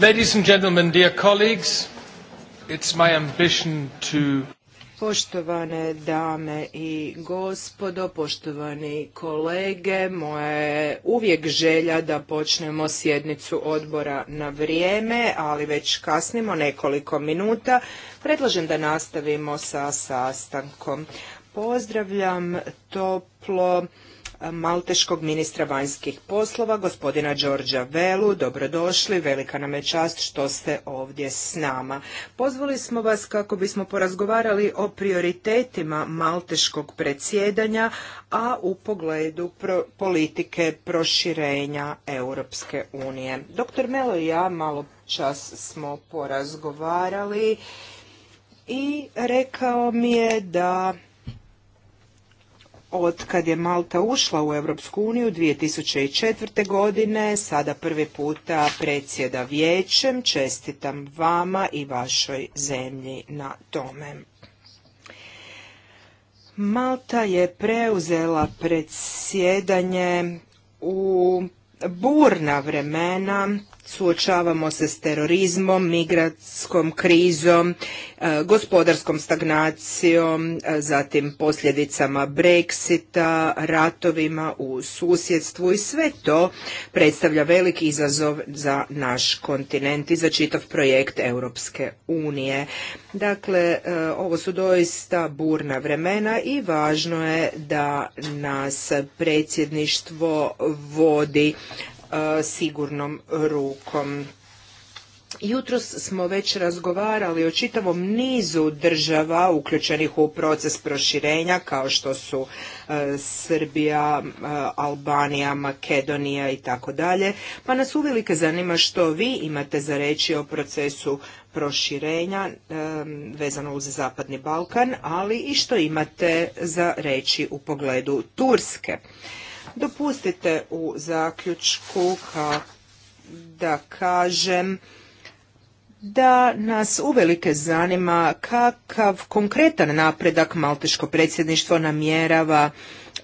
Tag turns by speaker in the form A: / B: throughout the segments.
A: Ladies and gentlemen, dear colleagues, it's my ambition to...
B: Poštovane dame i gospodo, poštovani kolege, moje uvijek želja da počnemo sjednicu odbora na vrijeme, ali već kasnimo nekoliko minuta. Predlažem da nastavimo sa sastankom. Pozdravljam toplo malteškog ministra vanjskih poslova, gospodina Đorđa Velu. Dobrodošli, velika nam je čast što ste ovdje s nama. Pozvali smo vas kako bismo porazgovarali o prioritetima malteškog predsjedanja, a u pogledu politike proširenja Europske unije. Doktor Melo i ja malo čas smo porazgovarali i rekao mi je da od kad je Malta ušla u Europsku uniju 2004. godine, sada prvi puta predsjeda vijećem, čestitam vama i vašoj zemlji na tome. Malta je preuzela predsjedanje u burna vremena suočavamo se s terorizmom, migratskom krizom, e, gospodarskom stagnacijom, e, zatim posljedicama Brexita, ratovima u susjedstvu i sve to predstavlja veliki izazov za naš kontinent i za čitav projekt Europske unije. Dakle, e, ovo su doista burna vremena i važno je da nas predsjedništvo vodi E, sigurnom rukom. Jutros smo već razgovarali o čitavom nizu država uključenih u proces proširenja kao što su e, Srbija, e, Albanija, Makedonija i tako dalje. Pa nas uvelike zanima što vi imate za reći o procesu proširenja vezano uz Zapadni Balkan, ali i što imate za reći u pogledu Turske. Dopustite u zaključku da kažem da nas uvelike zanima kakav konkretan napredak Malteško predsjedništvo namjerava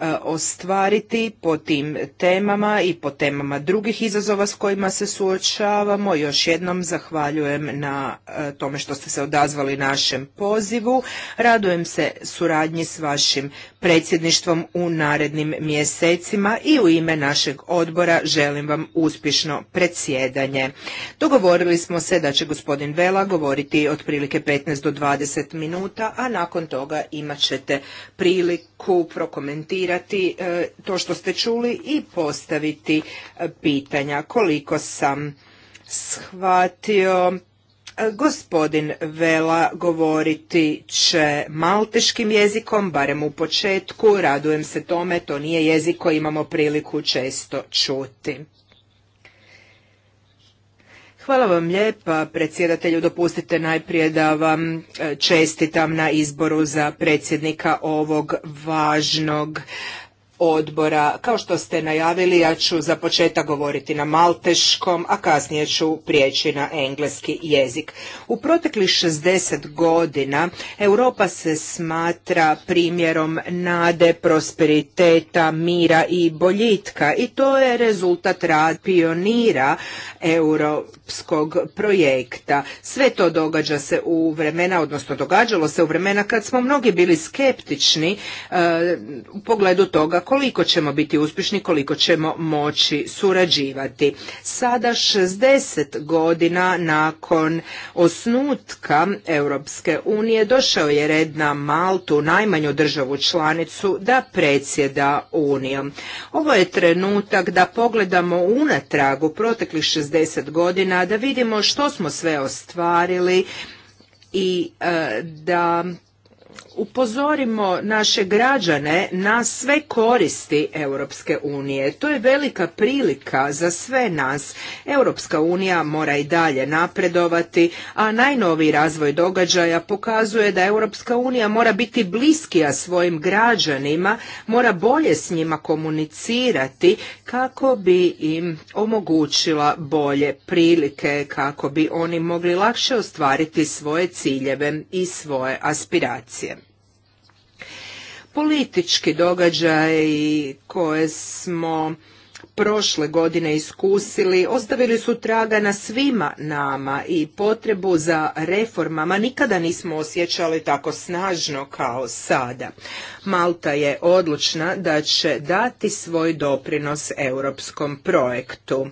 B: E, ostvariti po tim temama i po temama drugih izazova s kojima se suočavamo. Još jednom zahvaljujem na e, tome što ste se odazvali našem pozivu. Radujem se suradnji s vašim predsjedništvom u narednim mjesecima i u ime našeg odbora želim vam uspješno predsjedanje. Dogovorili smo se da će gospodin Vela govoriti otprilike 15 do 20 minuta, a nakon toga imat ćete priliku prokomentirati komentirati e, to što ste čuli i postaviti e, pitanja. Koliko sam shvatio, e, gospodin Vela govoriti će malteškim jezikom, barem u početku, radujem se tome, to nije jezik koji imamo priliku često čuti. Hvala vam lijepa, predsjedatelju. Dopustite najprije da vam e, čestitam na izboru za predsjednika ovog važnog odbora. Kao što ste najavili, ja ću za početak govoriti na malteškom, a kasnije ću prijeći na engleski jezik. U proteklih 60 godina Europa se smatra primjerom nade, prosperiteta, mira i boljitka i to je rezultat rad pionira europskog projekta. Sve to događa se u vremena, odnosno događalo se u vremena kad smo mnogi bili skeptični e, u pogledu toga koliko ćemo biti uspješni, koliko ćemo moći surađivati. Sada 60 godina nakon osnutka Europske unije došao je red na Maltu, najmanju državu članicu, da predsjeda Unijom. Ovo je trenutak da pogledamo unatrag u proteklih 60 godina, da vidimo što smo sve ostvarili i e, da upozorimo naše građane na sve koristi Europske unije. To je velika prilika za sve nas. Europska unija mora i dalje napredovati, a najnoviji razvoj događaja pokazuje da Europska unija mora biti bliskija svojim građanima, mora bolje s njima komunicirati kako bi im omogućila bolje prilike, kako bi oni mogli lakše ostvariti svoje ciljeve i svoje aspiracije politički događaj koje smo prošle godine iskusili ostavili su traga na svima nama i potrebu za reformama nikada nismo osjećali tako snažno kao sada. Malta je odlučna da će dati svoj doprinos europskom projektu.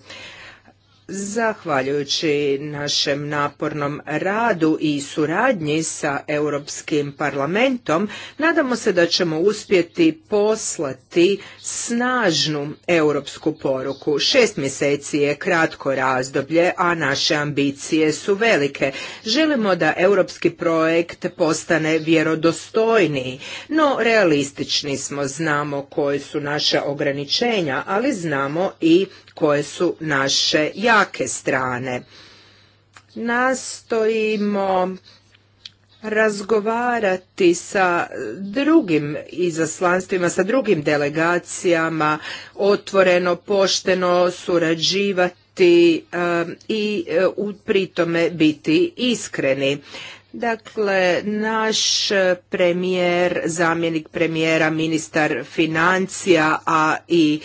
B: Zahvaljujući našem napornom radu i suradnji sa Europskim parlamentom, nadamo se da ćemo uspjeti poslati snažnu europsku poruku. Šest mjeseci je kratko razdoblje, a naše ambicije su velike. Želimo da europski projekt postane vjerodostojniji, no realistični smo, znamo koje su naše ograničenja, ali znamo i koje su naše jake strane nastojimo razgovarati sa drugim izaslanstvima, sa drugim delegacijama, otvoreno, pošteno surađivati um, i uh, u pritome biti iskreni. Dakle, naš premijer, zamjenik premijera, ministar financija, a i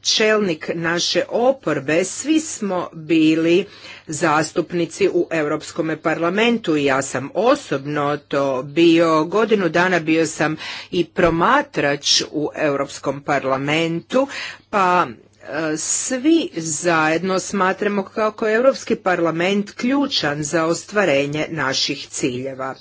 B: čelnik naše oporbe, svi smo bili zastupnici u Europskom parlamentu i ja sam osobno to bio, godinu dana bio sam i promatrač u Europskom parlamentu, pa svi zajedno smatramo kako je Europski parlament ključan za ostvarenje naših ciljeva.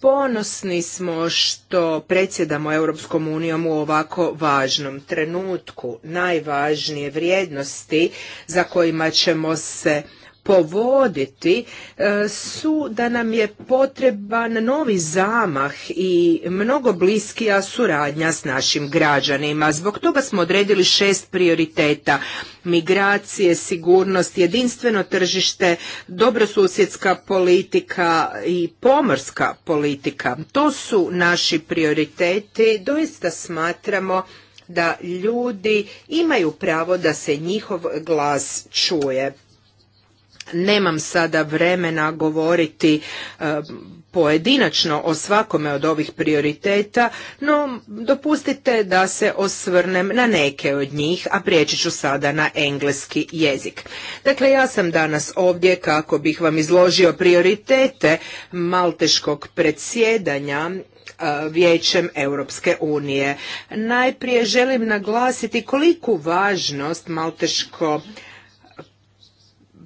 B: Ponosni smo što predsjedamo Europskom unijom u ovako važnom trenutku. Najvažnije vrijednosti za kojima ćemo se povoditi e, su da nam je potreban novi zamah i mnogo bliskija suradnja s našim građanima. Zbog toga smo odredili šest prioriteta. Migracije, sigurnost, jedinstveno tržište, dobrosusjedska politika i pomorska politika. To su naši prioriteti. Doista smatramo da ljudi imaju pravo da se njihov glas čuje. Nemam sada vremena govoriti e, pojedinačno o svakome od ovih prioriteta, no dopustite da se osvrnem na neke od njih, a prijeći ću sada na engleski jezik. Dakle, ja sam danas ovdje kako bih vam izložio prioritete malteškog predsjedanja e, Vijećem Europske unije. Najprije želim naglasiti koliku važnost malteško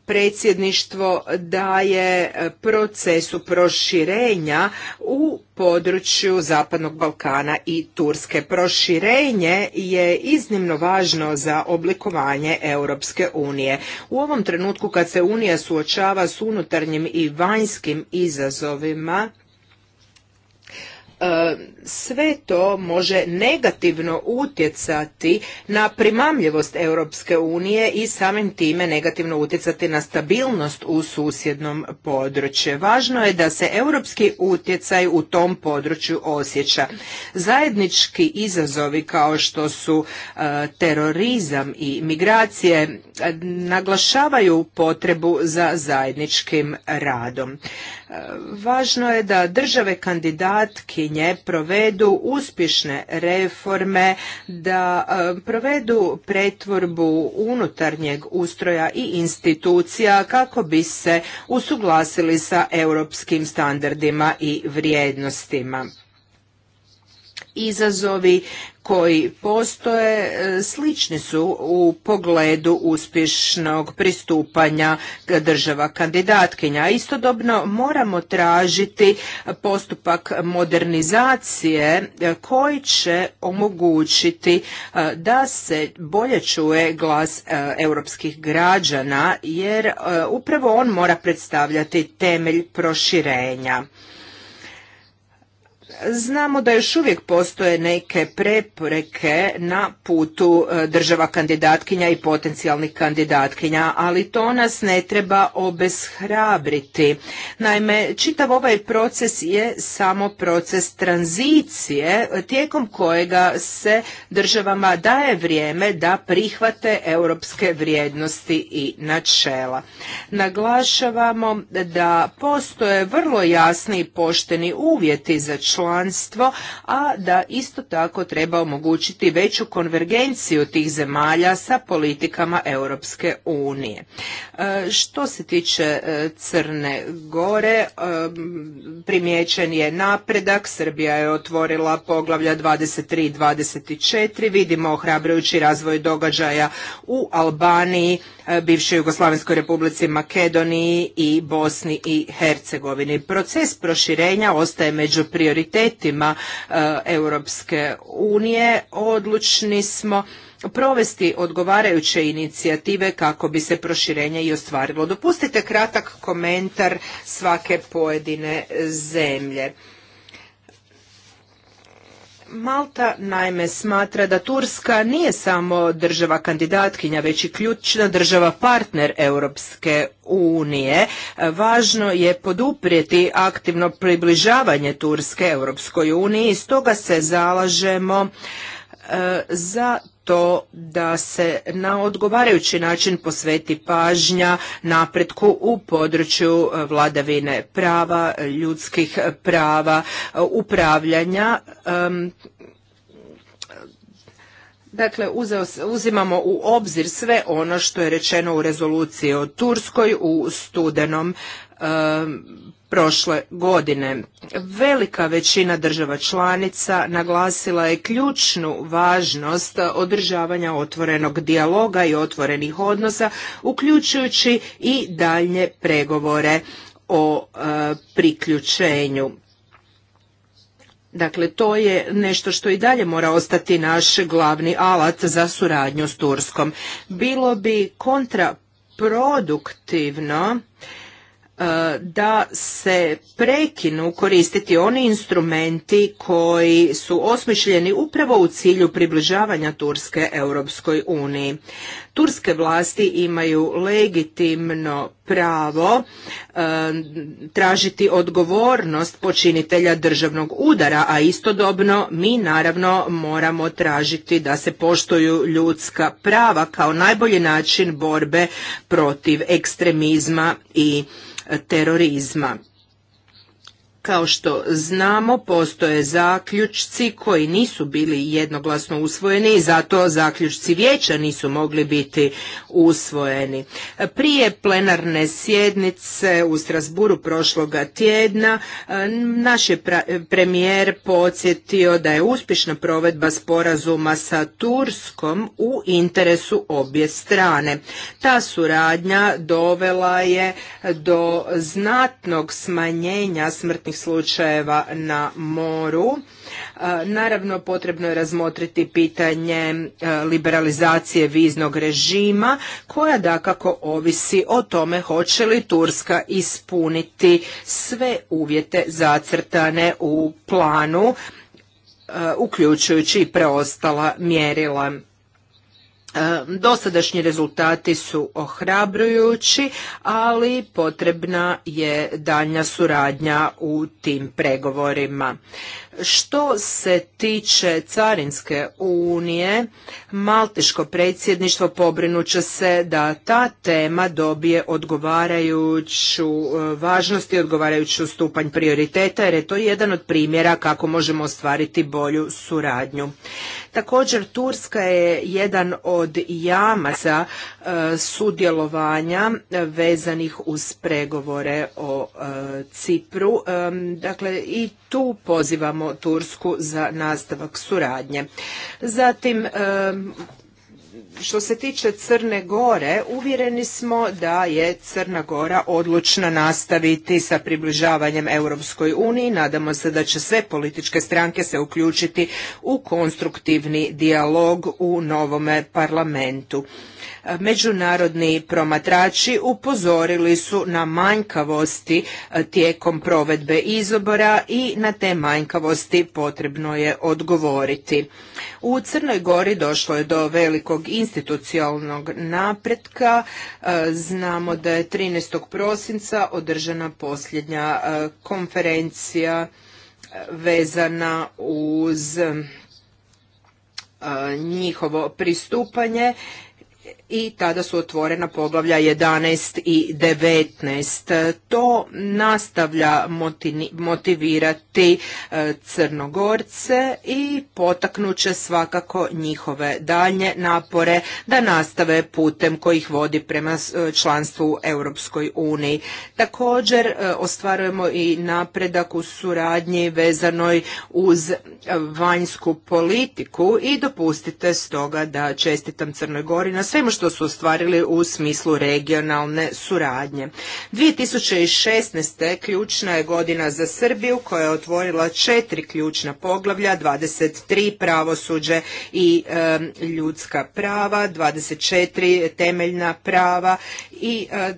B: predsjedništvo daje procesu proširenja u području Zapadnog Balkana i Turske. Proširenje je iznimno važno za oblikovanje Europske unije. U ovom trenutku kad se Unija suočava s unutarnjim i vanjskim izazovima, E, sve to može negativno utjecati na primamljivost Europske unije i samim time negativno utjecati na stabilnost u susjednom području. Važno je da se europski utjecaj u tom području osjeća. Zajednički izazovi kao što su e, terorizam i migracije e, naglašavaju potrebu za zajedničkim radom. Važno je da države kandidatki nje provedu uspješne reforme, da e, provedu pretvorbu unutarnjeg ustroja i institucija kako bi se usuglasili sa europskim standardima i vrijednostima izazovi koji postoje e, slični su u pogledu uspješnog pristupanja država kandidatkinja. Istodobno moramo tražiti postupak modernizacije e, koji će omogućiti e, da se bolje čuje glas europskih građana jer upravo on mora predstavljati temelj proširenja. Znamo da još uvijek postoje neke prepreke na putu e, država kandidatkinja i potencijalnih kandidatkinja, ali to nas ne treba obeshrabriti. Naime, čitav ovaj proces je samo proces tranzicije tijekom kojega se državama daje vrijeme da prihvate europske vrijednosti i načela. Naglašavamo da postoje vrlo jasni i pošteni uvjeti za članstvo članstvo, a da isto tako treba omogućiti veću konvergenciju tih zemalja sa politikama Europske unije. E, što se tiče e, Crne Gore, e, primjećen je napredak, Srbija je otvorila poglavlja 23 i 24, vidimo ohrabrujući razvoj događaja u Albaniji, bivšoj Jugoslavenskoj republici Makedoniji i Bosni i Hercegovini. Proces proširenja ostaje među prioritetima e, Europske unije. Odlučni smo provesti odgovarajuće inicijative kako bi se proširenje i ostvarilo. Dopustite kratak komentar svake pojedine zemlje. Malta naime smatra da Turska nije samo država kandidatkinja, već i ključna država partner Europske unije. Važno je poduprijeti aktivno približavanje Turske Europskoj uniji i stoga se zalažemo e, za to da se na odgovarajući način posveti pažnja napretku u području e, vladavine prava, ljudskih prava, e, upravljanja Dakle, uzimamo u obzir sve ono što je rečeno u rezoluciji o Turskoj u studenom prošle godine. Velika većina država članica naglasila je ključnu važnost održavanja otvorenog dijaloga i otvorenih odnosa, uključujući i daljnje pregovore o e, priključenju. Dakle, to je nešto što i dalje mora ostati naš glavni alat za suradnju s Turskom. Bilo bi kontraproduktivno da se prekinu koristiti oni instrumenti koji su osmišljeni upravo u cilju približavanja Turske Europskoj uniji turske vlasti imaju legitimno pravo e, tražiti odgovornost počinitelja državnog udara, a istodobno mi naravno moramo tražiti da se poštuju ljudska prava kao najbolji način borbe protiv ekstremizma i terorizma. Kao što znamo, postoje zaključci koji nisu bili jednoglasno usvojeni i zato zaključci vijeća nisu mogli biti usvojeni. Prije plenarne sjednice u Strasburu prošloga tjedna e, naš je premijer podsjetio da je uspješna provedba sporazuma sa Turskom u interesu obje strane. Ta suradnja dovela je do znatnog smanjenja smrtnih slučajeva na moru. E, naravno potrebno je razmotriti pitanje e, liberalizacije viznog režima koja dakako ovisi o tome hoće li Turska ispuniti sve uvjete zacrtane u planu e, uključujući i preostala mjerila. E, dosadašnji rezultati su ohrabrujući, ali potrebna je daljnja suradnja u tim pregovorima. Što se tiče Carinske unije, Malteško predsjedništvo pobrinuće se da ta tema dobije odgovarajuću e, važnost i odgovarajuću stupanj prioriteta jer je to jedan od primjera kako možemo ostvariti bolju suradnju. Također Turska je jedan od jamaca e, sudjelovanja vezanih uz pregovore o e, Cipru. dakle i tu pozivamo Tursku za nastavak suradnje. Zatim, e, što se tiče Crne Gore, uvjereni smo da je Crna Gora odlučna nastaviti sa približavanjem Europskoj uniji. Nadamo se da će sve političke stranke se uključiti u konstruktivni dijalog u novome parlamentu. Međunarodni promatrači upozorili su na manjkavosti e, tijekom provedbe izobora i na te manjkavosti potrebno je odgovoriti. U Crnoj Gori došlo je do velikog institucionalnog napretka. E, znamo da je 13. prosinca održana posljednja e, konferencija vezana uz njihovo pristupanje i tada su otvorena poglavlja 11 i 19. To nastavlja motivirati e, crnogorce i potaknuće svakako njihove dalje napore da nastave putem kojih vodi prema e, članstvu u Europskoj uniji. Također e, ostvarujemo i napredak u suradnji vezanoj uz vanjsku politiku i dopustite stoga da čestitam Crnoj Gori na svemu što su ostvarili u smislu regionalne suradnje. 2016. ključna je godina za Srbiju koja je otvorila četiri ključna poglavlja, 23 pravosuđe i ljudska prava, 24 temeljna prava i e,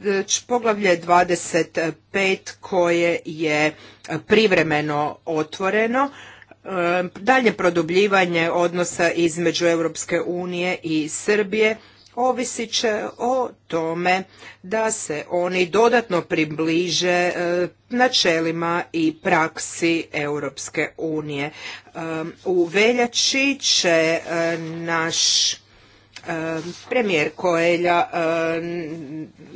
B: poglavlje 25 koje je privremeno otvoreno dalje produbljivanje odnosa između Europske unije i Srbije ovisit će o tome da se oni dodatno približe e, načelima i praksi Europske unije. E, u veljači će e, naš premijer Koelja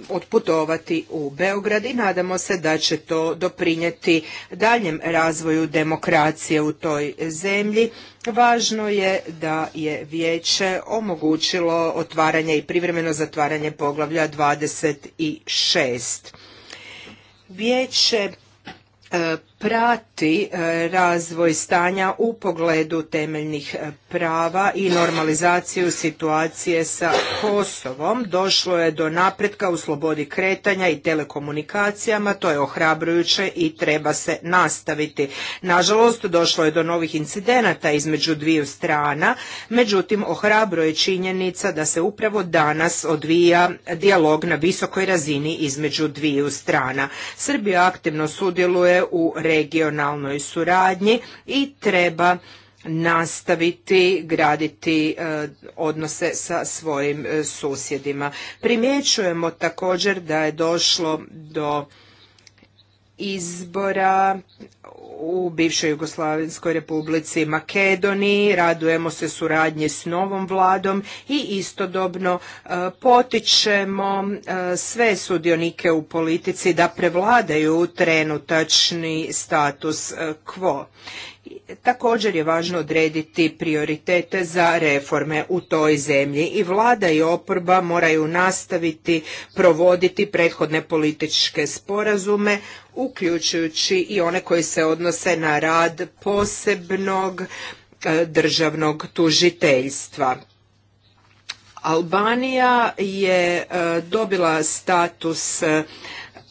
B: otputovati u Beograd i nadamo se da će to doprinijeti daljem razvoju demokracije u toj zemlji. Važno je da je vijeće omogućilo otvaranje i privremeno zatvaranje poglavlja 26. Vijeće prati e, razvoj stanja u pogledu temeljnih e, prava i normalizaciju situacije sa Kosovom. Došlo je do napretka u slobodi kretanja i telekomunikacijama, to je ohrabrujuće i treba se nastaviti. Nažalost, došlo je do novih incidenata između dviju strana, međutim, ohrabruje činjenica da se upravo danas odvija dijalog na visokoj razini između dviju strana. Srbija aktivno sudjeluje u regionalnoj suradnji i treba nastaviti graditi e, odnose sa svojim e, susjedima. Primjećujemo također da je došlo do izbora u bivšoj Jugoslavenskoj republici Makedoniji. Radujemo se suradnje s novom vladom i istodobno e, potičemo e, sve sudionike u politici da prevladaju trenutačni status e, quo. Također je važno odrediti prioritete za reforme u toj zemlji i vlada i oporba moraju nastaviti provoditi prethodne političke sporazume uključujući i one koji se odnose na rad posebnog e, državnog tužiteljstva. Albanija je e, dobila status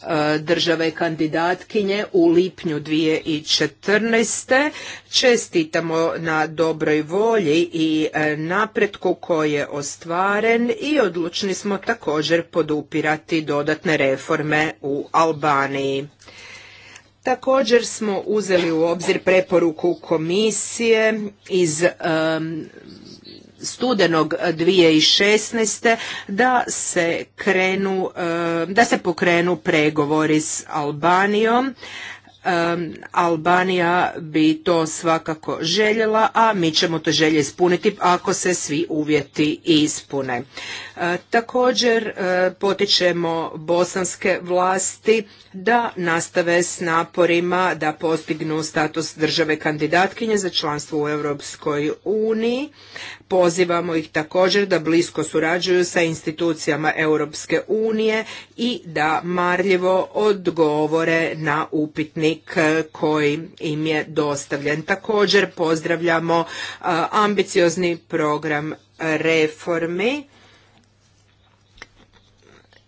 B: E, države kandidatkinje u lipnju 2014. Čestitamo na dobroj volji i e, napretku koji je ostvaren i odlučni smo također podupirati dodatne reforme u Albaniji. Također smo uzeli u obzir preporuku komisije iz studenog 2016. da se krenu e, da se pokrenu pregovori s Albanijom Albanija bi to svakako željela, a mi ćemo to želje ispuniti ako se svi uvjeti ispune. E, također e, potičemo bosanske vlasti da nastave s naporima da postignu status države kandidatkinje za članstvo u Europskoj uniji. Pozivamo ih također da blisko surađuju sa institucijama Europske unije i da marljivo odgovore na upitni Eh, koji im je dostavljen. Također pozdravljamo eh, ambiciozni program reformi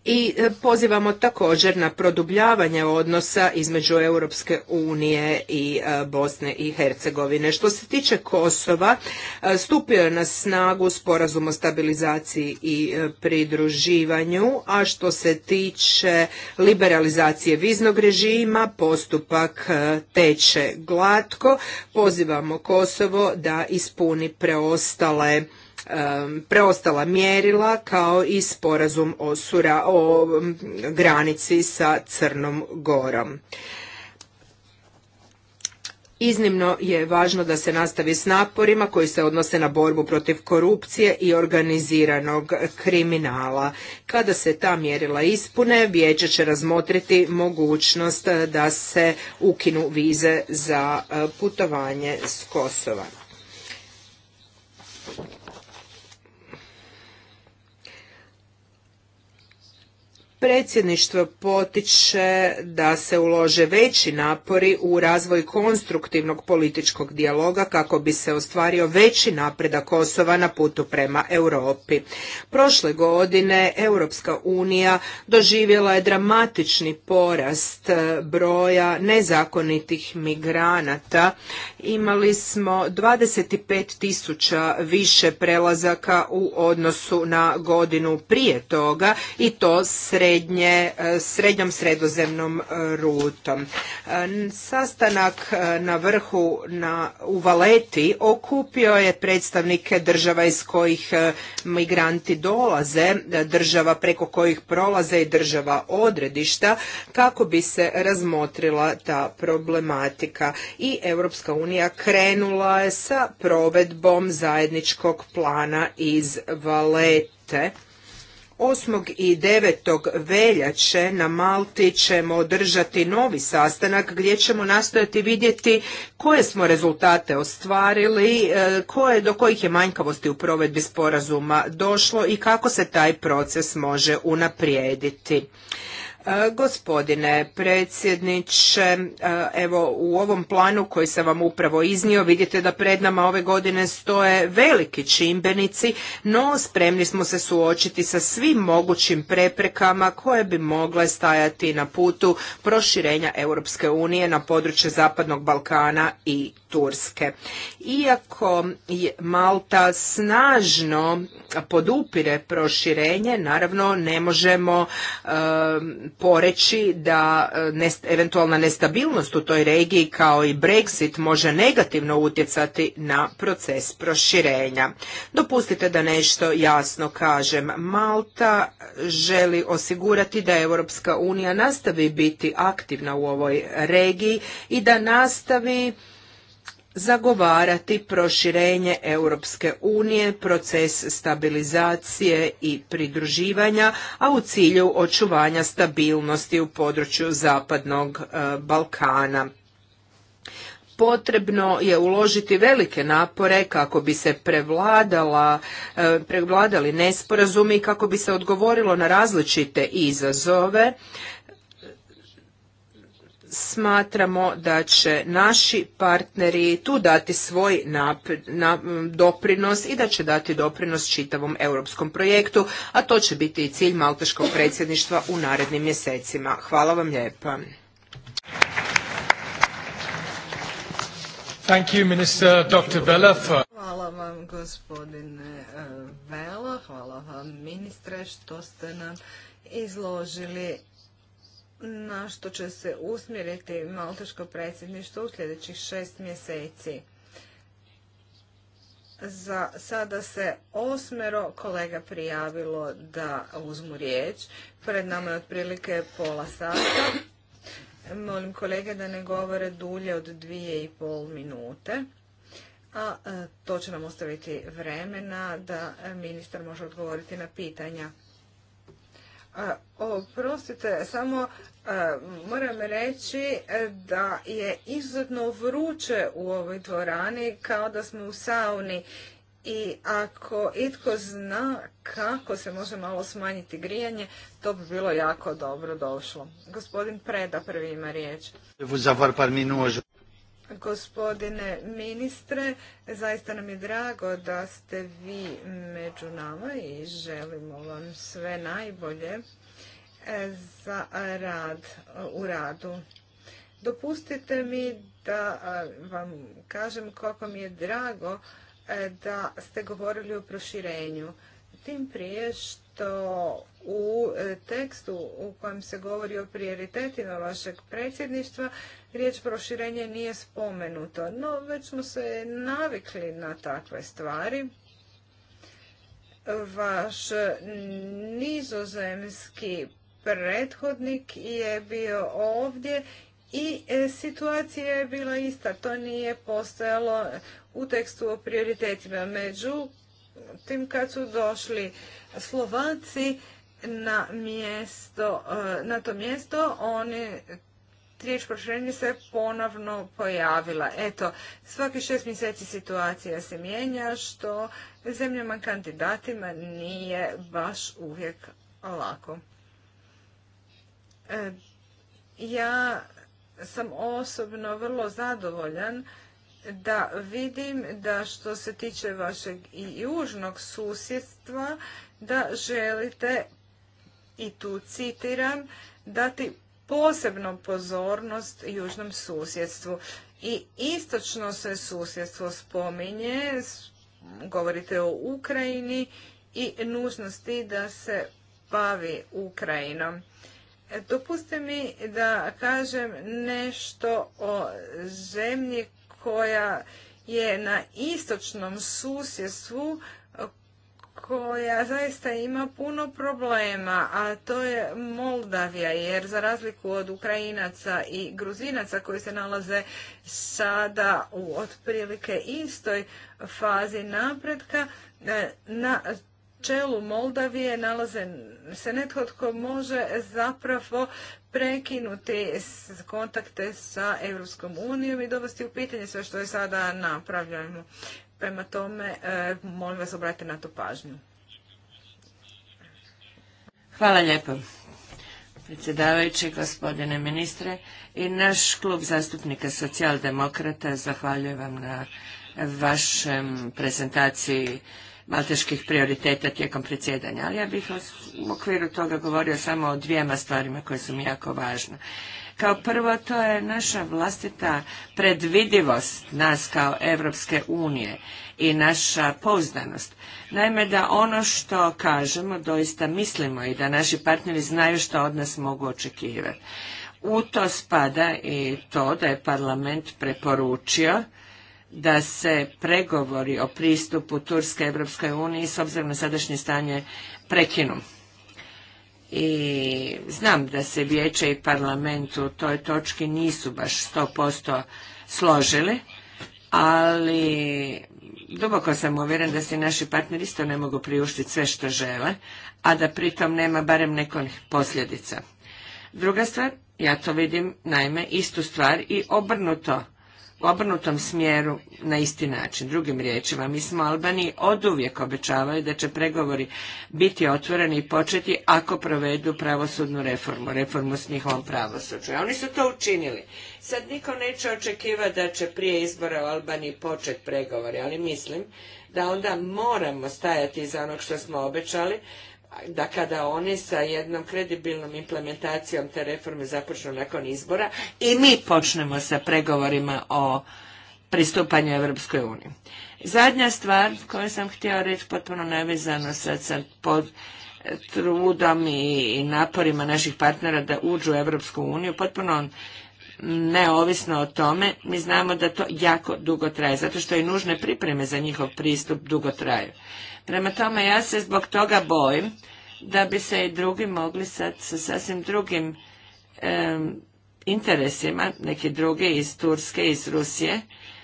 B: i e, pozivamo također na produbljavanje odnosa između Europske unije i e, Bosne i Hercegovine. Što se tiče Kosova, e, stupio je na snagu sporazum o stabilizaciji i pridruživanju, a što se tiče liberalizacije viznog režima, postupak teče glatko. Pozivamo Kosovo da ispuni preostale preostala mjerila kao i sporazum o, o granici sa Crnom Gorom. Iznimno je važno da se nastavi s naporima koji se odnose na borbu protiv korupcije i organiziranog kriminala. Kada se ta mjerila ispune, vijeće će razmotriti mogućnost da se ukinu vize za e, putovanje s Kosova. Predsjedništvo potiče da se ulože veći napori u razvoj konstruktivnog političkog dijaloga kako bi se ostvario veći napredak Kosova na putu prema Europi. Prošle godine Europska unija doživjela je dramatični porast broja nezakonitih migranata. Imali smo 25 tisuća više prelazaka u odnosu na godinu prije toga i to sred E, srednjom sredozemnom e, rutom. E, sastanak na vrhu na, u Valeti okupio je predstavnike država iz kojih migranti dolaze, država preko kojih prolaze i država odredišta kako bi se razmotrila ta problematika. I Europska unija krenula je sa provedbom zajedničkog plana iz Valete 8. i 9. veljače na Malti ćemo održati novi sastanak gdje ćemo nastojati vidjeti koje smo rezultate ostvarili, e, koje, do kojih je manjkavosti u provedbi sporazuma došlo i kako se taj proces može unaprijediti. Gospodine predsjedniče, e, evo u ovom planu koji sam vam upravo iznio vidite da pred nama ove godine stoje veliki čimbenici, no spremni smo se suočiti sa svim mogućim preprekama koje bi mogle stajati na putu proširenja Europske unije na područje Zapadnog Balkana i Turske. Iako Malta snažno podupire proširenje, naravno ne možemo e, poreći da e, eventualna nestabilnost u toj regiji kao i Brexit može negativno utjecati na proces proširenja. Dopustite da nešto jasno kažem. Malta želi osigurati da Europska unija nastavi biti aktivna u ovoj regiji i da nastavi zagovarati proširenje Europske unije, proces stabilizacije i pridruživanja, a u cilju očuvanja stabilnosti u području Zapadnog e, Balkana potrebno je uložiti velike napore kako bi se prevladala, e, prevladali nesporazumi, kako bi se odgovorilo na različite izazove smatramo da će naši partneri tu dati svoj doprinos i da će dati doprinos čitavom europskom projektu, a to će biti i cilj Malteškog predsjedništva u narednim mjesecima. Hvala vam lijepa.
A: Thank you, Minister, Dr. Hvala vam gospodine eh, Vela, hvala vam ministre što ste nam izložili na što će se usmjeriti malteško predsjedništvo u sljedećih šest mjeseci. Za sada se osmero kolega prijavilo da uzmu riječ. Pred nama je otprilike pola sata. Molim kolege da ne govore dulje od dvije i pol minute. A e, to će nam ostaviti vremena da ministar može odgovoriti na pitanja. Oprostite, samo moram reći da je izuzetno vruće u ovoj dvorani kao da smo u sauni i ako itko zna kako se može malo smanjiti grijanje, to bi bilo jako dobro došlo. Gospodin Preda prvi ima riječ. Gospodine ministre, zaista nam je drago da ste vi među nama i želimo vam sve najbolje e, za rad u radu. Dopustite mi da vam kažem kako mi je drago e, da ste govorili o proširenju. Tim prije što u e, tekstu u kojem se govori o prioritetima vašeg predsjedništva riječ proširenje nije spomenuto, no već smo se navikli na takve stvari. Vaš nizozemski prethodnik je bio ovdje i e, situacija je bila ista. To nije postojalo u tekstu o prioritetima. Međutim, kad su došli Slovaci na, mjesto, e, na to mjesto, oni riječ proširenje se ponovno pojavila. Eto, svaki šest mjeseci situacija se mijenja, što zemljama kandidatima nije baš uvijek lako. E, ja sam osobno vrlo zadovoljan da vidim da što se tiče vašeg i južnog susjedstva, da želite, i tu citiram, dati Posebno pozornost južnom susjedstvu. I istočno se susjedstvo spominje, govorite o Ukrajini i nužnosti da se bavi Ukrajinom. E, dopustite mi da kažem nešto o zemlji koja je na istočnom susjedstvu koja zaista ima puno problema, a to je Moldavija, jer za razliku od Ukrajinaca i Gruzinaca koji se nalaze sada u otprilike istoj fazi napretka, e, na čelu Moldavije nalaze se netko tko može zapravo prekinuti kontakte sa Europskom unijom i dovesti u pitanje sve što je sada napravljeno. Prema tome, e, molim vas obratite na to pažnju.
C: Hvala lijepo predsjedavajući, gospodine ministre i naš klub zastupnika socijaldemokrata zahvaljujem vam na vašem prezentaciji malteških prioriteta tijekom predsjedanja. Ali ja bih u okviru toga govorio samo o dvijema stvarima koje su mi jako važne. Kao prvo, to je naša vlastita predvidivost nas kao Evropske unije i naša pouzdanost. Naime, da ono što kažemo doista mislimo i da naši partneri znaju što od nas mogu očekivati. U to spada i to da je parlament preporučio da se pregovori o pristupu Turske Evropskoj uniji s obzirom na sadašnje stanje prekinu i znam da se vijeće i parlament u toj točki nisu baš sto posto složili ali duboko sam uvjeren da se naši partneri isto ne mogu priuštiti sve što žele a da pritom nema barem nekih posljedica druga stvar ja to vidim naime istu stvar i obrnuto obrnutom smjeru na isti način. Drugim riječima, mi smo Albaniji oduvijek obećavali da će pregovori biti otvoreni i početi ako provedu pravosudnu reformu, reformu s njihovom pravosuđu. oni su to učinili. Sad niko neće očekivati da će prije izbora u Albaniji početi pregovori, ali mislim da onda moramo stajati iza onog što smo obećali, da kada oni sa jednom kredibilnom implementacijom te reforme započnu nakon izbora i mi počnemo sa pregovorima o pristupanju Europskoj uniji. Zadnja stvar koju sam htjela reći potpuno nevezano sad sa pod trudom i naporima naših partnera da uđu u Europsku uniju, potpuno neovisno o tome, mi znamo da to jako dugo traje, zato što i nužne pripreme za njihov pristup dugo traju. Prema tome, ja se zbog toga bojim da bi se i drugi mogli sad sa sasvim drugim interesima, neki drugi iz Turske, iz Rusije,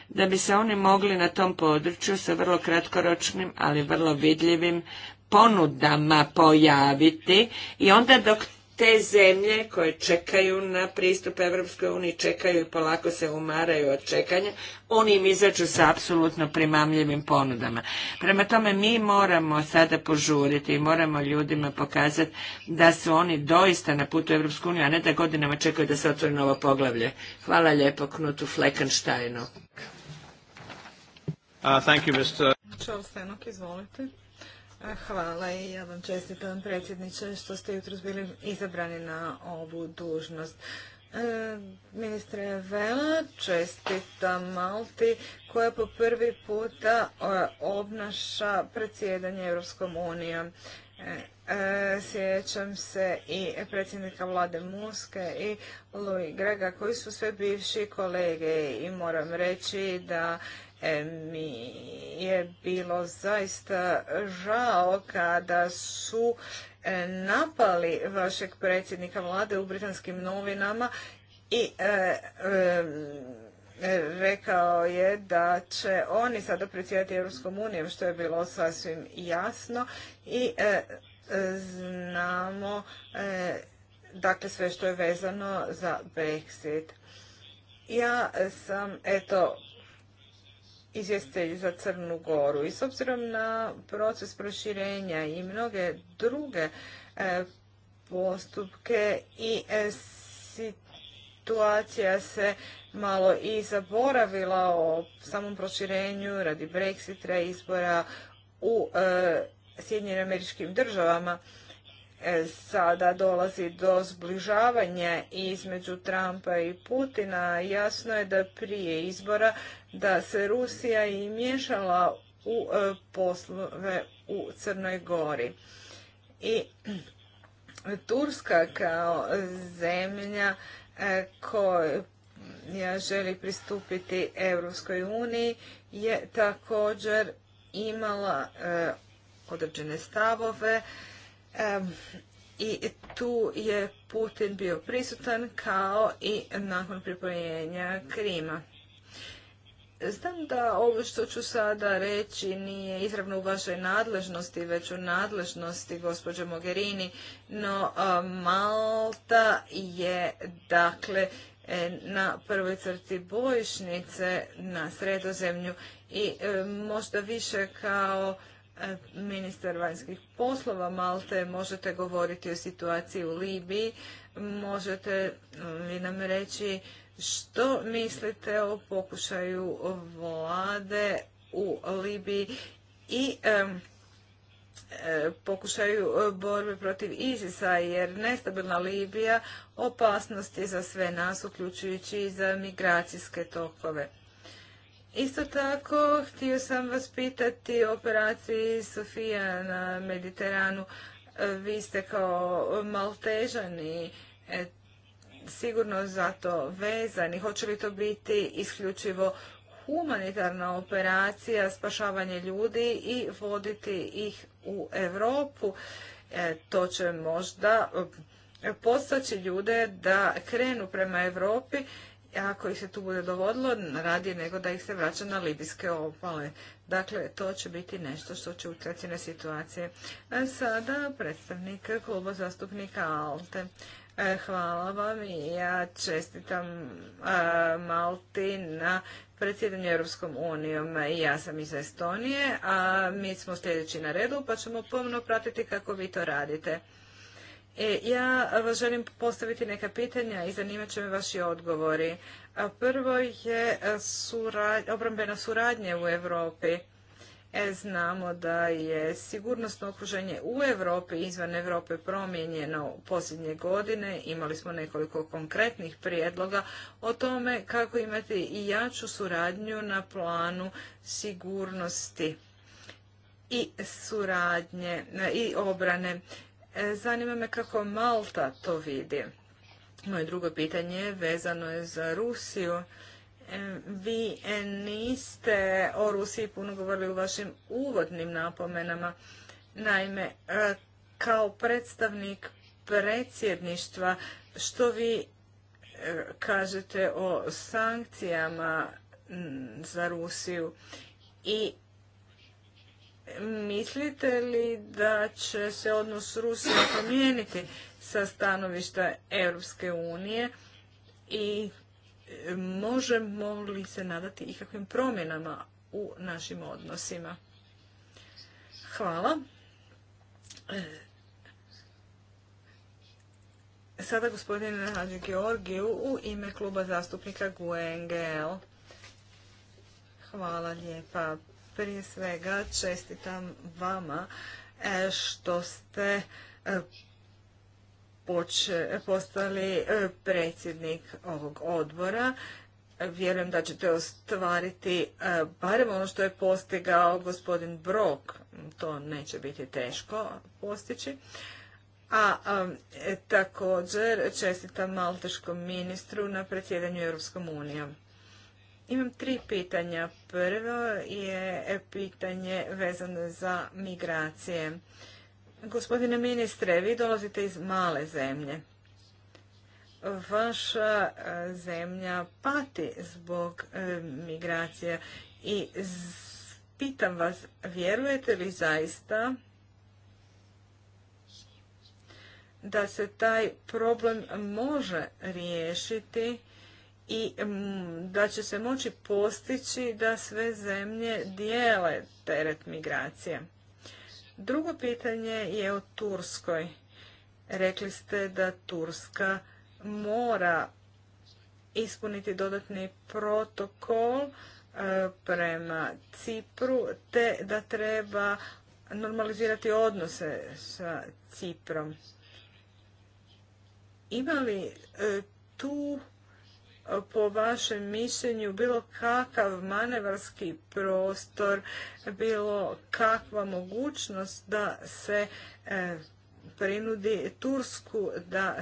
C: da bi se oni mogli na tom području sa vrlo kratkoročnim, ali vrlo vidljivim ponudama pojaviti i onda dok te zemlje koje čekaju na pristup Europskoj uniji, čekaju i polako se umaraju od čekanja, oni im izađu sa apsolutno primamljivim ponudama. Prema tome mi moramo sada požuriti i moramo ljudima pokazati da su oni doista na putu Europsku uniju, a ne da godinama čekaju da se otvori novo poglavlje. Hvala lijepo Knutu Fleckensteinu.
B: Uh, thank you,
A: izvolite. Eh, hvala i ja vam čestitam predsjedniče što ste jutros bili izabrani na ovu dužnost. Eh, ministre Vela, čestitam Malti koja po prvi puta eh, obnaša predsjedanje Europskom unijom. sjećam se i predsjednika vlade Muske i Louis Grega koji su sve bivši kolege i moram reći da E, mi je bilo zaista žao kada su e, napali vašeg predsjednika vlade u britanskim novinama i e, rekao je da će oni sada predsjedati Europskom što je bilo sasvim jasno i znamo dakle sve što je vezano za Brexit. Ja sam, eto, izvjestitelj za Crnu Goru. I s obzirom na proces proširenja i mnoge druge e, postupke i e, situacija se malo i zaboravila o samom proširenju radi Brexita izbora u e, Sjedinjenim američkim državama. E, sada dolazi do zbližavanja između Trumpa i Putina, jasno je da prije izbora da se Rusija i miješala u e, poslove u Crnoj Gori. I Turska kao zemlja e, koja želi pristupiti Europskoj uniji je također imala određene stavove i tu je Putin bio prisutan kao i nakon pripojenja Krima. Znam da ovo što ću sada reći nije izravno u vašoj nadležnosti, već u nadležnosti gospođe Mogherini, no Malta je dakle e, na prvoj crti bojišnice na sredozemlju i e, možda više kao ministar vanjskih poslova Malte, možete govoriti o situaciji u Libiji, možete li nam reći što mislite o pokušaju vlade u Libiji i e, pokušaju borbe protiv ISIS-a jer nestabilna Libija opasnost je za sve nas uključujući i za migracijske tokove. Isto tako, htio sam vas pitati o operaciji Sofija na Mediteranu. E, vi ste kao maltežani e, sigurno za to vezani. Hoće li to biti isključivo humanitarna operacija, spašavanje ljudi i voditi ih u Europu? E, to će možda postaći ljude da krenu prema Europi ako ih se tu bude dovodilo, radije nego da ih se vraća na libijske opale. Dakle, to će biti nešto što će utjecati na situacije. Sada predstavnik kluba zastupnika ALTE. E, hvala vam i ja čestitam e, Malti na predsjedanju Europskom unijom. Ja sam iz Estonije, a mi smo sljedeći na redu, pa ćemo pomno pratiti kako vi to radite. E, ja vas želim postaviti neka pitanja i zanimat će me vaši odgovori. Prvo je obrambena suradnja u Europi. E, znamo da je sigurnosno okruženje u Europi i izvan Europe promijenjeno posljednje godine. Imali smo nekoliko konkretnih prijedloga o tome kako imati i jaču suradnju na planu sigurnosti i suradnje i obrane. E, zanima me kako Malta to vidi. Moje drugo pitanje vezano je za Rusiju. E, vi e, niste o Rusiji puno govorili u vašim uvodnim napomenama. Naime, kao predstavnik predsjedništva, što vi kažete o sankcijama za Rusiju i Mislite li da će se odnos Rusije promijeniti sa stanovišta Europske unije i e, možemo li se nadati ikakvim promjenama u našim odnosima? Hvala. E, sada gospodin Hadži Georgiju u ime kluba zastupnika GUNGL. Hvala lijepa prije svega čestitam vama e, što ste e, postali e, predsjednik ovog odbora. Vjerujem da ćete ostvariti barem ono što je postigao gospodin Brok. To neće biti teško postići. A, također čestitam malteškom ministru na predsjedanju Europskom unijom. Imam tri pitanja. Prvo je pitanje vezano za migracije. Gospodine ministre, vi dolazite iz male zemlje. Vaša e, zemlja pati zbog e, migracija i pitam vas, vjerujete li zaista da se taj problem može riješiti i mm, da će se moći postići da sve zemlje dijele teret migracije. Drugo pitanje je o Turskoj. Rekli ste da Turska mora ispuniti dodatni protokol e, prema Cipru te da treba normalizirati odnose sa Ciprom. Ima li e, tu po vašem mišljenju bilo kakav manevarski prostor, bilo kakva mogućnost da se e, prinudi Tursku da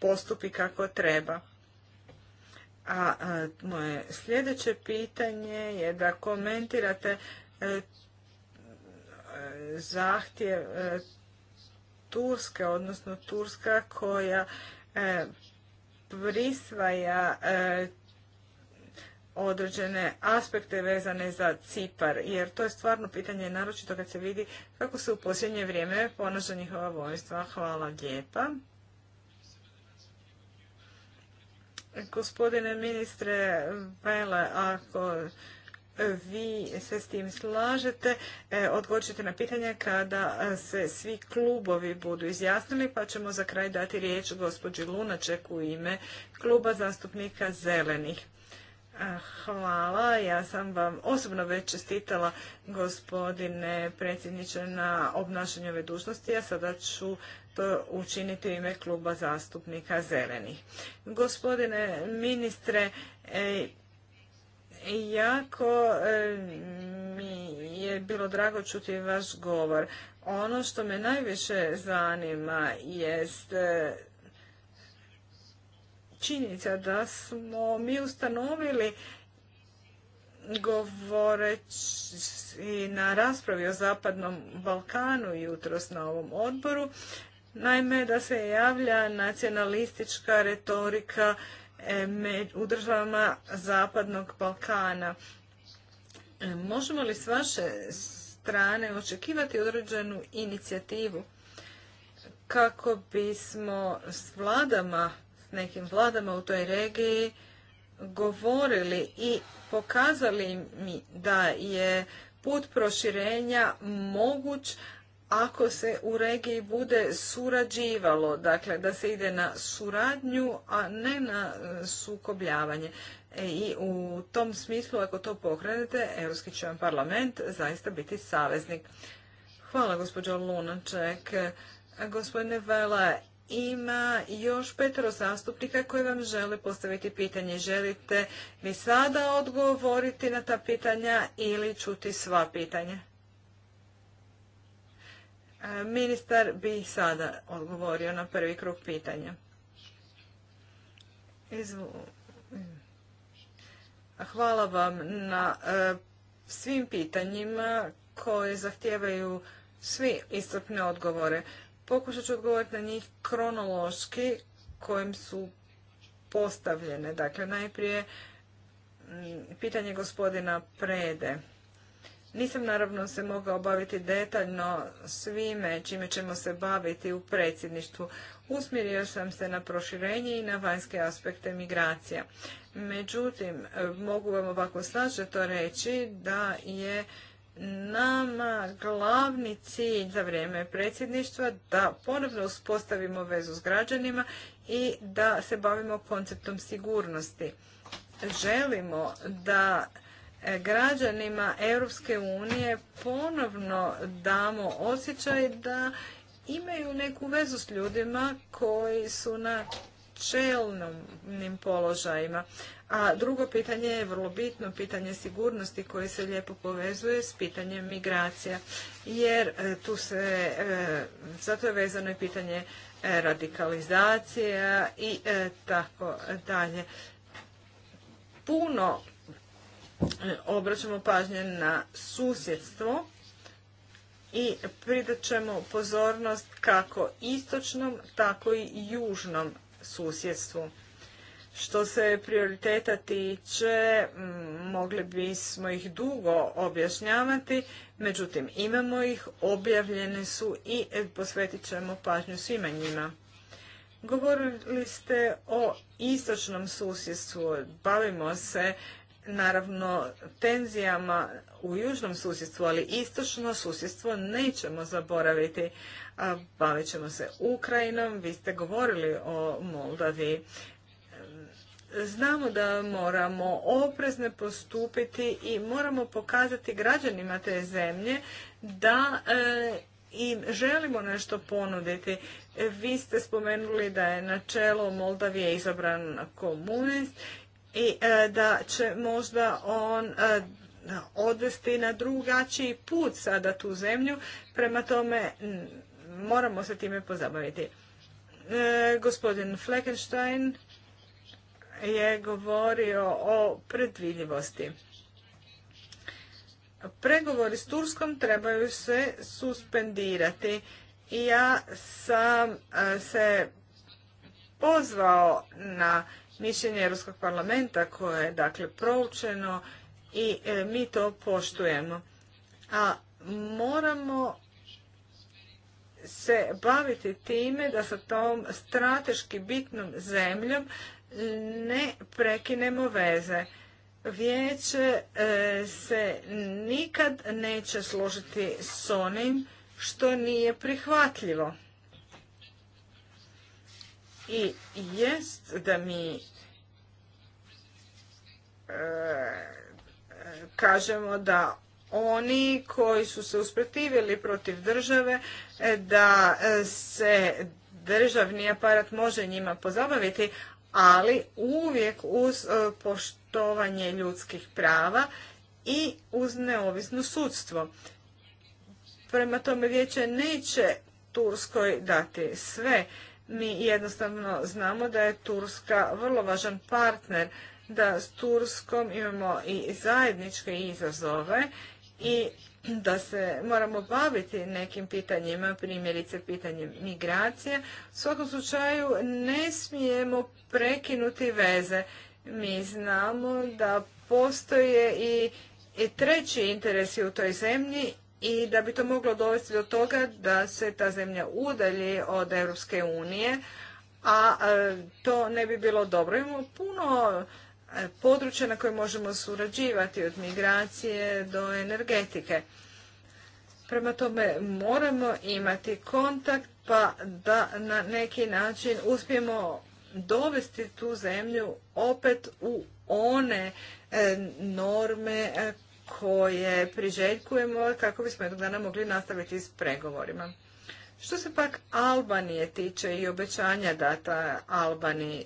A: postupi kako treba. A, moje sljedeće pitanje je da komentirate e, zahtjev e, Turske, odnosno Turska koja prisvaja e, određene aspekte vezane za Cipar, jer to je stvarno pitanje, naročito kad se vidi kako se u posljednje vrijeme ponaša njihova vojstva. Hvala lijepa. Gospodine ministre Vele, ako vi se s tim slažete. E, odgovorit na pitanja kada e, se svi klubovi budu izjasnili, pa ćemo za kraj dati riječ gospođi Lunaček u ime kluba zastupnika Zelenih. E, hvala, ja sam vam osobno već čestitala gospodine predsjedniče na obnašanju ove dužnosti, a sada ću to učiniti u ime kluba zastupnika Zelenih. Gospodine ministre, Jako e, mi je bilo drago čuti vaš govor. Ono što me najviše zanima jest e, činjenica da smo mi ustanovili govoreći na raspravi o Zapadnom Balkanu jutros na ovom odboru, naime da se javlja nacionalistička retorika E, u državama Zapadnog Balkana. E, možemo li s vaše strane očekivati određenu inicijativu kako bismo s vladama, s nekim vladama u toj regiji govorili i pokazali mi da je put proširenja moguć ako se u regiji bude surađivalo, dakle da se ide na suradnju, a ne na e, sukobljavanje. E, I u tom smislu, ako to pokrenete, Europski će vam parlament zaista biti saveznik. Hvala, gospođo Lunaček. Gospodine Vela, ima još petero zastupnika koji vam žele postaviti pitanje. Želite mi sada odgovoriti na ta pitanja ili čuti sva pitanja? E, ministar bi sada odgovorio na prvi krug pitanja. Hvala vam na e, svim pitanjima koje zahtijevaju svi istopne odgovore. Pokušat ću odgovoriti na njih kronološki kojim su postavljene. Dakle, najprije pitanje gospodina Prede. Nisam naravno se mogao baviti detaljno svime čime ćemo se baviti u predsjedništvu. Usmjerio sam se na proširenje i na vanjske aspekte migracija. Međutim, mogu vam ovako to reći da je nama glavni cilj za vrijeme predsjedništva da ponovno uspostavimo vezu s građanima i da se bavimo konceptom sigurnosti. Želimo da građanima Europske unije ponovno damo osjećaj da imaju neku vezu s ljudima koji su na čelnim položajima. A drugo pitanje je vrlo bitno, pitanje sigurnosti koje se lijepo povezuje s pitanjem migracija. Jer e, tu se, e, zato je vezano i pitanje e, radikalizacija i tako dalje. Puno E, obraćamo pažnje na susjedstvo i pridat ćemo pozornost kako istočnom, tako i južnom susjedstvu. Što se prioriteta tiče, mogli bismo ih dugo objašnjavati, međutim imamo ih, objavljene su i posvetit ćemo pažnju svima njima. Govorili ste o istočnom susjedstvu, bavimo se naravno tenzijama u južnom susjedstvu, ali istočno susjedstvo nećemo zaboraviti. A bavit ćemo se Ukrajinom, vi ste govorili o Moldavi. Znamo da moramo oprezne postupiti i moramo pokazati građanima te zemlje da i e, im želimo nešto ponuditi. Vi ste spomenuli da je na čelo Moldavije izabran komunist i e, da će možda on e, odvesti na drugačiji put sada tu zemlju. Prema tome moramo se time pozabaviti. E, gospodin Fleckenstein je govorio o predvidljivosti. Pregovori s Turskom trebaju se suspendirati. Ja sam se pozvao na mišljenje Europskog parlamenta koje je dakle proučeno i e, mi to poštujemo. A moramo se baviti time da sa tom strateški bitnom zemljom ne prekinemo veze. Vijeće e, se nikad neće složiti s onim što nije prihvatljivo. I jest da mi kažemo da oni koji su se usprotivili protiv države e, da e, se državni aparat može njima pozabaviti, ali uvijek uz e, poštovanje ljudskih prava i uz neovisno sudstvo. Prema tome vijeće neće Turskoj dati sve. Mi jednostavno znamo da je Turska vrlo važan partner da s Turskom imamo i zajedničke izazove i da se moramo baviti nekim pitanjima, primjerice pitanjem migracije. U svakom slučaju ne smijemo prekinuti veze. Mi znamo da postoje i, treći interesi u toj zemlji i da bi to moglo dovesti do toga da se ta zemlja udalji od Europske unije, a e, to ne bi bilo dobro. Imamo puno područja na koje možemo surađivati od migracije do energetike. Prema tome moramo imati kontakt pa da na neki način uspijemo dovesti tu zemlju opet u one e, norme e, koje priželjkujemo kako bismo jednog dana mogli nastaviti s pregovorima. Što se pak Albanije tiče i obećanja data Albaniji,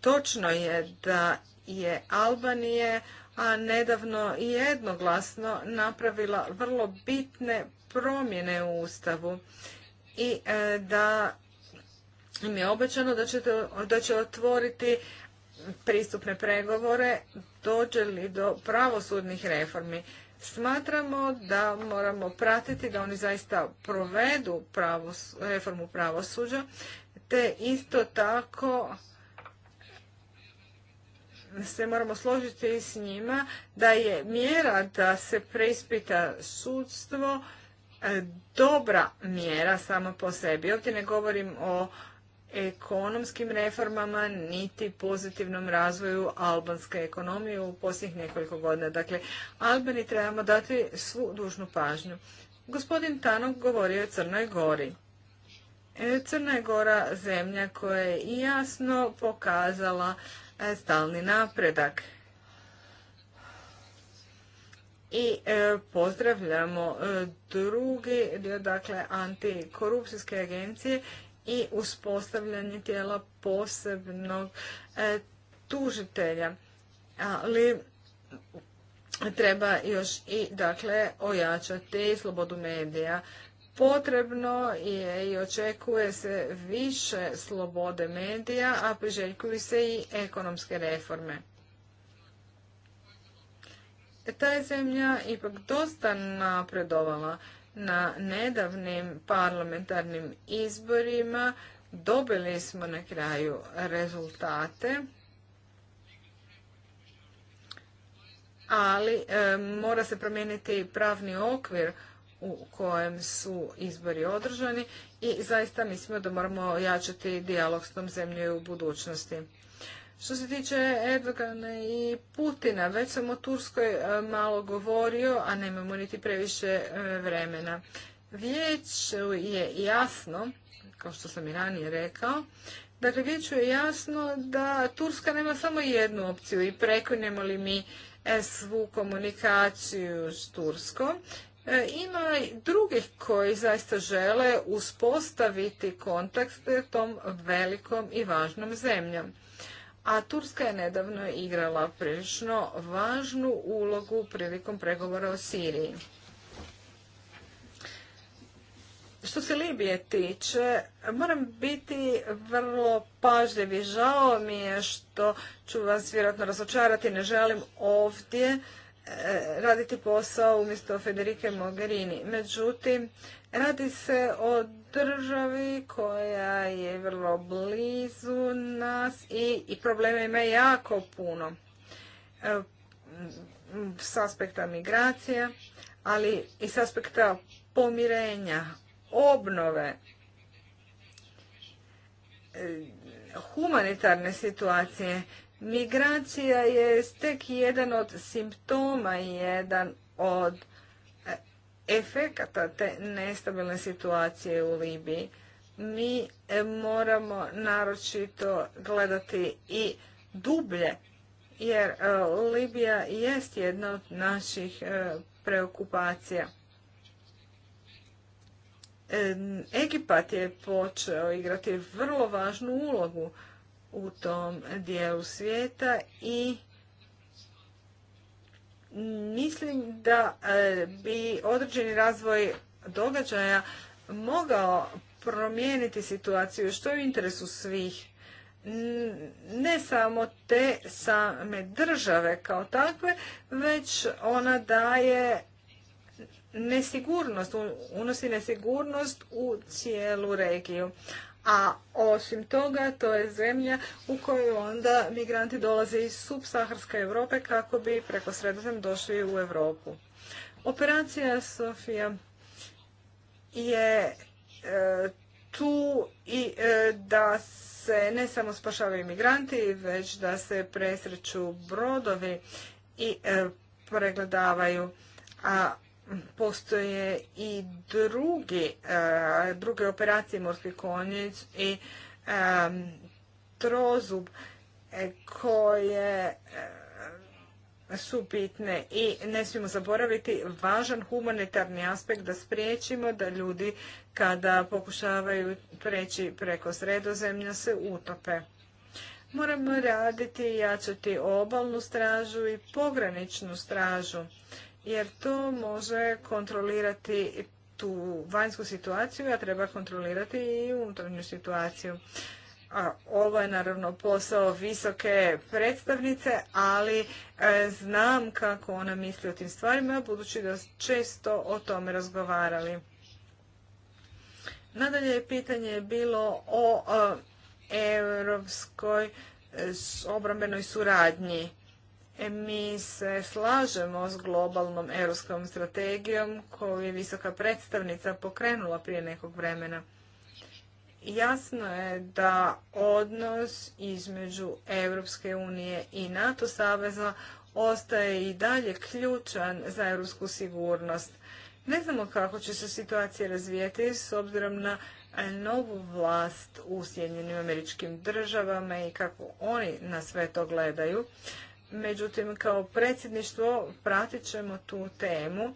A: Točno je da je Albanije a nedavno jednoglasno napravila vrlo bitne promjene u Ustavu i e, da im je obećano da će, otvoriti pristupne pregovore dođe li do pravosudnih reformi. Smatramo da moramo pratiti da oni zaista provedu reformu pravosuđa, te isto tako se moramo složiti s njima da je mjera da se preispita sudstvo e, dobra mjera sama po sebi. Ovdje ne govorim o ekonomskim reformama niti pozitivnom razvoju albanske ekonomije u posljednjih nekoliko godina. Dakle, Albani trebamo dati svu dužnu pažnju. Gospodin Tanok govorio o Crnoj Gori. E, Crna je Gora zemlja koja je jasno pokazala E, stalni napredak. I e, pozdravljamo e, drugi, dakle, antikorupcijske agencije i uspostavljanje tijela posebnog tužitelja. Ali treba još i dakle ojačati slobodu medija potrebno je i očekuje se više slobode medija, a priželjkuju se i ekonomske reforme. Ta je zemlja ipak dosta napredovala na nedavnim parlamentarnim izborima. Dobili smo na kraju rezultate, ali e, mora se promijeniti pravni okvir u kojem su izbori održani i zaista mislimo da moramo jačati dijalog s tom zemljom u budućnosti. Što se tiče Erdogana i Putina, već sam o Turskoj e, malo govorio, a nemamo niti previše e, vremena. Vijeć je jasno, kao što sam i ranije rekao, dakle vijeć je jasno da Turska nema samo jednu opciju i prekonjemo li mi svu komunikaciju s Turskom E, ima i drugih koji zaista žele uspostaviti kontakt s tom velikom i važnom zemljom. A Turska je nedavno igrala prilično važnu ulogu prilikom pregovora o Siriji. Što se Libije tiče, moram biti vrlo pažljiv i žao mi je što ću vas vjerojatno razočarati, ne želim ovdje raditi posao umjesto Federike Mogherini. Međutim, radi se o državi koja je vrlo blizu nas i, i problema ima jako puno e, s aspekta migracija, ali i s aspekta pomirenja, obnove, e, humanitarne situacije. Migracija je tek jedan od simptoma i jedan od e, efekata te nestabilne situacije u Libiji. Mi e, moramo naročito gledati i dublje, jer e, Libija jest jedna od naših preokupacija. Egipat je počeo igrati vrlo važnu ulogu u tom dijelu svijeta i mislim da e, bi određeni razvoj događaja mogao promijeniti situaciju što je u interesu svih ne samo te same države kao takve, već ona daje nesigurnost, unosi nesigurnost u cijelu regiju a osim toga to je zemlja u koju onda migranti dolaze iz subsaharske Europe kako bi preko sredozem došli u Europu. Operacija Sofija je e, tu i e, da se ne samo spašavaju migranti, već da se presreću brodovi i e, pregledavaju a postoje i drugi, e, druge operacije Morski konjić i e, trozub e, koje su bitne i ne smijemo zaboraviti važan humanitarni aspekt da spriječimo da ljudi kada pokušavaju preći preko sredozemlja se utope. Moramo raditi i jačati obalnu stražu i pograničnu stražu jer to može kontrolirati tu vanjsku situaciju, a treba kontrolirati i unutarnju situaciju. A ovo je naravno posao visoke predstavnice, ali e, znam kako ona misli o tim stvarima, budući da često o tome razgovarali. Nadalje je pitanje bilo o e, europskoj e, obrambenoj suradnji. E, mi se slažemo s globalnom europskom strategijom koju je visoka predstavnica pokrenula prije nekog vremena. Jasno je da odnos između Europske unije i NATO saveza ostaje i dalje ključan za europsku sigurnost. Ne znamo kako će se situacija razvijeti s obzirom na novu vlast u Sjedinjenim američkim državama i kako oni na sve to gledaju. Međutim, kao predsjedništvo pratit ćemo tu temu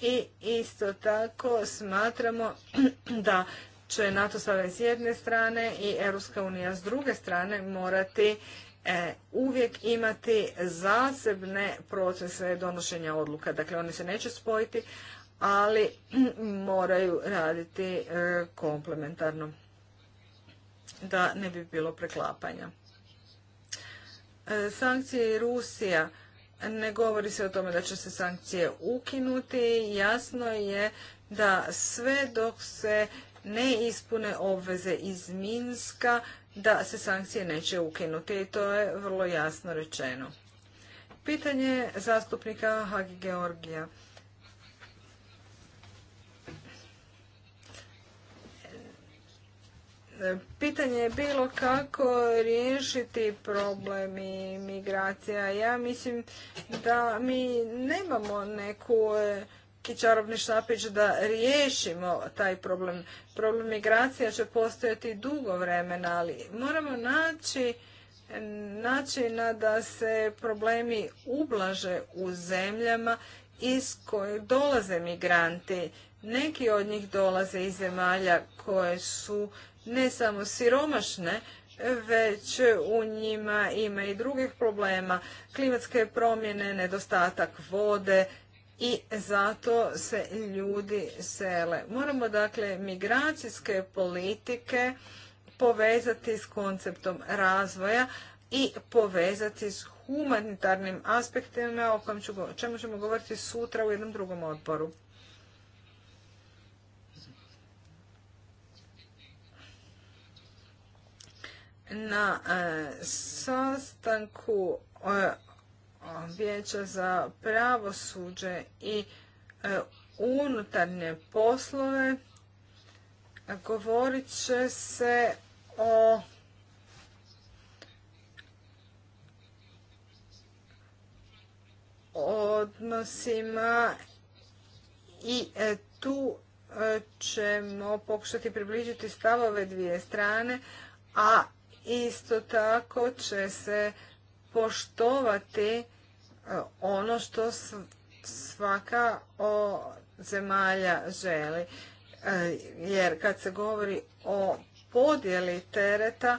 A: i isto tako smatramo da će NATO savez s jedne strane i Europska unija s druge strane morati e, uvijek imati zasebne procese donošenja odluka. Dakle, oni se neće spojiti, ali moraju raditi e, komplementarno da ne bi bilo preklapanja. E, sankcije i Rusija. Ne govori se o tome da će se sankcije ukinuti. Jasno je da sve dok se ne ispune obveze iz Minska, da se sankcije neće ukinuti. I to je vrlo jasno rečeno. Pitanje zastupnika Hagi Georgija. Pitanje je bilo kako riješiti problem migracija. Ja mislim da mi nemamo neku e, kičarobni štapić da riješimo taj problem. Problem migracija će postojati dugo vremena, ali moramo naći načina da se problemi ublaže u zemljama iz koje dolaze migranti. Neki od njih dolaze iz zemalja koje su ne samo siromašne, već u njima ima i drugih problema, klimatske promjene, nedostatak vode i zato se ljudi sele. Moramo dakle migracijske politike povezati s konceptom razvoja i povezati s humanitarnim aspektima o čemu ćemo govoriti sutra u jednom drugom odboru. na e, sastanku e, Vijeća za pravosuđe i e, unutarnje poslove govorit će se o odnosima i tu ćemo pokušati približiti stavove dvije strane, a Isto tako će se poštovati e, ono što svaka o zemalja želi. E, jer kad se govori o podjeli tereta,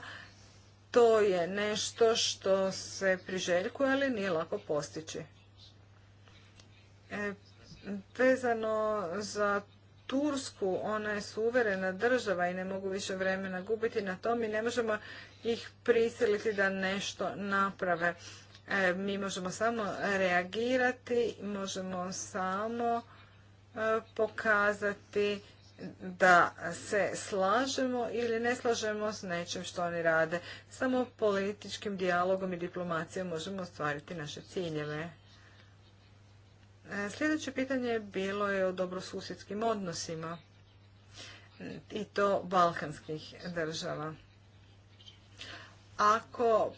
A: to je nešto što se priželjkuje, ali nije lako postići. E, vezano za Tursku, ona je suverena država i ne mogu više vremena gubiti na to. i ne možemo ih prisiliti da nešto naprave. E, mi možemo samo reagirati, možemo samo e, pokazati da se slažemo ili ne slažemo s nečim što oni rade. Samo političkim dijalogom i diplomacijom možemo ostvariti naše ciljeve. E, sljedeće pitanje bilo je o dobrosusjedskim odnosima i to balkanskih država. Ako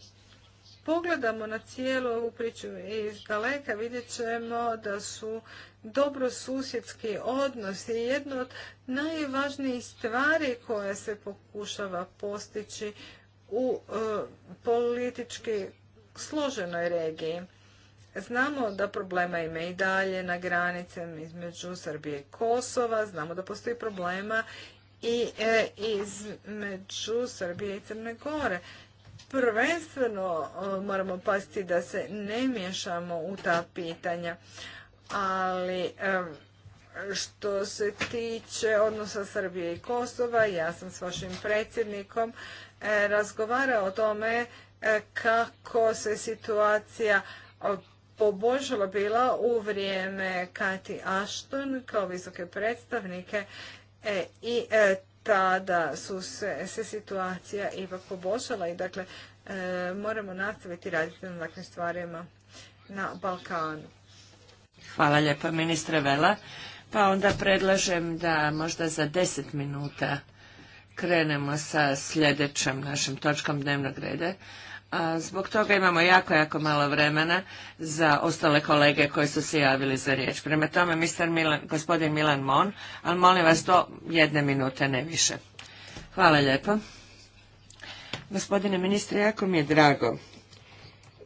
A: pogledamo na cijelu ovu priču iz daleka, vidjet ćemo da su dobro susjedski odnosi jedno od najvažnijih stvari koja se pokušava postići u e, politički složenoj regiji. Znamo da problema ima i dalje na granicama između Srbije i Kosova, znamo da postoji problema i e, između Srbije i Crne Gore prvenstveno e, moramo paziti da se ne miješamo u ta pitanja. Ali e, što se tiče odnosa Srbije i Kosova, ja sam s vašim predsjednikom e, razgovarao o tome kako se situacija poboljšala bila u vrijeme Kati Ashton kao visoke predstavnike i tada su se, situacija ipak poboljšala i dakle e, moramo nastaviti raditi na takvim stvarima na Balkanu.
C: Hvala lijepa ministre Vela. Pa onda predlažem da možda za deset minuta krenemo sa sljedećom našom točkom dnevnog reda, zbog toga imamo jako, jako malo vremena za ostale kolege koji su se javili za riječ. Prema tome, mister gospodin Milan Mon, ali molim vas to jedne minute, ne više. Hvala lijepo. Gospodine ministre, jako mi je drago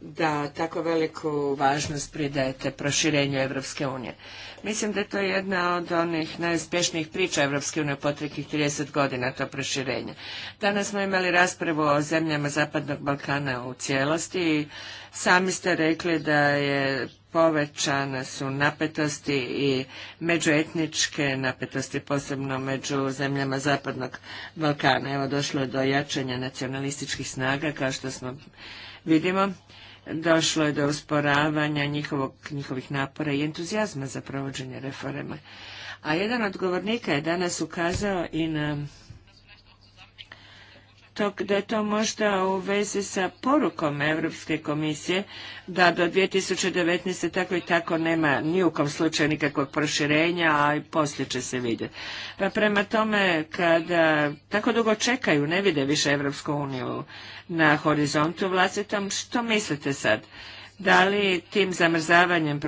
C: da tako veliku važnost pridajete proširenju Evropske unije. Mislim da je to jedna od onih najuspješnijih priča Evropske unije u potrekih 30 godina, to proširenje. Danas smo imali raspravu o zemljama Zapadnog Balkana u cijelosti i sami ste rekli da je povećane su napetosti i međuetničke napetosti, posebno među zemljama Zapadnog Balkana. Evo došlo je do jačanja nacionalističkih snaga, kao što smo vidimo došlo je do usporavanja njihovog, njihovih napora i entuzijazma za provođenje reforme. A jedan od govornika je danas ukazao i na da je to možda u vezi sa porukom Europske komisije da do 2019. tako i tako nema ni u kom slučaju nikakvog proširenja, a i poslije će se vidjeti. Pa prema tome, kada tako dugo čekaju, ne vide više Europsku uniju na horizontu vlastitom, što mislite sad? Da li tim zamrzavanjem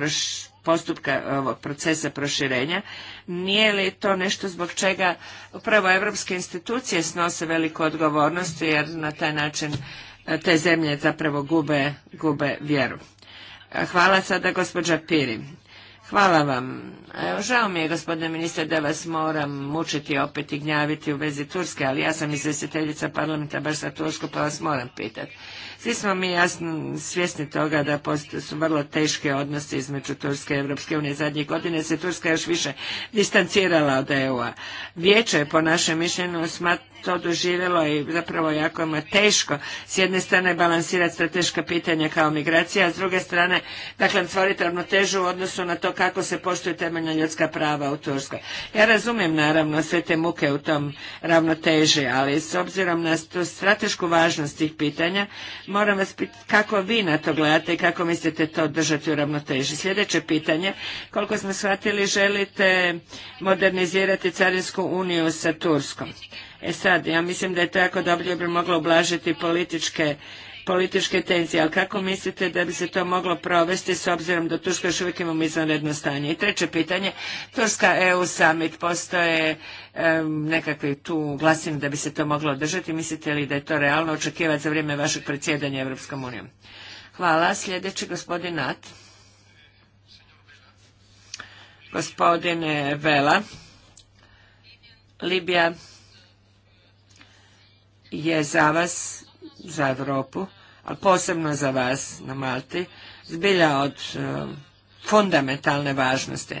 C: postupka ovog procesa proširenja nije li to nešto zbog čega upravo evropske institucije snose veliku odgovornost jer na taj način e, te zemlje zapravo gube, gube vjeru. E, hvala sada gospođa Piri. Hvala vam. E, žao mi je, gospodine ministre, da vas moram mučiti opet i gnjaviti u vezi Turske, ali ja sam izvjestiteljica parlamenta baš za Tursku, pa vas moram pitati. Svi smo mi jasno svjesni toga da su vrlo teške odnose između Turske i Europske unije. Zadnjih godine se Turska još više distancirala od EU-a. Vijeće je po našem mišljenju smat, to doživjelo i zapravo jako ima teško s jedne strane balansirati strateška pitanja kao migracija, a s druge strane dakle stvoriti ravnotežu u odnosu na to kako se poštuju temeljna ljudska prava u Turskoj. Ja razumijem naravno sve te muke u tom ravnoteži, ali s obzirom na tu stratešku važnost tih pitanja, moram vas pitati kako vi na to gledate i kako mislite to držati u ravnoteži. Sljedeće pitanje, koliko smo shvatili, želite modernizirati Carinsku uniju sa Turskom. E sad, ja mislim da je to jako dobro bi moglo ublažiti političke političke tenzije, ali kako mislite da bi se to moglo provesti s obzirom da Turska još uvijek imamo izvanredno stanje? I treće pitanje, Turska EU summit, postoje nekakvi tu glasini da bi se to moglo održati, mislite li da je to realno očekivati za vrijeme vašeg predsjedanja Europskom unijom? Hvala, sljedeći gospodin Nat. Gospodine Vela, Libija, je za vas, za Europu, ali posebno za vas na Malti, zbilja od e, fundamentalne važnosti.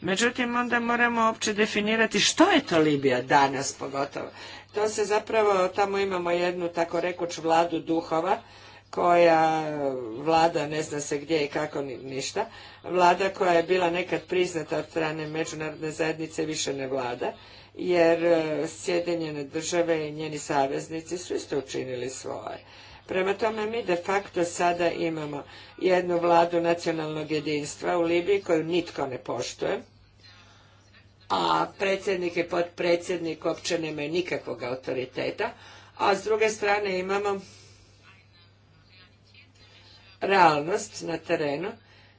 C: Međutim, onda moramo opće definirati što je to Libija danas pogotovo. To se zapravo, tamo imamo jednu tako rekuć vladu duhova, koja vlada, ne zna se gdje i kako ništa, vlada koja je bila nekad priznata od strane međunarodne zajednice više ne vlada jer e, Sjedinjene države i njeni saveznici su isto učinili svoje. Prema tome mi de facto sada imamo jednu vladu nacionalnog jedinstva u Libiji koju nitko ne poštuje, a predsjednik i podpredsjednik uopće nemaju nikakvog autoriteta, a s druge strane imamo realnost na terenu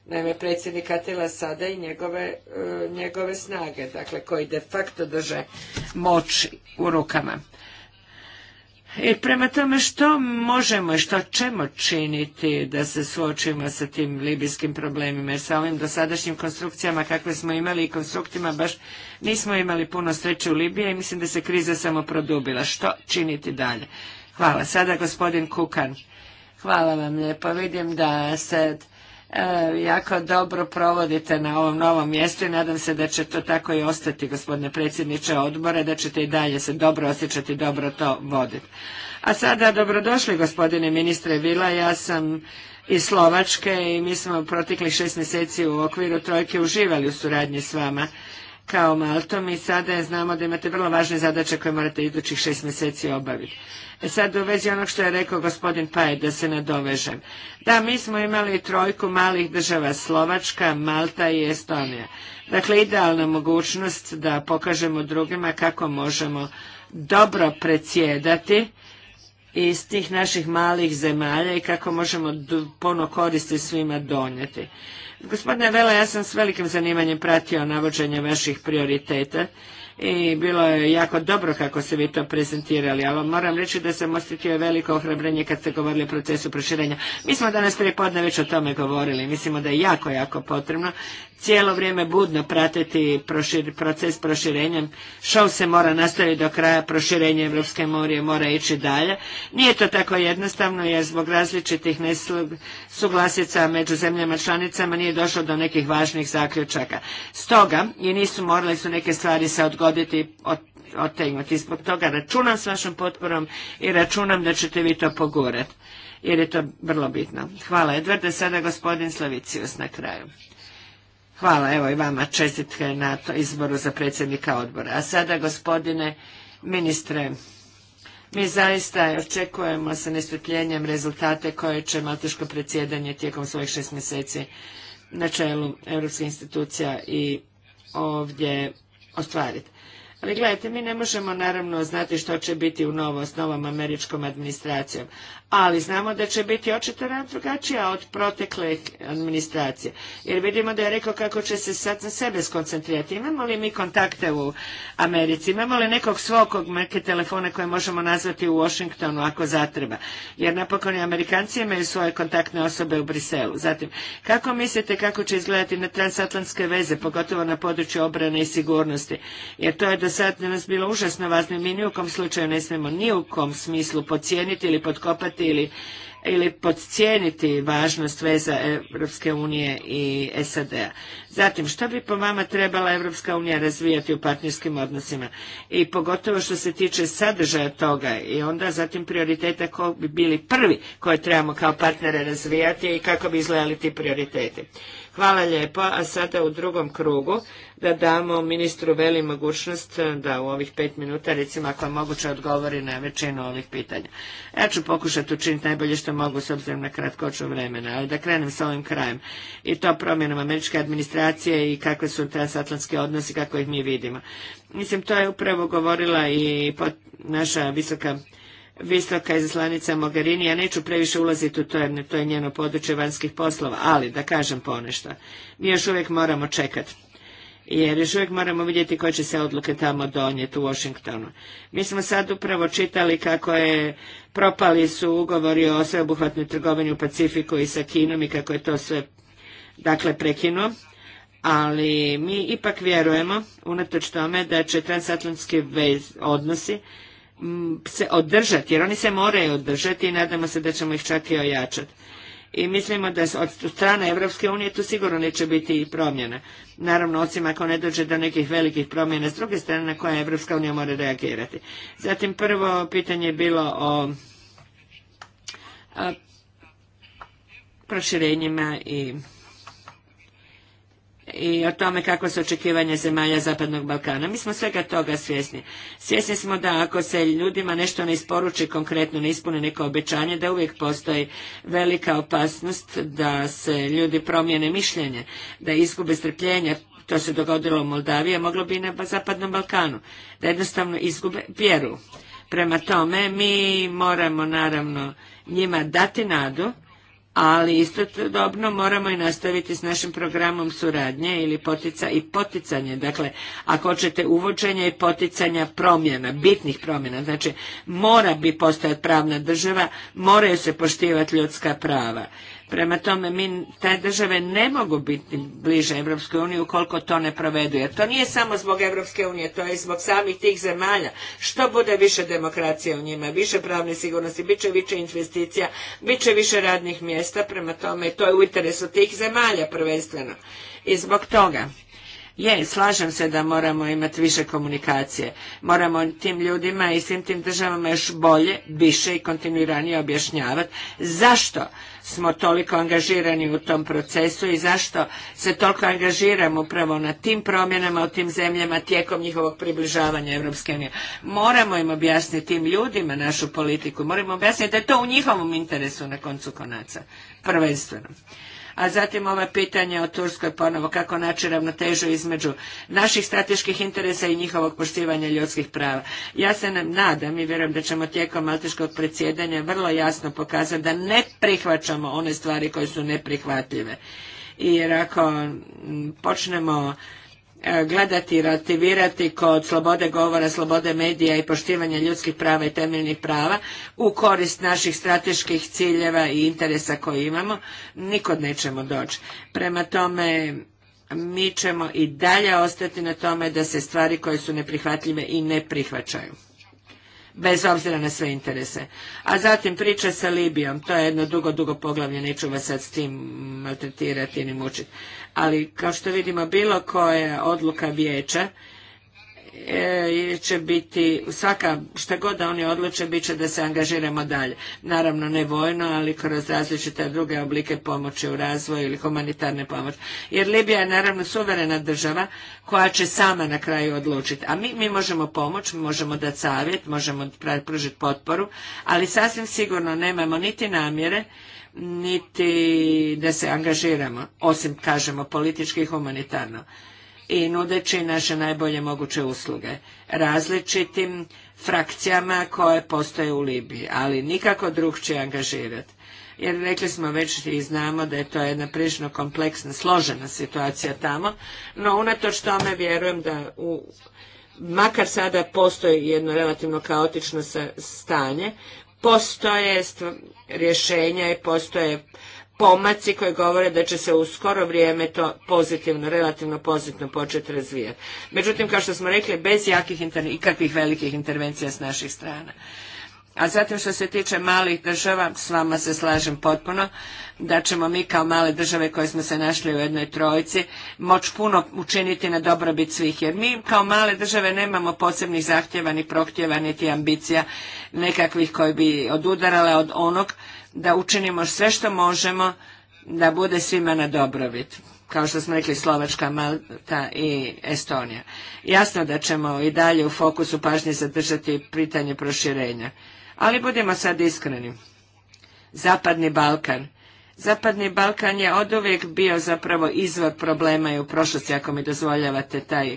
C: naime predsjednika Atila sada i njegove, e, njegove snage, dakle koji de facto drže moć u rukama. I e, prema tome što možemo i što ćemo činiti da se suočimo sa tim libijskim problemima, jer sa ovim dosadašnjim konstrukcijama kakve smo imali i konstruktima baš nismo imali puno sreće u Libiji i mislim da se kriza samo produbila. Što činiti dalje? Hvala. Sada gospodin Kukan. Hvala vam lijepo. Vidim da se E, jako dobro provodite na ovom novom mjestu i nadam se da će to tako i ostati gospodine predsjedniče odbora, da ćete i dalje se dobro osjećati, dobro to voditi. A sada dobrodošli gospodine ministre Vila, ja sam iz Slovačke i mi smo proteklih šest mjeseci u okviru trojke uživali u suradnji s vama kao Maltom i sada znamo da imate vrlo važne zadaće koje morate idućih šest mjeseci obaviti. E sad u vezi onog što je rekao gospodin Paj da se nadovežem. Da, mi smo imali trojku malih država, Slovačka, Malta i Estonija. Dakle, idealna mogućnost da pokažemo drugima kako možemo dobro predsjedati iz tih naših malih zemalja i kako možemo puno koristi svima donijeti. Gospodine Vela, ja sam s velikim zanimanjem pratio navođenje vaših prioriteta i bilo je jako dobro kako ste vi to prezentirali, ali moram reći da sam osjetio veliko ohrabrenje kad ste govorili o procesu proširenja. Mi smo danas prije podne već o tome govorili, mislimo da je jako, jako potrebno cijelo vrijeme budno pratiti proces proširenja. Šov se mora nastaviti do kraja, proširenje Evropske morije mora ići dalje. Nije to tako jednostavno jer zbog različitih nesuglasica među zemljama članicama nije došlo do nekih važnih zaključaka. Stoga, i nisu morali su neke stvari sa odgovoriti odgoditi otegnuti. Zbog toga računam s vašom potporom i računam da ćete vi to pogurati, jer je to vrlo bitno. Hvala Edvarde, sada gospodin Slavicius na kraju. Hvala, evo i vama čestitke na to izboru za predsjednika odbora. A sada, gospodine ministre, mi zaista očekujemo sa nestrpljenjem rezultate koje će malteško predsjedanje tijekom svojih šest mjeseci na čelu europskih institucija i ovdje ostvariti. Ali gledajte, mi ne možemo naravno znati što će biti u novo s novom američkom administracijom, ali znamo da će biti očito rad drugačija od protekle administracije. Jer vidimo da je rekao kako će se sad na sebe skoncentrirati. Imamo li mi kontakte u Americi? Imamo li nekog svog neke telefone koje možemo nazvati u Washingtonu ako zatreba? Jer napokon i Amerikanci imaju svoje kontaktne osobe u Briselu. Zatim, kako mislite kako će izgledati na transatlantske veze, pogotovo na području obrane i sigurnosti? Jer to je do sad nas bilo užasno važno. Mi ni u kom slučaju ne smijemo ni u kom smislu podcijeniti ili podkopati ili podcijeniti važnost veza Europske unije i SAD-a. Zatim, što bi po vama trebala Europska unija razvijati u partnerskim odnosima? I pogotovo što se tiče sadržaja toga i onda zatim prioriteta koji bi bili prvi koje trebamo kao partnere razvijati i kako bi izgledali ti prioriteti. Hvala lijepo, a sada u drugom krugu da damo ministru veli mogućnost da u ovih pet minuta, recimo ako je moguće, odgovori na većinu ovih pitanja. Ja ću pokušati učiniti najbolje što mogu s obzirom na kratkoću vremena, ali da krenem s ovim krajem. I to promjenom američke administracije i kakve su transatlantske odnosi, kako ih mi vidimo. Mislim, to je upravo govorila i naša visoka visoka izaslanica Mogherini, ja neću previše ulaziti u to jer to je njeno područje vanjskih poslova, ali da kažem ponešto, mi još uvijek moramo čekati jer još uvijek moramo vidjeti koje će se odluke tamo donijeti u Washingtonu. Mi smo sad upravo čitali kako je propali su ugovori o sveobuhvatnoj trgovini u Pacifiku i sa Kinom i kako je to sve dakle prekinuo, ali mi ipak vjerujemo unatoč tome da će transatlantski odnosi Mm, se održati, jer oni se moraju održati i nadamo se da ćemo ih čak i ojačati. I mislimo da od strane Evropske unije tu sigurno neće biti i promjena. Naravno, osim ako ne dođe do nekih velikih promjena s druge strane na koje Evropska unija mora reagirati. Zatim prvo pitanje je bilo o proširenjima i i o tome kako su očekivanja zemalja Zapadnog Balkana. Mi smo svega toga svjesni. Svjesni smo da ako se ljudima nešto ne isporuči konkretno, ne ispune neko obećanje, da uvijek postoji velika opasnost da se ljudi promijene mišljenje, da izgube strpljenje, to se dogodilo u Moldaviji, a moglo bi i na Zapadnom Balkanu, da jednostavno izgube vjeru. Prema tome, mi moramo naravno njima dati nadu ali istodobno moramo i nastaviti s našim programom suradnje ili potica i poticanje, dakle ako hoćete uvođenje i poticanja promjena, bitnih promjena, znači mora bi postojati pravna država, moraju se poštivati ljudska prava Prema tome, mi, te države ne mogu biti bliže Evropskoj uniji ukoliko to ne provedu. Jer to nije samo zbog Evropske unije, to je i zbog samih tih zemalja. Što bude više demokracije u njima, više pravne sigurnosti, bit će više investicija, bit će više radnih mjesta, prema tome to je u interesu tih zemalja prvenstveno. I zbog toga, je, slažem se da moramo imati više komunikacije. Moramo tim ljudima i svim tim državama još bolje, više i kontinuiranije objašnjavati zašto smo toliko angažirani u tom procesu i zašto se toliko angažiramo upravo na tim promjenama u tim zemljama tijekom njihovog približavanja Europske unije. Moramo im objasniti tim ljudima našu politiku, moramo objasniti da je to u njihovom interesu na koncu konaca, prvenstveno a zatim ova pitanja o Turskoj ponovo kako naći ravnotežu između naših strateških interesa i njihovog poštivanja ljudskih prava. Ja se nam nadam i vjerujem da ćemo tijekom malteškog predsjedanja vrlo jasno pokazati da ne prihvaćamo one stvari koje su neprihvatljive. jer ako počnemo gledati i relativirati kod slobode govora, slobode medija i poštivanja ljudskih prava i temeljnih prava u korist naših strateških ciljeva i interesa koje imamo, nikod nećemo doći. Prema tome, mi ćemo i dalje ostati na tome da se stvari koje su neprihvatljive i ne prihvaćaju bez obzira na sve interese. A zatim priča sa Libijom, to je jedno dugo, dugo poglavlje, neću vas sad s tim maltretirati ni mučiti ali kao što vidimo bilo koja odluka vijeća e, će biti svaka šta god da oni odluče bit će da se angažiramo dalje. Naravno ne vojno, ali kroz različite druge oblike pomoći u razvoju ili humanitarne pomoći. Jer Libija je naravno suverena država koja će sama na kraju odlučiti. A mi, mi možemo pomoći, možemo dati savjet, možemo pružiti potporu, ali sasvim sigurno nemamo niti namjere niti da se angažiramo, osim kažemo politički i humanitarno i nudeći naše najbolje moguće usluge različitim frakcijama koje postoje u Libiji, ali nikako će angažirati. Jer rekli smo već i znamo da je to jedna prilično kompleksna, složena situacija tamo, no unatoč tome vjerujem da u makar sada postoji jedno relativno kaotično stanje, postoje rješenja i postoje pomaci koji govore da će se u skoro vrijeme to pozitivno, relativno pozitivno početi razvijati. Međutim, kao što smo rekli, bez jakih i velikih intervencija s naših strana. A zatim što se tiče malih država, s vama se slažem potpuno, da ćemo mi kao male države koje smo se našli u jednoj trojici moći puno učiniti na dobrobit svih. Jer mi kao male države nemamo posebnih zahtjeva ni prohtjeva niti ambicija nekakvih koji bi odudarale od onog da učinimo sve što možemo da bude svima na dobrobit kao što smo rekli Slovačka, Malta i Estonija. Jasno da ćemo i dalje u fokusu pažnje zadržati pitanje proširenja. Ali budimo sad iskreni. Zapadni Balkan. Zapadni Balkan je uvijek bio zapravo izvor problema i u prošlosti, ako mi dozvoljavate taj,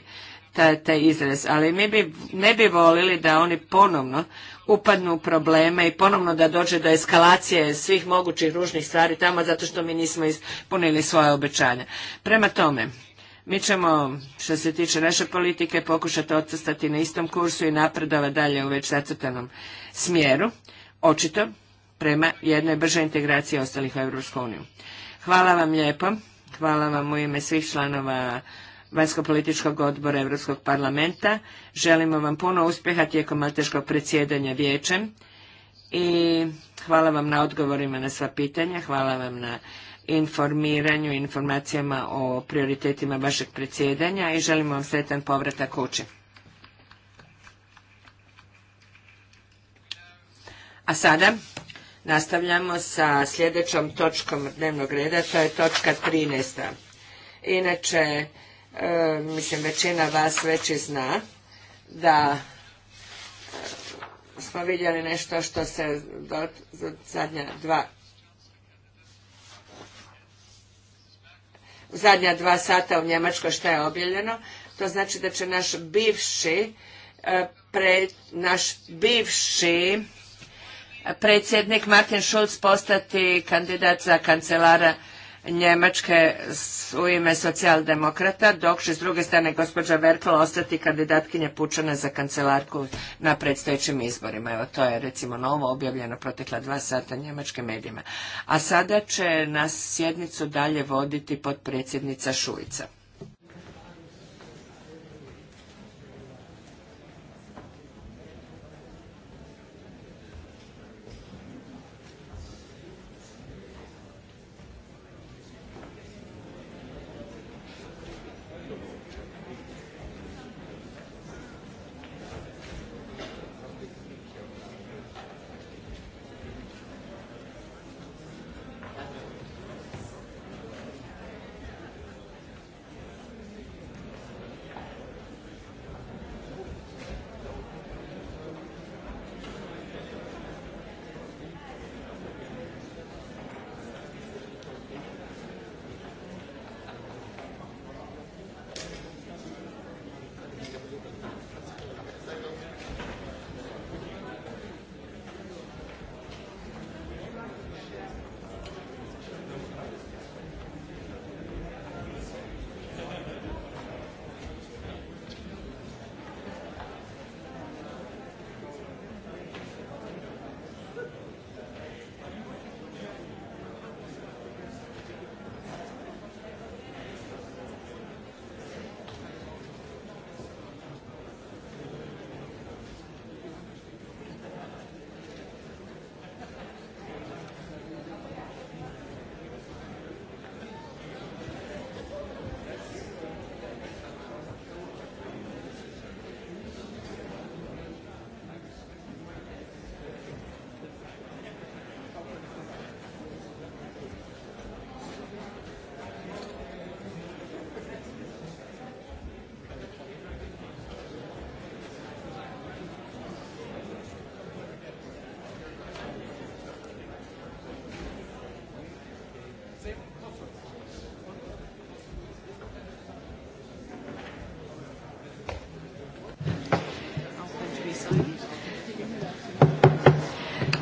C: taj, taj izraz. Ali mi bi, ne bi volili da oni ponovno upadnu u probleme i ponovno da dođe do eskalacije svih mogućih ružnih stvari tamo zato što mi nismo ispunili svoje obećanja. Prema tome, mi ćemo, što se tiče naše politike, pokušati odstati na istom kursu i napredovati dalje u već zacrtanom smjeru, očito prema jednoj bržoj integraciji ostalih u Europsku uniju. Hvala vam lijepo, hvala vam u ime svih članova vanjsko-političkog odbora Europskog parlamenta. Želimo vam puno uspjeha tijekom malteškog predsjedanja vijećem i hvala vam na odgovorima na sva pitanja, hvala vam na informiranju informacijama o prioritetima vašeg predsjedanja i želimo vam sretan povratak kući. A sada nastavljamo sa sljedećom točkom dnevnog reda, to je točka 13. Inače, e, mislim većina vas već i zna da e, smo vidjeli nešto što se zadnja dva zadnja dva sata u Njemačkoj što je objeljeno, To znači da će naš bivši e, pre, naš bivši predsjednik Martin Schulz postati kandidat za kancelara Njemačke u ime socijaldemokrata, dok će s druge strane gospođa Merkel ostati kandidatkinja Pučana za kancelarku na predstojećim izborima. Evo, to je recimo novo objavljeno protekla dva sata njemačkim medijima. A sada će nas sjednicu dalje voditi potpredsjednica Šuica.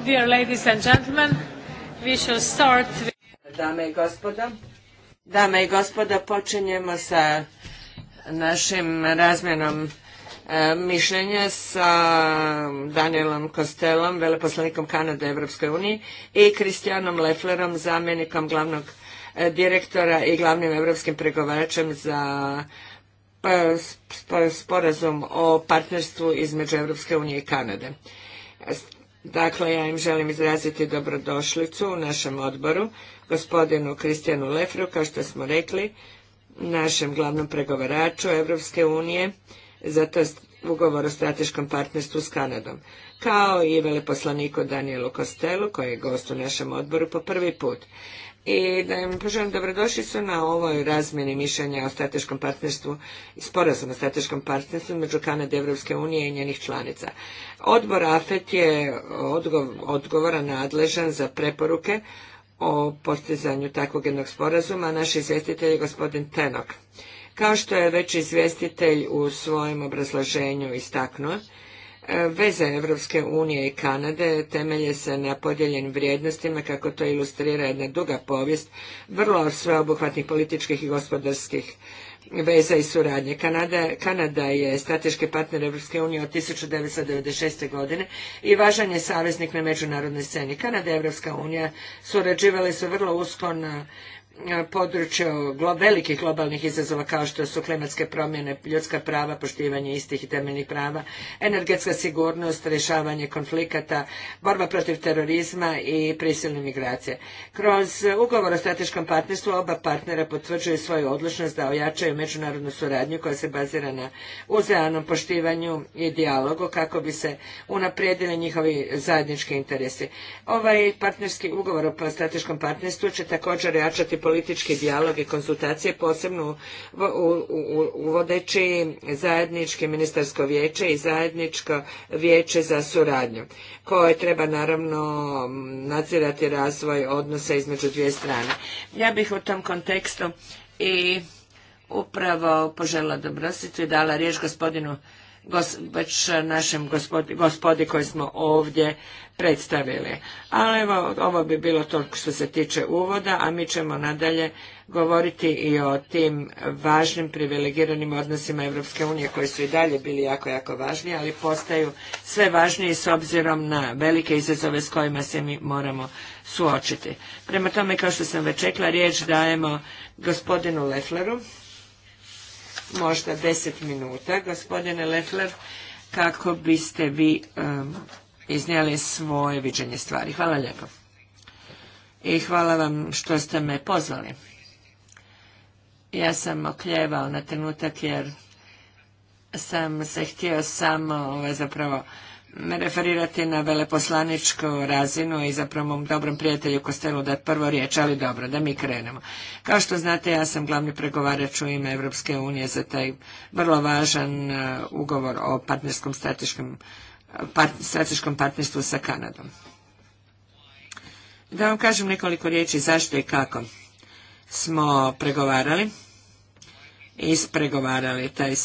C: Dear Dame i gospodo, i počinjemo sa našim razmjenom e, mišljenja sa Danielom Kostelom, veleposlanikom Kanade Evropskoj uniji i Kristijanom Leflerom, zamjenikom glavnog e, direktora i glavnim evropskim pregovaračem za e, sporazum o partnerstvu između Evropske unije i Kanade. Dakle, ja im želim izraziti dobrodošlicu u našem odboru, gospodinu Kristijanu Lefru, kao što smo rekli, našem glavnom pregovaraču Evropske unije za to ugovor o strateškom partnerstvu s Kanadom, kao i veleposlaniku Danielu Kostelu, koji je gost u našem odboru po prvi put i da im dobrodošli su na ovoj razmjeni mišljenja o strateškom partnerstvu i sporazumu o strateškom partnerstvu među Kanade, Evropske unije i njenih članica. Odbor AFET je odgovoran odgovora nadležan za preporuke o postizanju takvog jednog sporazuma, a naš izvjestitelj je gospodin Tenok. Kao što je već izvjestitelj u svojem obrazloženju istaknuo, E, veze Evropske unije i Kanade temelje se na podijeljenim vrijednostima, kako to ilustrira jedna duga povijest, vrlo sveobuhvatnih političkih i gospodarskih veza i suradnje. Kanada, Kanada je strateški partner Evropske unije od 1996. godine i važan je saveznik na međunarodnoj sceni. Kanada i Evropska unija surađivale su vrlo usko na području velikih globalnih izazova kao što su klimatske promjene, ljudska prava, poštivanje istih i temeljnih prava, energetska sigurnost, rješavanje konflikata, borba protiv terorizma i prisilne migracije. Kroz ugovor o strateškom partnerstvu oba partnera potvrđuju svoju odlučnost da ojačaju međunarodnu suradnju koja se bazira na uzajamnom poštivanju i dijalogu kako bi se unaprijedili njihovi zajednički interesi. Ovaj partnerski ugovor o strateškom partnerstvu će također jačati politički dijalog i konsultacije posebno uvodeći zajednički ministarsko vijeće i zajedničko vijeće za suradnju koje treba naravno nadzirati razvoj odnosa između dvije strane. Ja bih u tom kontekstu i upravo požela i dala riječ gospodinu već našem gospodi, koji smo ovdje predstavili. Ali evo, ovo bi bilo toliko što se tiče uvoda, a mi ćemo nadalje govoriti i o tim važnim privilegiranim odnosima Evropske unije koji su i dalje bili jako, jako važni, ali postaju sve važniji s obzirom na velike izazove s kojima se mi moramo suočiti. Prema tome, kao što sam već rekla, riječ dajemo gospodinu Lefleru možda deset minuta, gospodine Leffler, kako biste vi iznijeli svoje viđenje stvari. Hvala lijepo. I hvala vam što ste me pozvali. Ja sam okljevao na trenutak jer sam se htio samo ovaj, zapravo referirati na veleposlaničku razinu i zapravo mom dobrom prijatelju Kostelu da prvo riječ, ali dobro, da mi krenemo. Kao što znate, ja sam glavni pregovarač u ime Evropske unije za taj vrlo važan uh, ugovor o partnerskom strateškom, strateškom partnerstvu sa Kanadom. Da vam kažem nekoliko riječi zašto i kako smo pregovarali, ispregovarali taj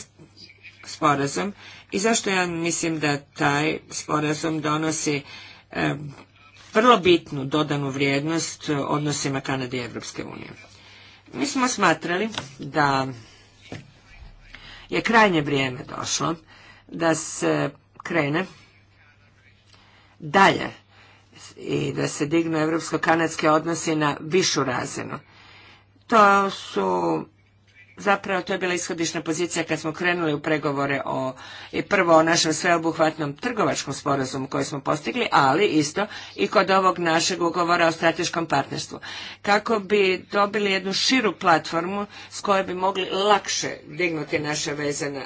C: sporazum i zašto ja mislim da taj sporazum donosi e, vrlo bitnu dodanu vrijednost odnosima Kanade i Evropske unije. Mi smo smatrali da je krajnje vrijeme došlo da se krene dalje i da se dignu evropsko-kanadske odnosi na višu razinu. To su zapravo to je bila ishodišna pozicija kad smo krenuli u pregovore o i prvo o našem sveobuhvatnom trgovačkom sporazumu koji smo postigli, ali isto i kod ovog našeg ugovora o strateškom partnerstvu. Kako bi dobili jednu širu platformu s kojoj bi mogli lakše dignuti naše veze na,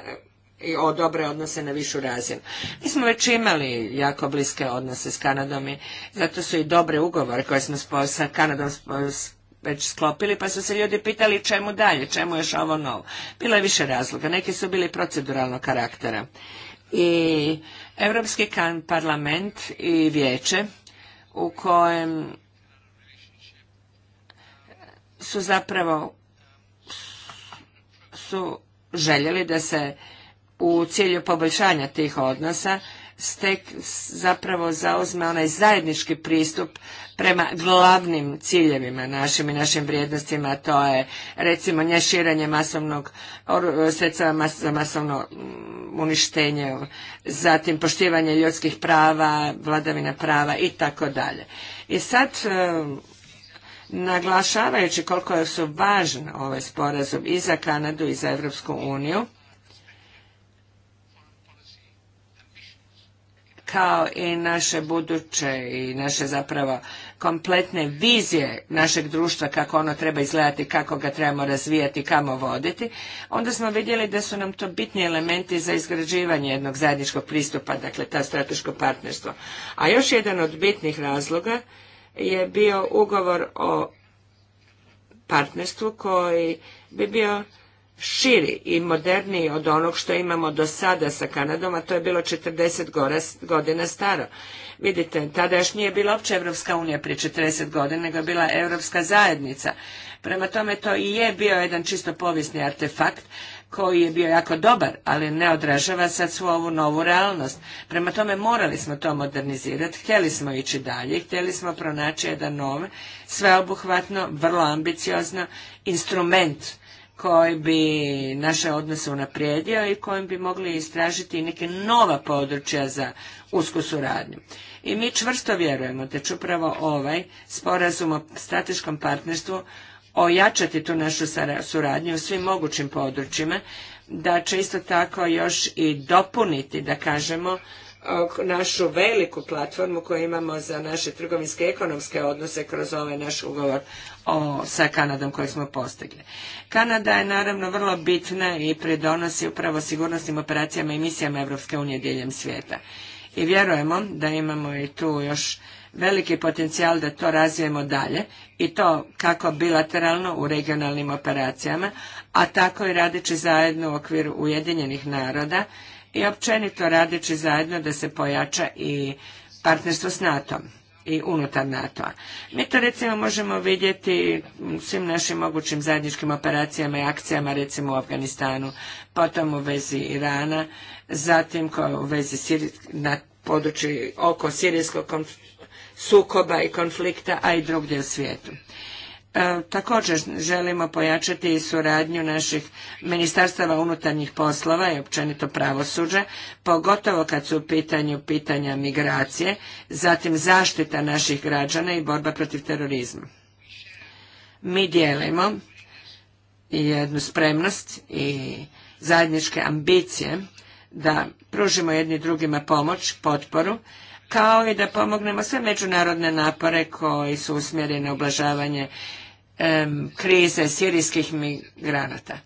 C: i o dobre odnose na višu razinu. Mi smo već imali jako bliske odnose s Kanadom i zato su i dobre ugovore koje smo sa Kanadom s, već sklopili, pa su se ljudi pitali čemu dalje, čemu još ovo novo. Bilo je više razloga, neki su bili proceduralnog karaktera. I Europski parlament i vijeće u kojem su zapravo su željeli da se u cilju poboljšanja tih odnosa stek zapravo zauzme onaj zajednički pristup prema glavnim ciljevima našim i našim vrijednostima, to je recimo nješiranje masovnog sredstava za masovno mm, uništenje, zatim poštivanje ljudskih prava, vladavina prava i tako dalje. I sad e, naglašavajući koliko su važan ovaj sporazum i za Kanadu i za Europsku uniju, kao i naše buduće i naše zapravo kompletne vizije našeg društva kako ono treba izgledati, kako ga trebamo razvijati, kamo voditi, onda smo vidjeli da su nam to bitni elementi za izgrađivanje jednog zajedničkog pristupa, dakle ta strateško partnerstvo. A još jedan od bitnih razloga je bio ugovor o partnerstvu koji bi bio širi i moderniji od onog što imamo do sada sa Kanadom, a to je bilo 40 godina staro. Vidite, tada još nije bila uopće Evropska unija prije 40 godina, nego je bila Europska zajednica. Prema tome to i je bio jedan čisto povijesni artefakt koji je bio jako dobar, ali ne odražava sad svu ovu novu realnost. Prema tome morali smo to modernizirati, htjeli smo ići dalje, htjeli smo pronaći jedan nov, sveobuhvatno, vrlo ambiciozno instrument koji bi naše odnose unaprijedio i kojim bi mogli istražiti neke nova područja za usku suradnju. I mi čvrsto vjerujemo da će upravo ovaj sporazum o strateškom partnerstvu ojačati tu našu suradnju u svim mogućim područjima, da će isto tako još i dopuniti, da kažemo, našu veliku platformu koju imamo za naše trgovinske i ekonomske odnose kroz ovaj naš ugovor o, sa Kanadom koji smo postigli. Kanada je naravno vrlo bitna i pridonosi upravo sigurnosnim operacijama i misijama Europske unije diljem svijeta. I vjerujemo da imamo i tu još veliki potencijal da to razvijemo dalje i to kako bilateralno u regionalnim operacijama, a tako i radeći zajedno u okviru Ujedinjenih naroda i općenito radeći zajedno da se pojača i partnerstvo s NATO-om i unutar NATO-a. Mi to recimo možemo vidjeti u svim našim mogućim zajedničkim operacijama i akcijama recimo u Afganistanu, potom u vezi Irana, zatim u vezi na području oko sirijskog sukoba i konflikta, a i drugdje u svijetu. E, također želimo pojačati i suradnju naših ministarstava unutarnjih poslova i općenito pravosuđa, pogotovo kad su u pitanju pitanja migracije, zatim zaštita naših građana i borba protiv terorizma. Mi dijelimo jednu spremnost i zajedničke ambicije da pružimo jedni drugima pomoć, potporu, kao i da pomognemo sve međunarodne napore koji su usmjereni na oblažavanje krize sirijskih migranata.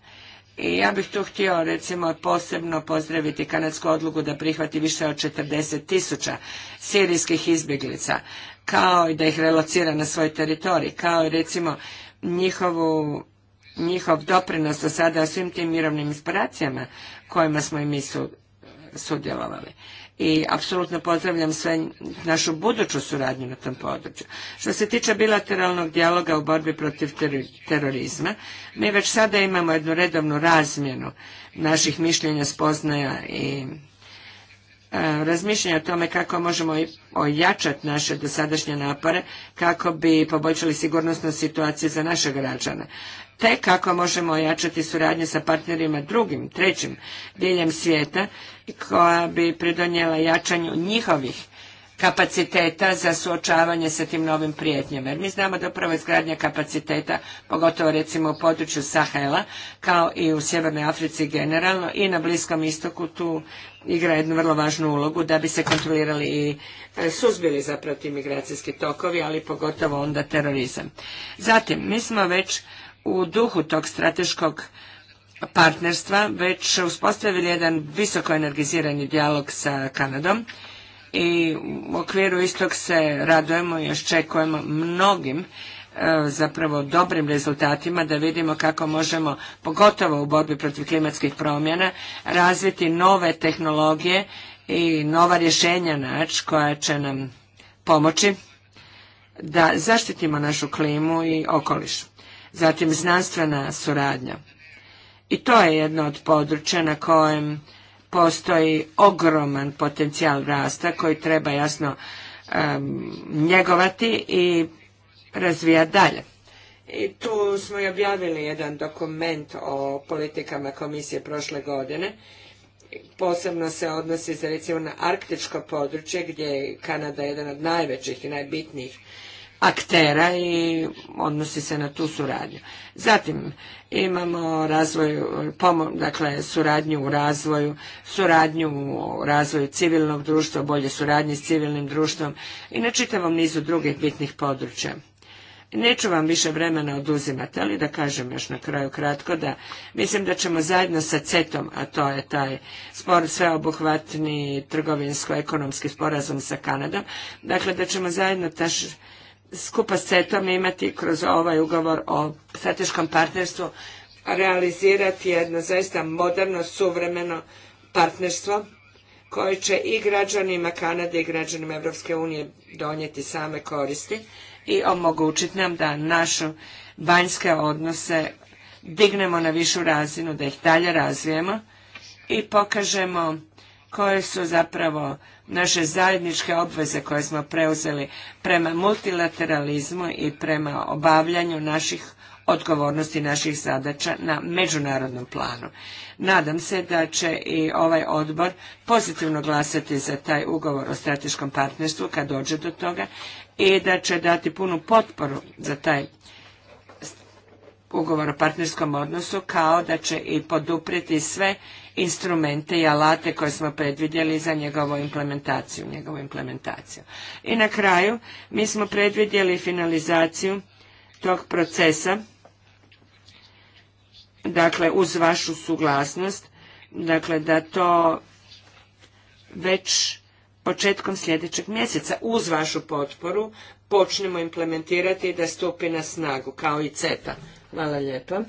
C: I ja bih tu htio recimo posebno pozdraviti kanadsku odluku da prihvati više od 40 tisuća sirijskih izbjeglica, kao i da ih relocira na svoj teritorij, kao i recimo njihovu, njihov doprinos do sada o svim tim mirovnim inspiracijama kojima smo i mi sudjelovali i apsolutno pozdravljam sve našu buduću suradnju na tom području. Što se tiče bilateralnog dijaloga u borbi protiv terorizma, mi već sada imamo jednu redovnu razmjenu naših mišljenja, spoznaja i e, razmišljanja o tome kako možemo ojačati naše dosadašnje napore kako bi poboljšali sigurnosnu situaciju za naše građane te kako možemo ojačati suradnju sa partnerima drugim, trećim diljem svijeta koja bi pridonijela jačanju njihovih kapaciteta za suočavanje sa tim novim prijetnjama. Jer mi znamo da upravo izgradnja kapaciteta, pogotovo recimo u području Sahela, kao i u Sjevernoj Africi generalno i na Bliskom istoku tu igra jednu vrlo važnu ulogu da bi se kontrolirali i e, suzbili zapravo ti migracijski tokovi, ali pogotovo onda terorizam. Zatim, mi smo već u duhu tog strateškog partnerstva već uspostavili jedan visoko energizirani dijalog sa Kanadom i u okviru istog se radujemo i očekujemo mnogim e, zapravo dobrim rezultatima da vidimo kako možemo, pogotovo u borbi protiv klimatskih promjena, razviti nove tehnologije i nova rješenja nač koja će nam pomoći da zaštitimo našu klimu i okoliš zatim znanstvena suradnja. I to je jedno od područja na kojem postoji ogroman potencijal rasta koji treba jasno njegovati i razvijati dalje. I tu smo i objavili jedan dokument o politikama komisije prošle godine. Posebno se odnosi za recimo na arktičko područje gdje je Kanada jedan od najvećih i najbitnijih aktera i odnosi se na tu suradnju. Zatim imamo razvoj, dakle suradnju u razvoju, suradnju u razvoju civilnog društva, bolje suradnje s civilnim društvom i na čitavom nizu drugih bitnih područja. Neću vam više vremena oduzimati, ali da kažem još na kraju kratko da mislim da ćemo zajedno sa cetom a to je taj spor sveobuhvatni trgovinsko-ekonomski sporazum sa Kanadom, dakle da ćemo zajedno taš skupa s CETom imati kroz ovaj ugovor o strateškom partnerstvu realizirati jedno zaista moderno, suvremeno partnerstvo koje će i građanima Kanade i građanima Evropske unije donijeti same koristi i omogućiti nam da naše vanjske odnose dignemo na višu razinu, da ih dalje razvijemo i pokažemo koje su zapravo naše zajedničke obveze koje smo preuzeli prema multilateralizmu i prema obavljanju naših odgovornosti naših zadaća na međunarodnom planu. Nadam se da će i ovaj odbor pozitivno glasati za taj ugovor o strateškom partnerstvu kad dođe do toga i da će dati punu potporu za taj ugovor o partnerskom odnosu kao da će i poduprijeti sve instrumente i alate koje smo predvidjeli za njegovu implementaciju, njegovu implementaciju. I na kraju mi smo predvidjeli finalizaciju tog procesa, dakle uz vašu suglasnost, dakle da to već početkom sljedećeg mjeseca uz vašu potporu počnemo implementirati i da stupi na snagu kao i CETA. Hvala lijepa.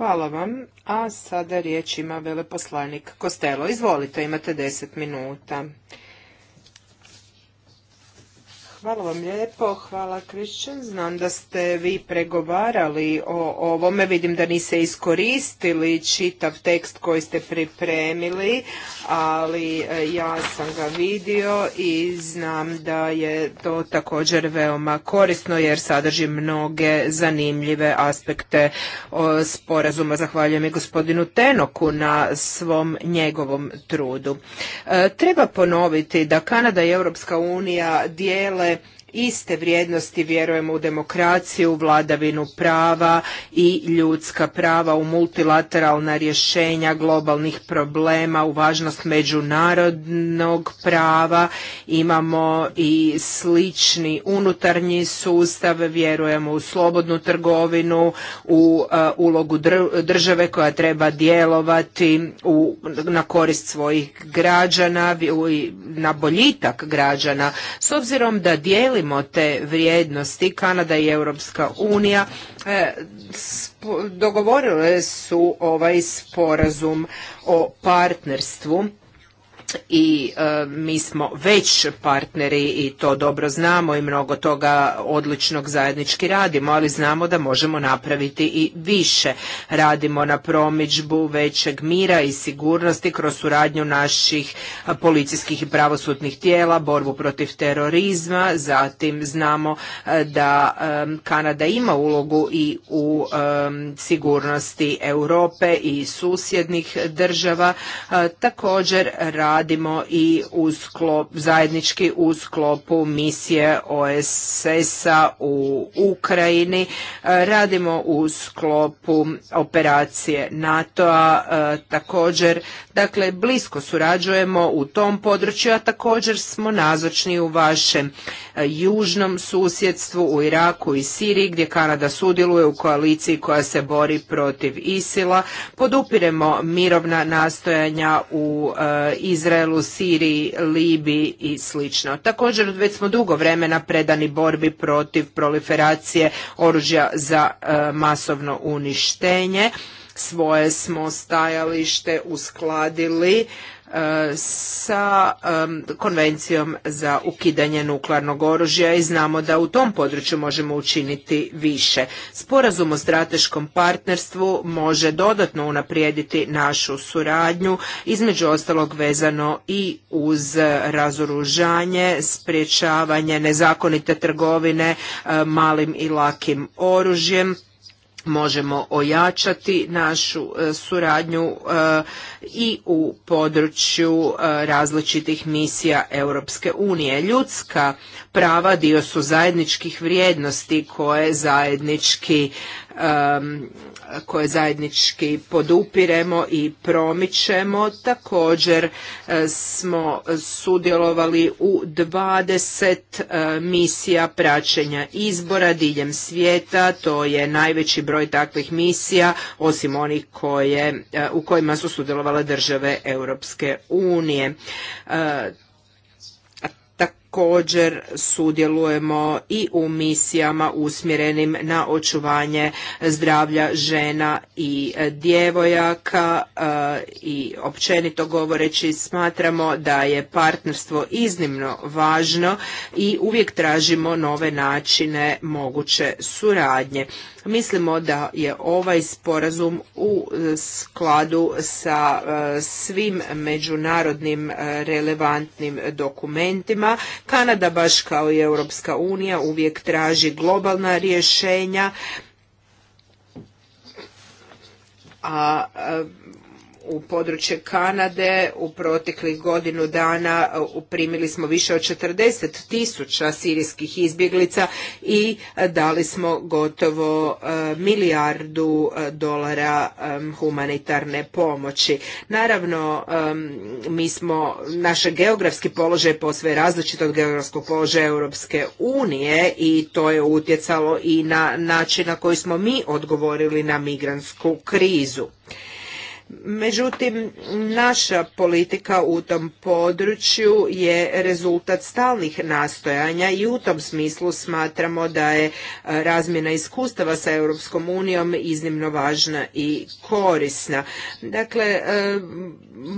B: Hvala vam. A sada riječ ima veleposlanik Kostelo. Izvolite, imate deset minuta. Hvala vam lijepo, hvala Krišćan. Znam da ste vi pregovarali o ovome, vidim da niste iskoristili čitav tekst koji ste pripremili, ali e, ja sam ga vidio i znam da je to također veoma korisno jer sadrži mnoge zanimljive aspekte sporazuma. Zahvaljujem i gospodinu Tenoku na svom njegovom trudu. E, treba ponoviti da Kanada i Europska unija dijele iste vrijednosti vjerujemo u demokraciju, vladavinu prava i ljudska prava, u multilateralna rješenja globalnih problema, u važnost međunarodnog prava. Imamo i slični unutarnji sustav, vjerujemo u slobodnu trgovinu, u uh, ulogu države koja treba djelovati na korist svojih građana, i na boljitak građana. S obzirom da dijeli dijelimo te vrijednosti, Kanada i Europska unija e, dogovorile su ovaj sporazum o partnerstvu i e, mi smo već partneri i to dobro znamo i mnogo toga odličnog zajednički radimo, ali znamo da možemo napraviti i više. Radimo na promičbu većeg mira i sigurnosti kroz suradnju naših policijskih i pravosudnih tijela, borbu protiv terorizma, zatim znamo e, da e, Kanada ima ulogu i u sigurnosti Europe i susjednih država. Također radimo i u sklop, zajednički u sklopu misije OSS-a u Ukrajini. E, radimo u sklopu operacije NATO-a e, također, dakle blisko surađujemo u tom području, a također smo nazočni u vašem e, južnom susjedstvu u Iraku i Siriji gdje Kanada sudjeluje u koaliciji koja se bori protiv ISIL-a. Podupiremo mirovna nastojanja u Izraelu Izraelu, Siriji, Libiji i sl. Također već smo dugo vremena predani borbi protiv proliferacije oružja za e, masovno uništenje. Svoje smo stajalište uskladili sa konvencijom za ukidanje nuklearnog oružja i znamo da u tom području možemo učiniti više. Sporazum o strateškom partnerstvu može dodatno unaprijediti našu suradnju, između ostalog vezano i uz razoružanje, sprječavanje nezakonite trgovine malim i lakim oružjem možemo ojačati našu e, suradnju e, i u području e, različitih misija Europske unije. Ljudska prava dio su zajedničkih vrijednosti koje zajednički koje zajednički podupiremo i promičemo. Također e, smo sudjelovali u 20 e, misija praćenja izbora diljem svijeta. To je najveći broj takvih misija, osim onih koje, e, u kojima su sudjelovale države Europske unije također sudjelujemo i u misijama usmjerenim na očuvanje zdravlja žena i djevojaka e, i općenito govoreći smatramo da je partnerstvo iznimno važno i uvijek tražimo nove načine moguće suradnje. Mislimo da je ovaj sporazum u skladu sa e, svim međunarodnim e, relevantnim dokumentima. Kanada baš kao i Europska unija uvijek traži globalna rješenja a e, u područje Kanade u proteklih godinu dana uh, primili smo više od 40 tisuća sirijskih izbjeglica i uh, dali smo gotovo uh, milijardu dolara um, humanitarne pomoći. Naravno, um, mi smo, naš geografski položaj posve različit od geografskog položaja Europske unije i to je utjecalo i na način na koji smo mi odgovorili na migrantsku krizu. Međutim, naša politika u tom području je rezultat stalnih nastojanja i u tom smislu smatramo da je e, razmjena iskustava sa Europskom unijom iznimno važna i korisna. Dakle, e,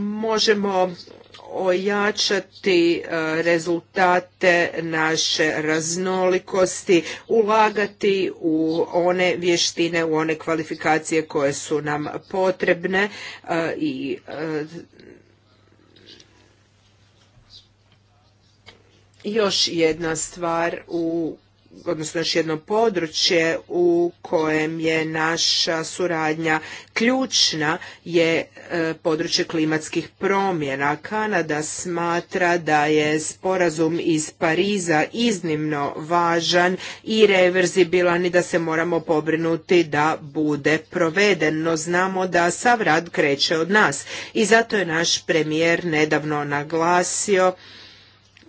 B: možemo ojačati e, rezultate naše raznolikosti, ulagati u one vještine, u one kvalifikacije koje su nam potrebne e, i e, još jedna stvar u odnosno još jedno područje u kojem je naša suradnja ključna je e, područje klimatskih promjena. Kanada smatra da je sporazum iz Pariza iznimno važan i reverzibilan i da se moramo pobrinuti da bude proveden, no znamo da sav rad kreće od nas i zato je naš premijer nedavno naglasio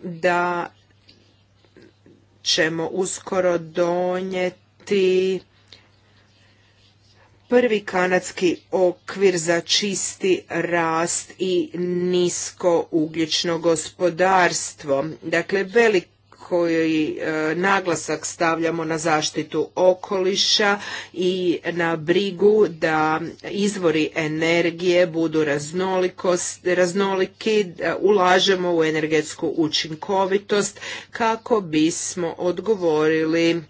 B: da ćemo uskoro donijeti prvi kanadski okvir za čisti rast i nisko ugljično gospodarstvo. Dakle, velik koji e, naglasak stavljamo na zaštitu okoliša i na brigu da izvori energije budu raznoliki, ulažemo u energetsku učinkovitost kako bismo odgovorili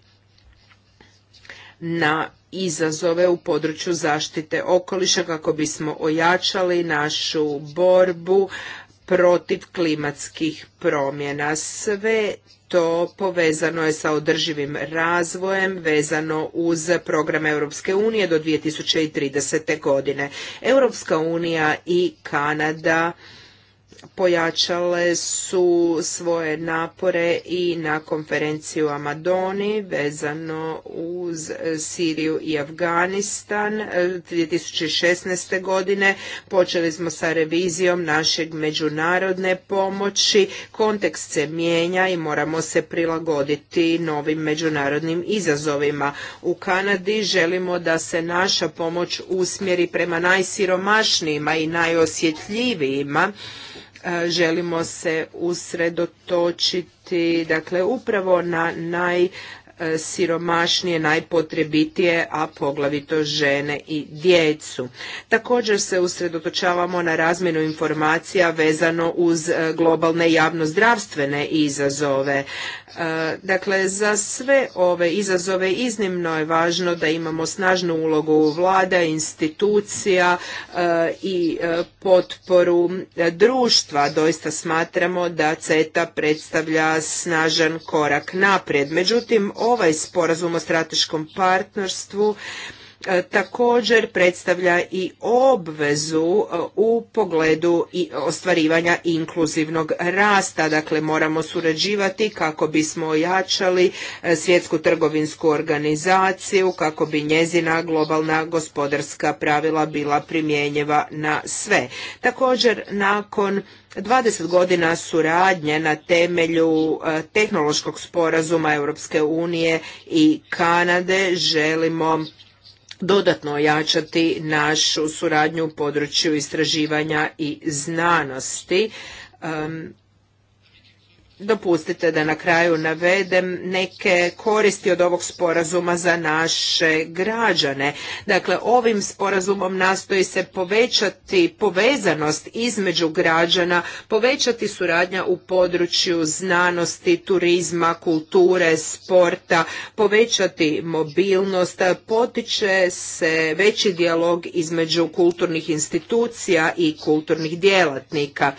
B: na izazove u području zaštite okoliša kako bismo ojačali našu borbu protiv klimatskih promjena. Sve to povezano je sa održivim razvojem vezano uz program Europske unije do 2030. godine. Europska unija i Kanada pojačale su svoje napore i na konferenciju Amadoni vezano uz Siriju i Afganistan 2016. E, godine. Počeli smo sa revizijom našeg međunarodne pomoći. Kontekst se mijenja i moramo se prilagoditi novim međunarodnim izazovima. U Kanadi želimo da se naša pomoć usmjeri prema najsiromašnijima i najosjetljivijima E, želimo se usredotočiti dakle upravo na naj E, siromašnije, najpotrebitije, a poglavito žene i djecu. Također se usredotočavamo na razmjenu informacija vezano uz e, globalne javnozdravstvene izazove. E, dakle, za sve ove izazove iznimno je važno da imamo snažnu ulogu vlada, institucija i potporu društva. Doista smatramo da CETA predstavlja snažan korak naprijed. Međutim, ovaj sporazum o strateškom partnerstvu e, također predstavlja i obvezu e, u pogledu i ostvarivanja inkluzivnog rasta. Dakle, moramo surađivati kako bismo ojačali e, svjetsku trgovinsku organizaciju, kako bi njezina globalna gospodarska pravila bila primjenjiva na sve. Također, nakon 20 godina suradnje na temelju e, tehnološkog sporazuma Europske unije i Kanade želimo dodatno ojačati našu suradnju u području istraživanja i znanosti. Dopustite da na kraju navedem neke koristi od ovog sporazuma za naše građane. Dakle, ovim sporazumom nastoji se povećati povezanost između građana, povećati suradnja u području znanosti, turizma, kulture, sporta, povećati mobilnost, potiče se veći dijalog između kulturnih institucija i kulturnih djelatnika.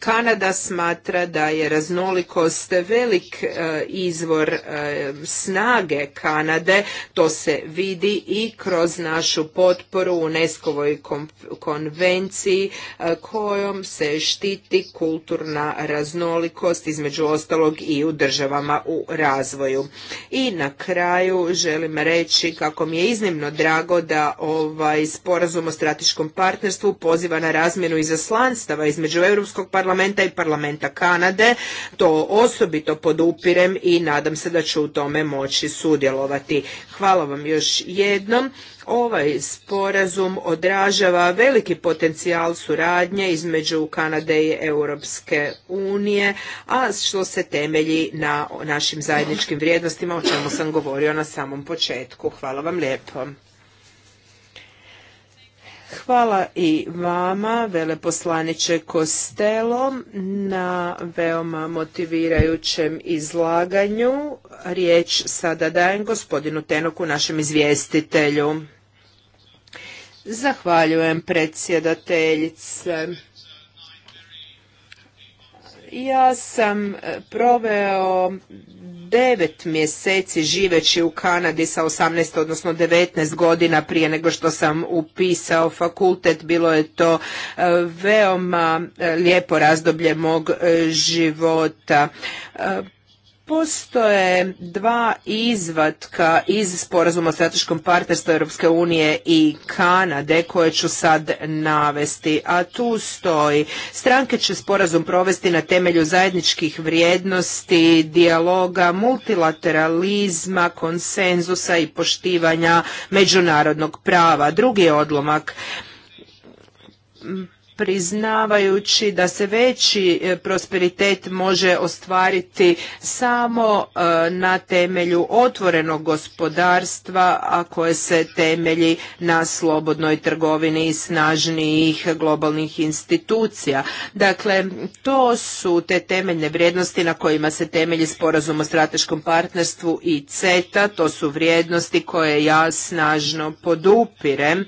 B: Kanada smatra da je raznolikost velik e, izvor e, snage Kanade, to se vidi i kroz našu potporu UNESCO-voj konvenciji e, kojom se štiti kulturna raznolikost između ostalog i u državama u razvoju. I na kraju želim reći kako mi je iznimno drago da ovaj sporazum o strateškom partnerstvu poziva na razmjenu izaslanstava između Europskog parlamenta parlamenta i parlamenta Kanade. To osobito podupirem i nadam se da ću u tome moći sudjelovati. Hvala vam još jednom. Ovaj sporazum odražava veliki potencijal suradnje između Kanade i Europske unije, a što se temelji na našim zajedničkim vrijednostima, o čemu sam govorio na samom početku. Hvala vam lijepo. Hvala i vama, veleposlaniče Kostelo, na veoma motivirajućem izlaganju. Riječ sada dajem gospodinu Tenoku, našem izvjestitelju. Zahvaljujem predsjedateljice. Ja sam e, proveo devet mjeseci živeći u Kanadi sa 18, odnosno 19 godina prije nego što sam upisao fakultet. Bilo je to e, veoma e, lijepo razdoblje mog života. Postoje dva izvatka iz sporazuma o strateškom partnerstvu Europske unije i Kanade koje ću sad navesti, a tu stoji stranke će sporazum provesti na temelju zajedničkih vrijednosti, dijaloga, multilateralizma, konsenzusa i poštivanja međunarodnog prava. Drugi odlomak priznavajući da se veći e, prosperitet može ostvariti samo e, na temelju otvorenog gospodarstva, a koje se temelji na slobodnoj trgovini i snažnijih globalnih institucija. Dakle, to su te temeljne vrijednosti na kojima se temelji sporazum o strateškom partnerstvu i CETA. To su vrijednosti koje ja snažno podupirem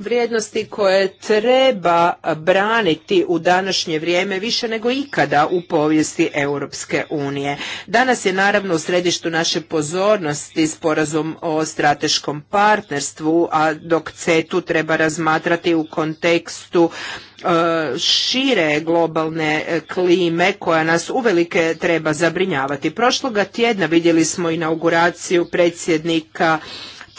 B: vrijednosti koje treba braniti u današnje vrijeme više nego ikada u povijesti Europske unije. Danas je naravno u središtu naše pozornosti sporazum o strateškom partnerstvu, a dok CETU treba razmatrati u kontekstu e, šire globalne e, klime koja nas uvelike treba zabrinjavati. Prošloga tjedna vidjeli smo inauguraciju predsjednika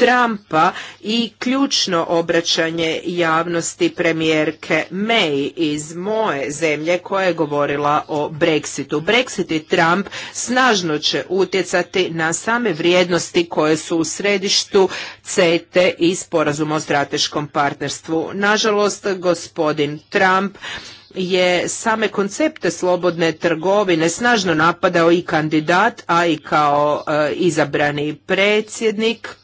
B: Trumpa i ključno obraćanje javnosti premijerke May iz moje zemlje koja je govorila o Brexitu. Brexit i Trump snažno će utjecati na same vrijednosti koje su u središtu CETE i sporazuma o strateškom partnerstvu. Nažalost, gospodin Trump je same koncepte slobodne trgovine snažno napadao i kandidat, a i kao e, izabrani predsjednik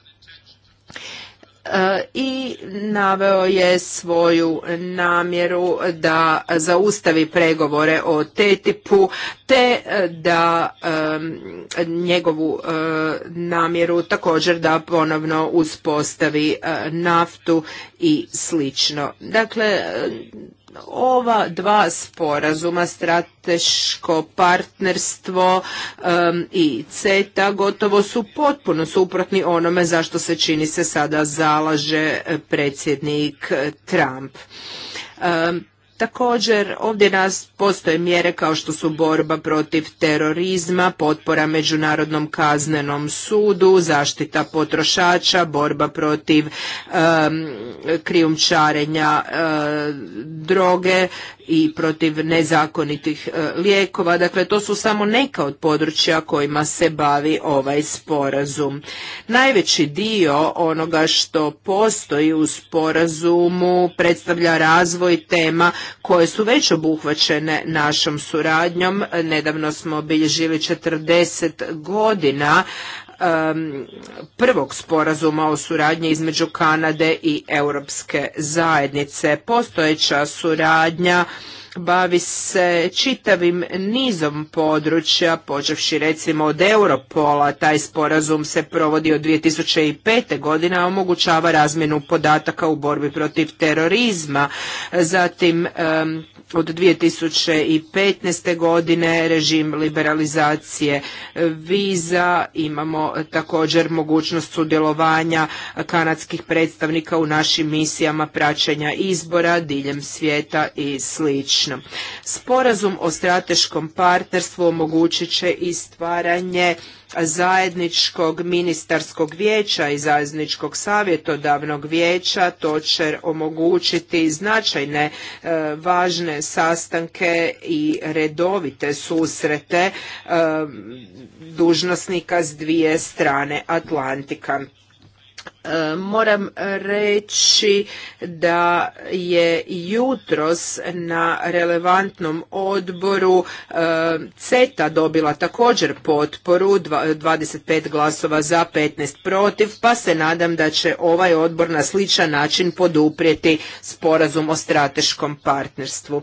B: E, i naveo je svoju namjeru da zaustavi pregovore o TTIP-u te e, da e, njegovu namjeru također da ponovno uspostavi naftu i slično. Dakle, ova dva sporazuma, strateško partnerstvo i CETA, gotovo su potpuno suprotni onome zašto se čini se sada zalaže eh, predsjednik eh, Trump. Također ovdje nas postoje mjere kao što su borba protiv terorizma, potpora međunarodnom kaznenom sudu, zaštita potrošača, borba protiv um, krijumčarenja droge, i protiv nezakonitih e, lijekova. Dakle, to su samo neka od područja kojima se bavi ovaj sporazum. Najveći dio onoga što postoji u sporazumu predstavlja razvoj tema koje su već obuhvaćene našom suradnjom. Nedavno smo obilježili 40 godina prvog sporazuma o suradnji između Kanade i Europske zajednice. Postojeća suradnja bavi se čitavim nizom područja, počevši recimo od Europola, taj sporazum se provodi od 2005. godine, a omogućava razmjenu podataka u borbi protiv terorizma. Zatim od 2015. godine režim liberalizacije viza, imamo također mogućnost sudjelovanja kanadskih predstavnika u našim misijama praćenja izbora diljem svijeta i sl. Sporazum o strateškom partnerstvu omogućit će i stvaranje zajedničkog ministarskog vijeća i zajedničkog savjetodavnog vijeća. To će omogućiti značajne e, važne sastanke i redovite susrete e, dužnosnika s dvije strane Atlantika. Moram reći da je jutros na relevantnom odboru e, CETA dobila također potporu, 25 glasova za, 15 protiv, pa se nadam da će ovaj odbor na sličan način poduprijeti sporazum o strateškom partnerstvu.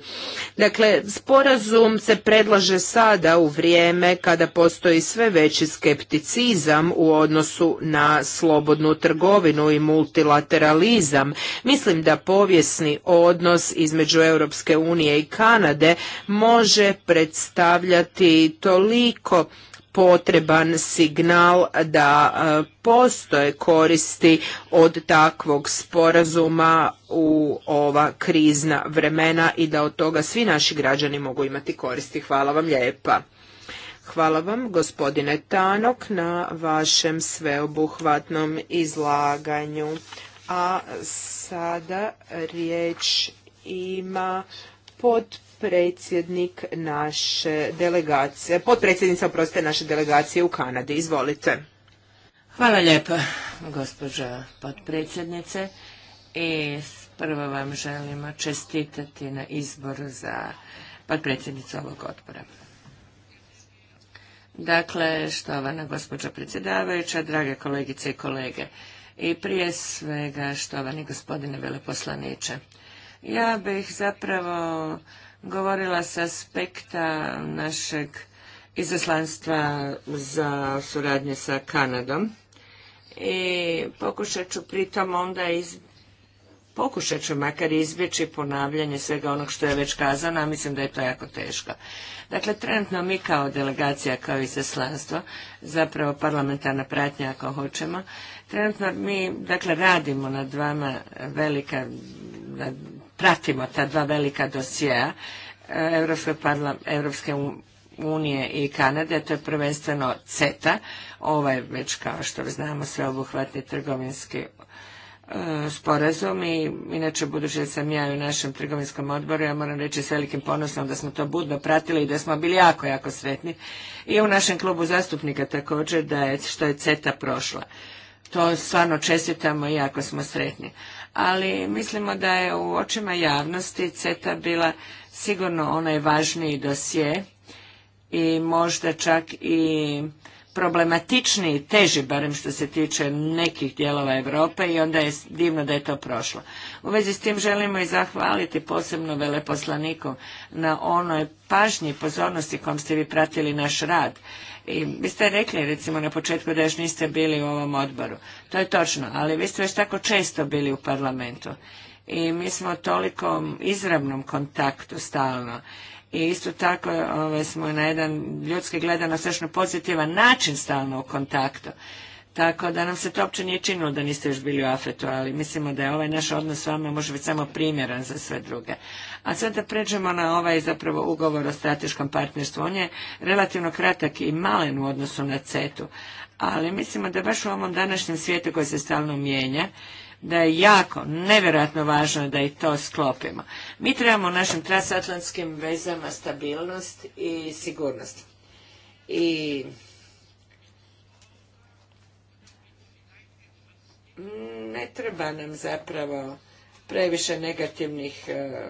B: Dakle, sporazum se predlaže sada u vrijeme kada postoji sve veći skepticizam u odnosu na slobodnu trgovinu trgovinu i multilateralizam. Mislim da povijesni odnos između Europske unije i Kanade može predstavljati toliko potreban signal da e, postoje koristi od takvog sporazuma u ova krizna vremena i da od toga svi naši građani mogu imati koristi. Hvala vam lijepa. Hvala vam gospodine Tanok na vašem sveobuhvatnom izlaganju. A sada riječ ima potpredsjednik naše delegacije, potpredsjednica, oprostite, naše delegacije u Kanadi. Izvolite.
C: Hvala lijepa, gospođa potpredsjednice. I prvo vam želimo čestitati na izbor za potpredsjednicu ovog odbora. Dakle, štovana gospođa predsjedavajuća, drage kolegice i kolege, i prije svega štovani gospodine veleposlaniče, ja bih zapravo govorila s aspekta našeg izaslanstva za suradnje sa Kanadom i pokušat ću pritom onda iz... pokušat ću makar izbjeći ponavljanje svega onog što je već kazano, a mislim da je to jako teško. Dakle, trenutno mi kao delegacija, kao i seslanstvo, zapravo parlamentarna pratnja ako hoćemo, trenutno mi, dakle, radimo na dvama velika, pratimo ta dva velika dosjeja Europske, unije i Kanade, to je prvenstveno CETA, ovaj već kao što znamo sveobuhvatni trgovinski E, sporazum i inače budući da sam ja u našem trgovinskom odboru, ja moram reći s velikim ponosom da smo to budno pratili i da smo bili jako, jako sretni i u našem klubu zastupnika također da je što je CETA prošla. To stvarno čestitamo i jako smo sretni. Ali mislimo da je u očima javnosti CETA bila sigurno onaj važniji dosje i možda čak i problematičniji, teži barem što se tiče nekih dijelova Europe i onda je divno da je to prošlo. U vezi s tim želimo i zahvaliti posebno veleposlaniku na onoj pažnji i pozornosti kom ste vi pratili naš rad. I vi ste rekli recimo na početku da još niste bili u ovom odboru. To je točno, ali vi ste već tako često bili u parlamentu. I mi smo toliko izravnom kontaktu stalno i isto tako ove ovaj, smo na jedan ljudski gledano srčno pozitivan način stalno u kontaktu. Tako da nam se to uopće nije činilo da niste još bili u afetu, ali mislimo da je ovaj naš odnos s vama može biti samo primjeran za sve druge. A sada pređemo na ovaj zapravo ugovor o strateškom partnerstvu. On je relativno kratak i malen u odnosu na CETU, ali mislimo da baš u ovom današnjem svijetu koji se stalno mijenja da je jako, nevjerojatno važno da i to sklopimo. Mi trebamo u našim transatlantskim vezama stabilnost i sigurnost. I ne treba nam zapravo previše negativnih e,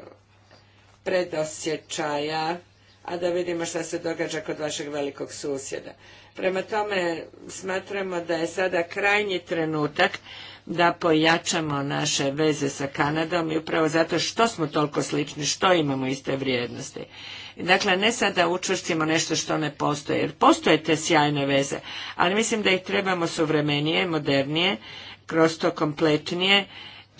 C: predosjećaja, a da vidimo šta se događa kod vašeg velikog susjeda. Prema tome smatramo da je sada krajnji trenutak da pojačamo naše veze sa Kanadom i upravo zato što smo toliko slični, što imamo iste vrijednosti. Dakle, ne sada učvrstimo nešto što ne postoje, jer postoje te sjajne veze, ali mislim da ih trebamo suvremenije, modernije, kroz to kompletnije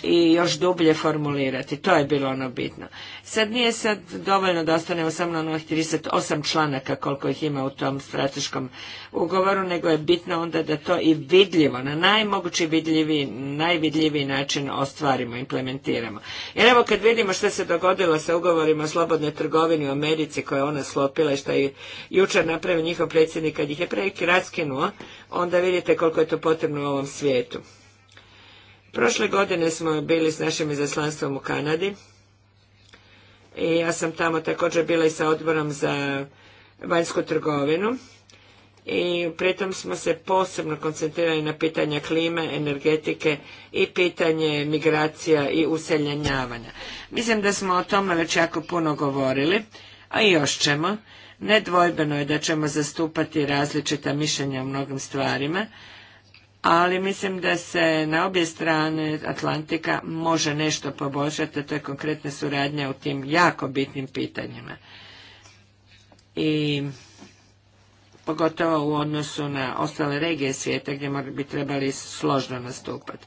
C: i još dublje formulirati. To je bilo ono bitno. Sad nije sad dovoljno da ostanemo samo na onih 38 članaka koliko ih ima u tom strateškom ugovoru, nego je bitno onda da to i vidljivo, na najmogući vidljivi, najvidljiviji način ostvarimo, implementiramo. Jer evo kad vidimo što se dogodilo sa ugovorima o slobodnoj trgovini u Americi koje je ona slopila i što je jučer napravio njihov predsjednik kad ih je preki raskinuo, onda vidite koliko je to potrebno u ovom svijetu. Prošle godine smo bili s našim izaslanstvom u Kanadi i ja sam tamo također bila i sa odborom za vanjsku trgovinu i pritom smo se posebno koncentrirali na pitanja klime, energetike i pitanje migracija i useljenjavanja. Mislim da smo o tome već jako puno govorili, a i još ćemo. Nedvojbeno je da ćemo zastupati različita mišljenja o mnogim stvarima ali mislim da se na obje strane Atlantika može nešto poboljšati, a to je konkretna suradnja u tim jako bitnim pitanjima. I pogotovo u odnosu na ostale regije svijeta gdje bi trebali složno nastupati.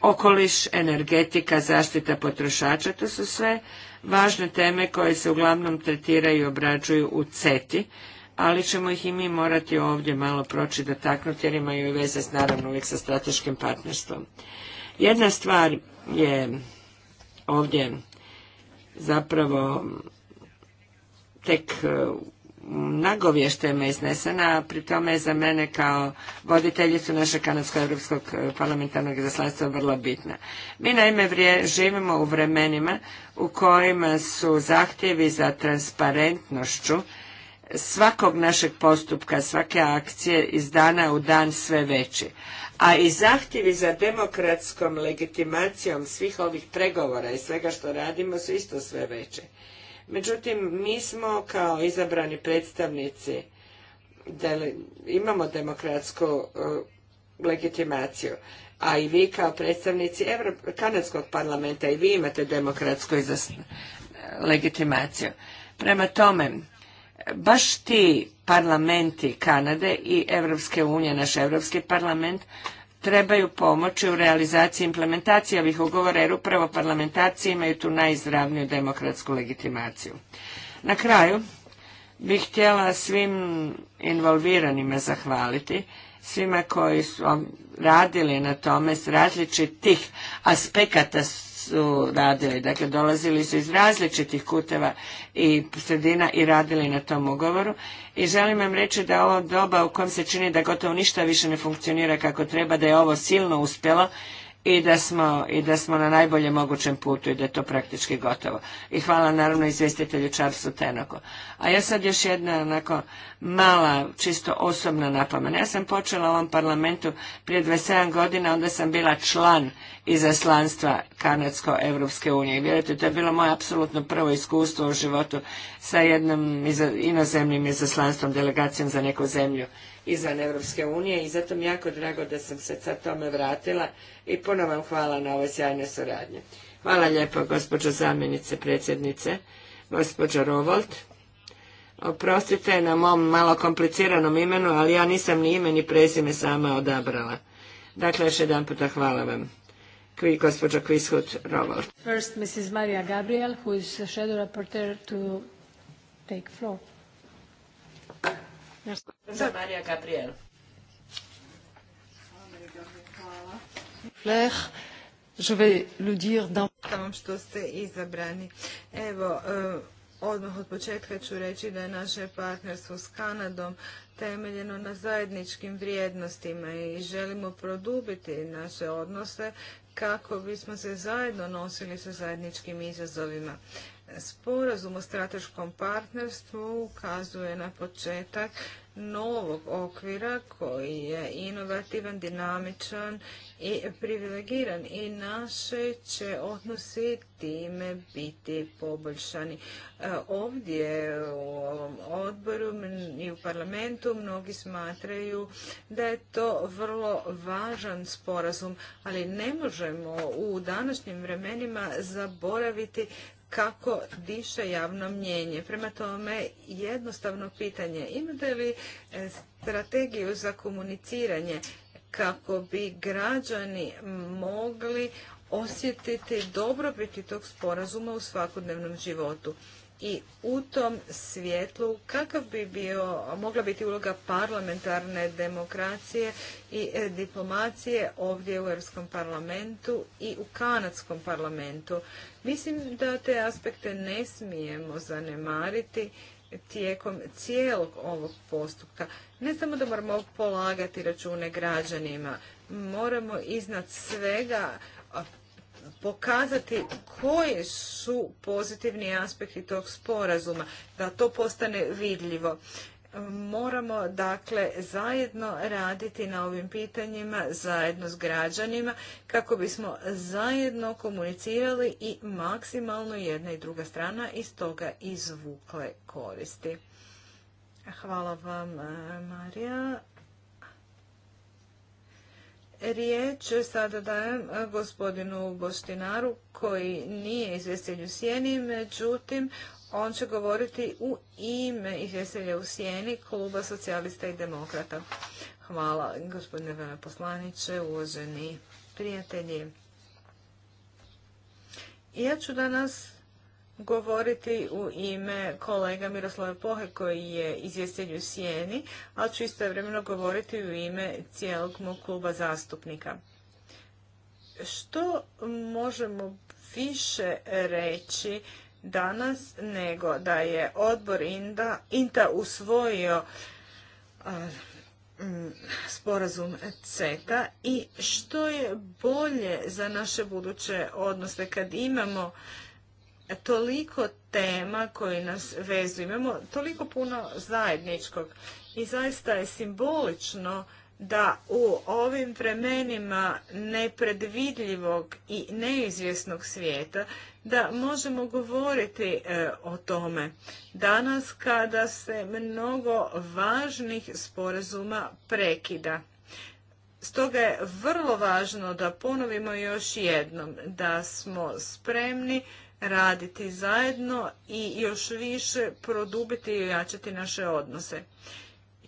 C: Okoliš, energetika, zaštita potrošača, to su sve važne teme koje se uglavnom tretiraju i obrađuju u CETI ali ćemo ih i mi morati ovdje malo proći dotaknuti jer imaju i veze naravno uvijek sa strateškim partnerstvom. Jedna stvar je ovdje zapravo tek e, me iznesena, a pri tome je za mene kao voditeljicu naše kanadsko-europskog e, parlamentarnog zaslanstva vrlo bitna. Mi naime živimo u vremenima u kojima su zahtjevi za transparentnošću svakog našeg postupka, svake akcije iz dana u dan sve veći. A i zahtjevi za demokratskom legitimacijom svih ovih pregovora i svega što radimo su isto sve veće. Međutim, mi smo kao izabrani predstavnici da imamo demokratsku e, legitimaciju, a i vi kao predstavnici Kanadskog parlamenta i vi imate demokratsku e, legitimaciju. Prema tome, baš ti parlamenti Kanade i Evropske unije, naš Europski parlament, trebaju pomoći u realizaciji implementacije ovih ugovora, jer upravo parlamentarci imaju tu najizravniju demokratsku legitimaciju. Na kraju bih htjela svim involviranima zahvaliti, svima koji su radili na tome s različitih aspekata su radili. Dakle, dolazili su iz različitih kuteva i sredina i radili na tom ugovoru. I želim vam reći da ovo doba u kojem se čini da gotovo ništa više ne funkcionira kako treba, da je ovo silno uspjelo i da smo, i da smo na najboljem mogućem putu i da je to praktički gotovo. I hvala naravno izvjestitelju Charlesu Tenoko. A ja sad još jedna onako mala, čisto osobna napomena. Ja sam počela u ovom parlamentu prije 27 godina, onda sam bila član izaslanstva Kanadsko-Evropske unije. I vjerujte, to je bilo moje apsolutno prvo iskustvo u životu sa jednom inozemnim izaslanstvom, delegacijom za neku zemlju izvan Europske unije i zato mi je jako drago da sam se sad tome vratila i puno vam hvala na ovoj sjajnoj suradnji. Hvala lijepo gospođo zamjenice predsjednice, gospođo Rovolt. Oprostite na mom malo kompliciranom imenu, ali ja nisam ni ime ni prezime sama odabrala. Dakle, još jedan hvala vam. Kvi, gospođa Kvishut Rovold. First, Mrs. Maria Gabriel, who shadow naš Marija Gabriel.
A: je što ste izabrani. Evo, e, odmah od početka ću reći da je naše partnerstvo s Kanadom temeljeno na zajedničkim vrijednostima i želimo produbiti naše odnose kako bismo se zajedno nosili sa zajedničkim izazovima. Sporazum o strateškom partnerstvu ukazuje na početak novog okvira koji je inovativan, dinamičan i privilegiran i naše će odnosi time biti poboljšani. E, ovdje u ovom odboru i u parlamentu mnogi smatraju da je to vrlo važan sporazum, ali ne možemo u današnjim vremenima zaboraviti kako diše javno mnjenje. Prema tome, jednostavno pitanje, imate li e, strategiju za komuniciranje kako bi građani mogli osjetiti dobrobiti tog sporazuma u svakodnevnom životu? I u tom svjetlu kakav bi bio, mogla biti uloga parlamentarne demokracije i e, diplomacije ovdje u Europskom parlamentu i u Kanadskom parlamentu. Mislim da te aspekte ne smijemo zanemariti tijekom cijelog ovog postupka. Ne samo da moramo polagati račune građanima, moramo iznad svega pokazati koji su pozitivni aspekti tog sporazuma, da to postane vidljivo moramo dakle zajedno raditi na ovim pitanjima, zajedno s građanima, kako bismo zajedno komunicirali i maksimalno jedna i druga strana iz toga izvukle koristi. Hvala vam, e, Marija. Riječ sada dajem e, gospodinu Boštinaru koji nije izvjestilju sjenim, međutim on će govoriti u ime izvjestelja u sjeni kluba socijalista i demokrata. Hvala, gospodine veleposlaniče, uvaženi prijatelji. Ja ću danas govoriti u ime kolega Miroslava Pohe koji je izvjestelj u Sijeni, ali ću istovremeno govoriti u ime cijelog mog kluba zastupnika. Što možemo više reći danas, nego da je odbor INTA usvojio sporazum CETA i što je bolje za naše buduće odnose kad imamo toliko tema koji nas vezu, imamo toliko puno zajedničkog i zaista je simbolično da u ovim vremenima nepredvidljivog i neizvjesnog svijeta da možemo govoriti e, o tome danas kada se mnogo važnih sporazuma prekida. Stoga je vrlo važno da ponovimo još jednom da smo spremni raditi zajedno i još više produbiti i ojačati naše odnose.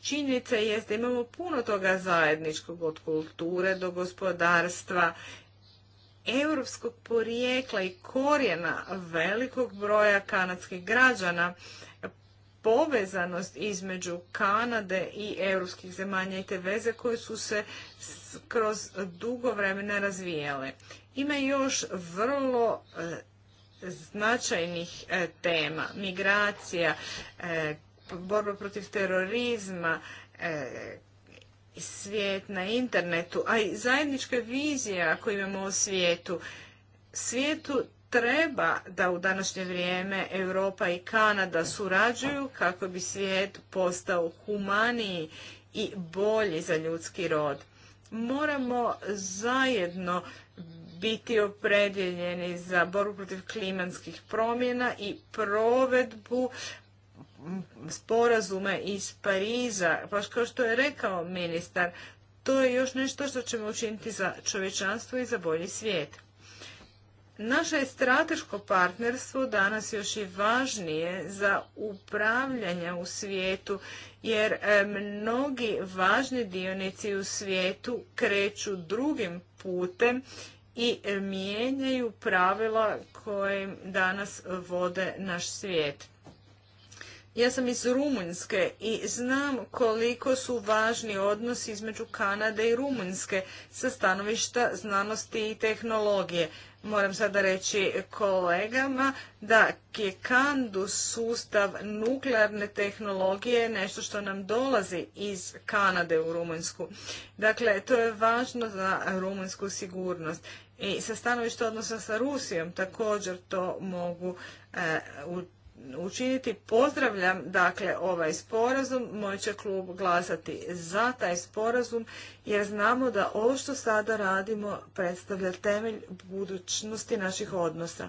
A: Činjenica je da imamo puno toga zajedničkog od kulture do gospodarstva, europskog porijekla i korijena velikog broja kanadskih građana povezanost između Kanade i europskih zemalja i te veze koje su se kroz dugo vremena razvijale. Ima još vrlo e, značajnih e, tema, migracija, e, borba protiv terorizma, e, svijet na internetu, a i zajednička vizija koju imamo o svijetu. Svijetu treba da u današnje vrijeme Europa i Kanada surađuju kako bi svijet postao humaniji i bolji za ljudski rod. Moramo zajedno biti opredjeljeni za borbu protiv klimatskih promjena i provedbu sporazume iz Pariza, baš kao što je rekao ministar, to je još nešto što ćemo učiniti za čovječanstvo i za bolji svijet. Naše je strateško partnerstvo danas još i važnije za upravljanje u svijetu, jer e, mnogi važni dionici u svijetu kreću drugim putem i e, mijenjaju pravila kojim danas vode naš svijet. Ja sam iz Rumunjske i znam koliko su važni odnosi između Kanade i Rumunjske sa stanovišta znanosti i tehnologije. Moram sada reći kolegama da je Kandu sustav nuklearne tehnologije nešto što nam dolazi iz Kanade u Rumunjsku. Dakle, to je važno za rumunjsku sigurnost. I sa stanovišta odnosa sa Rusijom također to mogu e, učiniti. Pozdravljam dakle ovaj sporazum, moj će klub glasati za taj sporazum jer znamo da ovo što sada radimo predstavlja temelj budućnosti naših odnosa.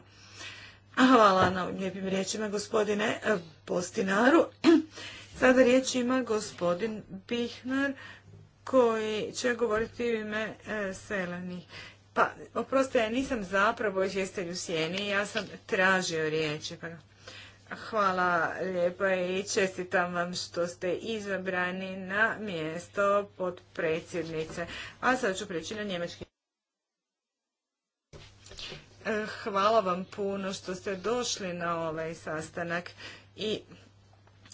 A: Hvala na lijepim riječima gospodine Postinaru. Sada riječ ima gospodin Bihnar koji će govoriti u ime e, Pa, oprostite ja nisam zapravo izvjestelj u sjeni, ja sam tražio riječi. Pa... Hvala lijepa i čestitam vam što ste izabrani na mjesto potpredsjednice. A sad ću preći na njemački. E, hvala vam puno što ste došli na ovaj sastanak i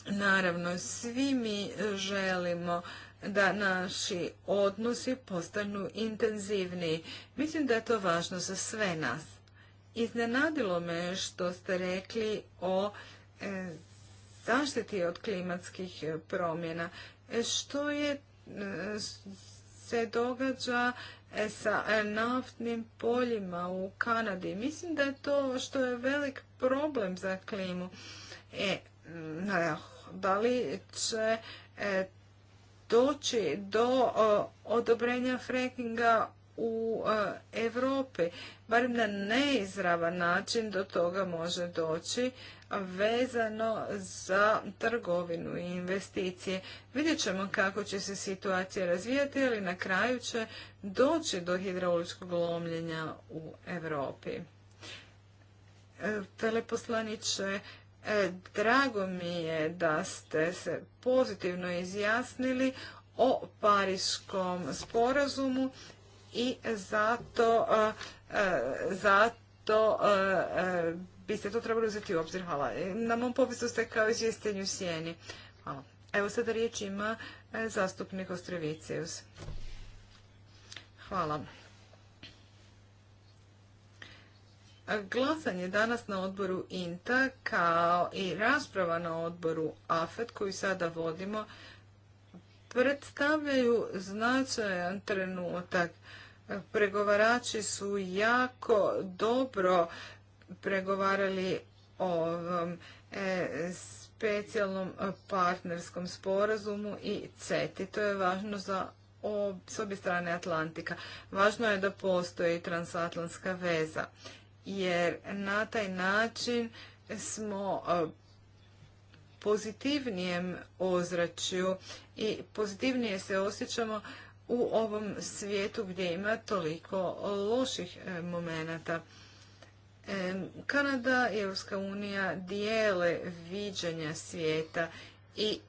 A: naravno svi mi želimo da naši odnosi postanu intenzivniji. Mislim da je to važno za sve nas. Iznenadilo me što ste rekli o e, zaštiti od klimatskih e, promjena. E, što je se događa sa naftnim poljima u Kanadi. Mislim da je to što je velik problem za klimu. da li će doći do odobrenja frekinga u e, Europi. Barem na neizravan način do toga može doći vezano za trgovinu i investicije. Vidjet ćemo kako će se situacija razvijati, ali na kraju će doći do hidrauličkog lomljenja u Europi. Teleposlaniče, e, e, drago mi je da ste se pozitivno izjasnili o Pariškom sporazumu i zato, zato biste to trebali uzeti u obzir. Hvala. E, na mom popisu ste kao izvjestenju sjeni. Hvala. Evo sada riječ ima e, zastupnik Ostrevicius. Hvala. Glasanje danas na odboru INTA kao i rasprava na odboru AFET koju sada vodimo predstavljaju značajan trenutak Pregovarači su jako dobro pregovarali o ovom e, specijalnom partnerskom sporazumu i CETI. To je važno za ob, s obje strane Atlantika. Važno je da postoji transatlantska veza, jer na taj način smo e, pozitivnijem ozračju i pozitivnije se osjećamo u ovom svijetu gdje ima toliko loših e, momenata. E, Kanada i Europska unija dijele viđanja svijeta i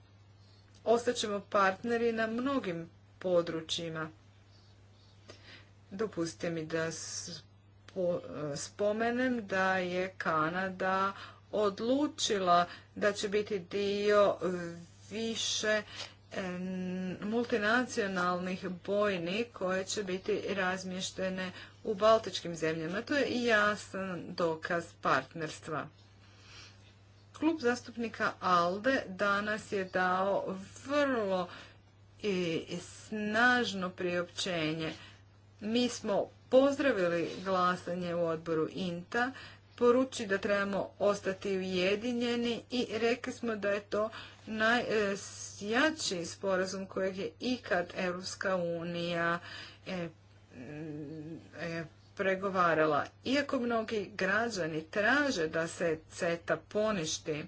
A: ostaćemo partneri na mnogim područjima. Dopustite mi da e, spomenem da je Kanada odlučila da će biti dio više multinacionalnih bojni koje će biti razmještene u baltičkim zemljama. To je i jasan dokaz partnerstva. Klub zastupnika ALDE danas je dao vrlo i snažno priopćenje. Mi smo pozdravili glasanje u odboru INTA, poruči da trebamo ostati ujedinjeni i rekli smo da je to naj, e, jači sporazum kojeg je ikad Europska unija e, e, pregovarala. Iako mnogi građani traže da se CETA poništi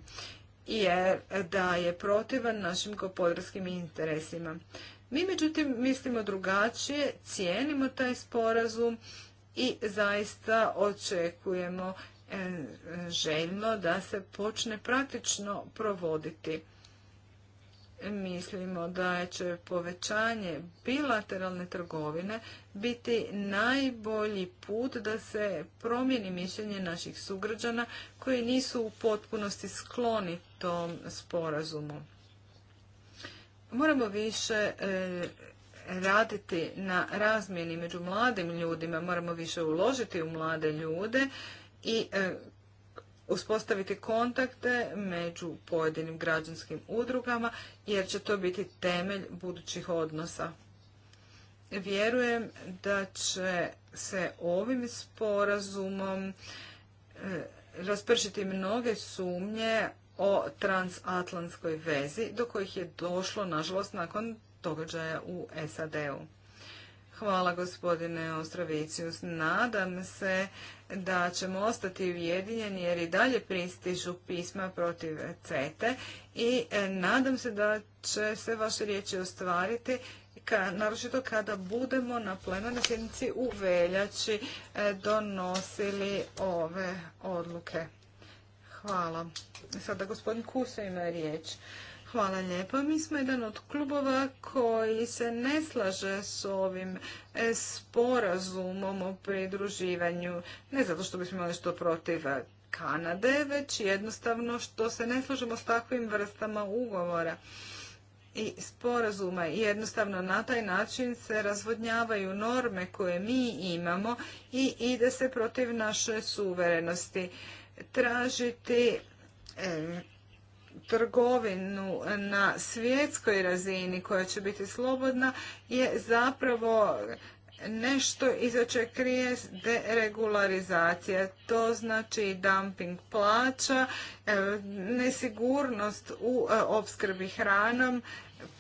A: jer da je protivan našim gospodarskim interesima. Mi međutim mislimo drugačije, cijenimo taj sporazum i zaista očekujemo e, željno da se počne praktično provoditi mislimo da će povećanje bilateralne trgovine biti najbolji put da se promijeni mišljenje naših sugrađana koji nisu u potpunosti skloni tom sporazumu. Moramo više e, raditi na razmjeni među mladim ljudima, moramo više uložiti u mlade ljude i e, uspostaviti kontakte među pojedinim građanskim udrugama jer će to biti temelj budućih odnosa. Vjerujem da će se ovim sporazumom e, raspršiti mnoge sumnje o transatlantskoj vezi do kojih je došlo, nažalost, nakon događaja u SAD-u. Hvala gospodine Ostravicius. Nadam se da ćemo ostati ujedinjeni jer i dalje pristižu pisma protiv CETE i e, nadam se da će se vaše riječi ostvariti naročito kada budemo na plenarnoj sjednici u veljači e, donosili ove odluke. Hvala. Sada gospodin Kuso ima riječ. Hvala lijepo. Mi smo jedan od klubova koji se ne slaže s ovim e, sporazumom o pridruživanju. Ne zato što bismo imali što protiv Kanade, već jednostavno što se ne slažemo s takvim vrstama ugovora i sporazuma. I Jednostavno na taj način se razvodnjavaju norme koje mi imamo i ide se protiv naše suverenosti. Tražiti trgovinu na svjetskoj razini koja će biti slobodna je zapravo nešto iza će krije deregularizacija. To znači dumping plaća, e, nesigurnost u e, opskrbi hranom,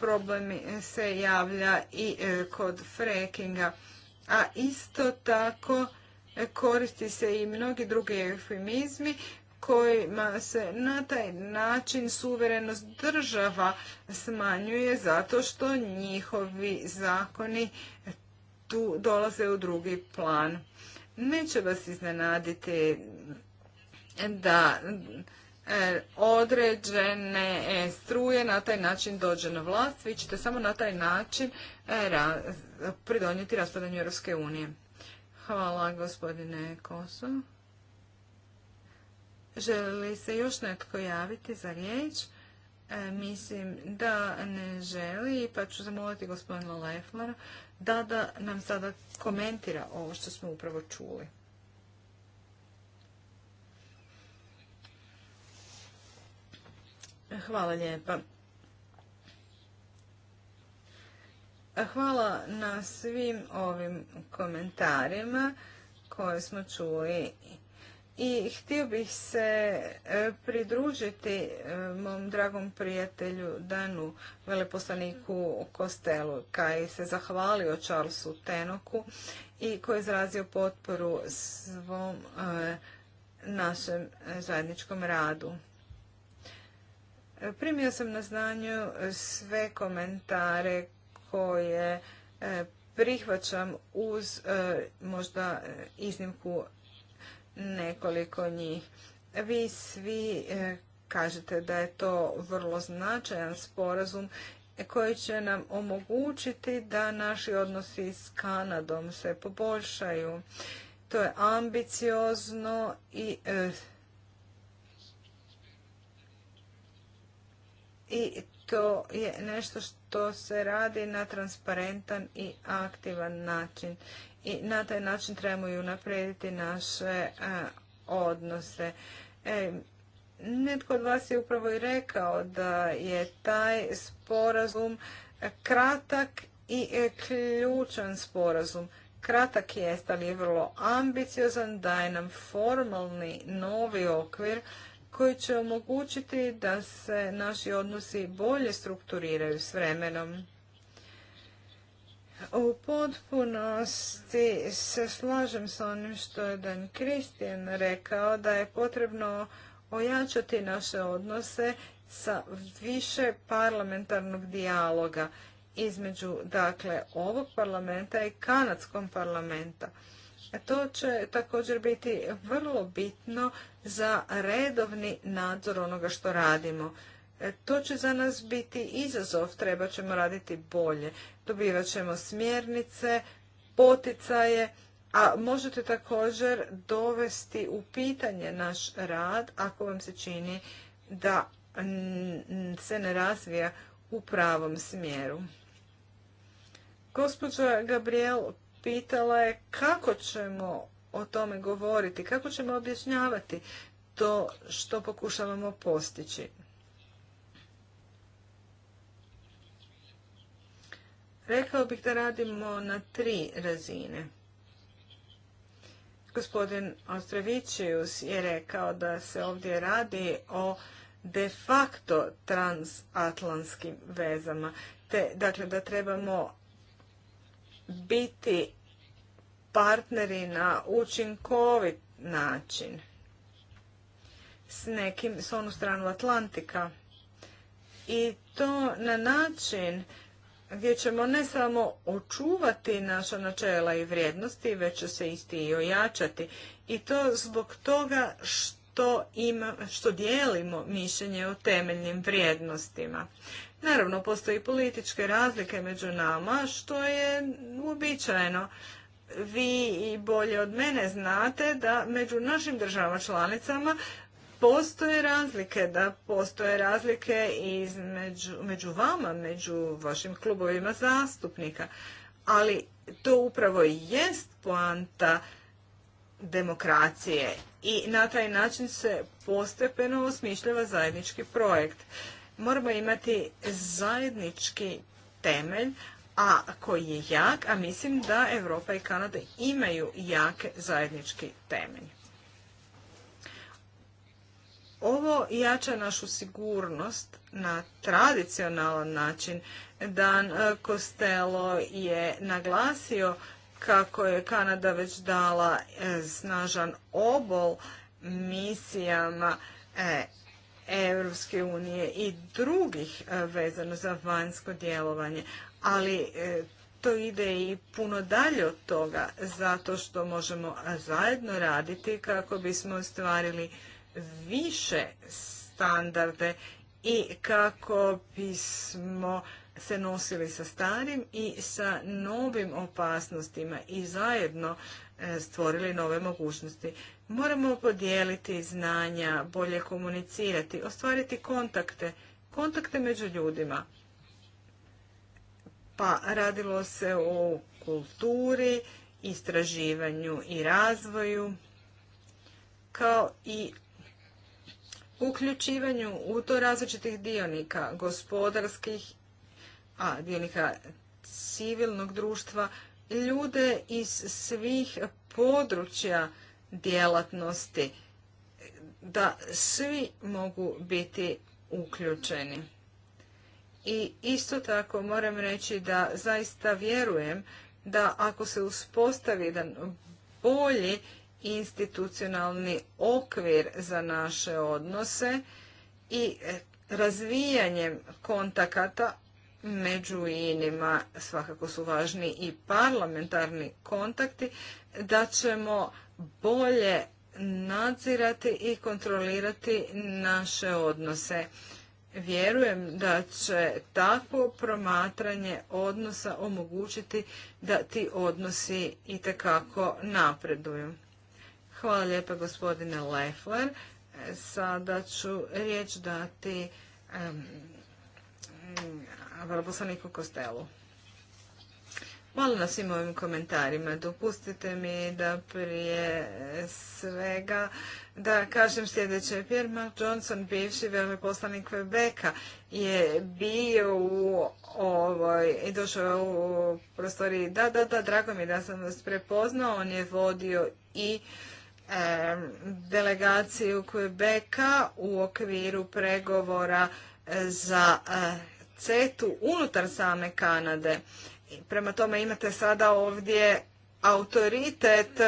A: problem se javlja i e, kod frekinga. A isto tako koristi se i mnogi drugi eufemizmi kojima se na taj način suverenost država smanjuje zato što njihovi zakoni tu dolaze u drugi plan. Neće vas iznenaditi da e, određene e, struje na taj način dođe na vlast. Vi ćete samo na taj način e, pridonijeti raspadanju Europske unije. Hvala gospodine Koso. Želi li se još netko javiti za riječ? E, mislim da ne želi, pa ću zamoliti gospodina Leflera da, da nam sada komentira ovo što smo upravo čuli. Hvala lijepa. Hvala na svim ovim komentarima koje smo čuli i htio bih se e, pridružiti e, mom dragom prijatelju Danu, veleposlaniku Kostelu, koji se zahvalio Charlesu Tenoku i koji je izrazio potporu svom e, našem zajedničkom radu. Primio sam na znanju sve komentare koje prihvaćam uz možda iznimku nekoliko njih. Vi svi e, kažete da je to vrlo značajan sporazum koji će nam omogućiti da naši odnosi s Kanadom se poboljšaju. To je ambiciozno i e, i to je nešto što se radi na transparentan i aktivan način i na taj način trebamo i unaprijediti naše e, odnose. E, netko od vas je upravo i rekao da je taj sporazum kratak i e, ključan sporazum. Kratak je, ali je vrlo ambiciozan, daje nam formalni novi okvir koji će omogućiti da se naši odnosi bolje strukturiraju s vremenom. U potpunosti se slažem sa onim što je Dan Kristijan rekao da je potrebno ojačati naše odnose sa više parlamentarnog dijaloga između dakle ovog parlamenta i kanadskog parlamenta. E, to će također biti vrlo bitno za redovni nadzor onoga što radimo. E, to će za nas biti izazov, treba ćemo raditi bolje. Dobivat ćemo smjernice, poticaje, a možete također dovesti u pitanje naš rad ako vam se čini da se ne razvija u pravom smjeru. Gospođa Gabriel pitala je kako ćemo o tome govoriti, kako ćemo objašnjavati to što pokušavamo postići. Rekao bih da radimo na tri razine. Gospodin Ostrovićius je rekao da se ovdje radi o de facto transatlantskim vezama. Te, dakle, da trebamo biti partneri na učinkovit način s nekim, s onu stranu Atlantika. I to na način gdje ćemo ne samo očuvati naša načela i vrijednosti, već će se isti i ojačati. I to zbog toga što, ima, što dijelimo mišljenje o temeljnim vrijednostima. Naravno, postoji političke razlike među nama, što je uobičajeno. Vi i bolje od mene znate da među našim državama članicama postoje razlike, da postoje razlike između, među vama, među vašim klubovima zastupnika, ali to upravo jest poanta demokracije i na taj način se postepeno osmišljava zajednički projekt. Moramo imati zajednički temelj, a koji je jak, a mislim da Europa i Kanada imaju jake zajednički temelj. Ovo jača našu sigurnost na tradicionalan način. Dan e, Costello je naglasio kako je Kanada već dala e, snažan obol misijama Europske unije i drugih e, vezano za vanjsko djelovanje, ali to ide i puno dalje od toga, zato što možemo zajedno raditi kako bismo ostvarili više standarde i kako bismo se nosili sa starim i sa novim opasnostima i zajedno e, stvorili nove mogućnosti. Moramo podijeliti znanja, bolje komunicirati, ostvariti kontakte, kontakte među ljudima. Pa radilo se o kulturi, istraživanju i razvoju, kao i uključivanju u to različitih dionika, gospodarskih, a dionika civilnog društva, ljude iz svih područja djelatnosti, da svi mogu biti uključeni. I isto tako moram reći da zaista vjerujem da ako se uspostavi jedan bolji institucionalni okvir za naše odnose i e, razvijanjem kontakata među inima svakako su važni i parlamentarni kontakti da ćemo bolje nadzirati i kontrolirati naše odnose. Vjerujem da će takvo promatranje odnosa omogućiti da ti odnosi itekako napreduju. Hvala lijepa gospodine Leffler. Sada ću riječ dati veleposlaniku Kostelu. Molim vas svim ovim komentarima. Dopustite mi da prije svega da kažem sljedeće. Pierre Mark Johnson, bivši veleposlanik Quebeca, je bio u ovoj, i došao u prostoriji, da, da, da, drago mi da sam vas prepoznao, on je vodio i delegaciju Quebeca u okviru pregovora e, za e, CETU unutar same Kanade. Prema tome imate sada ovdje autoritet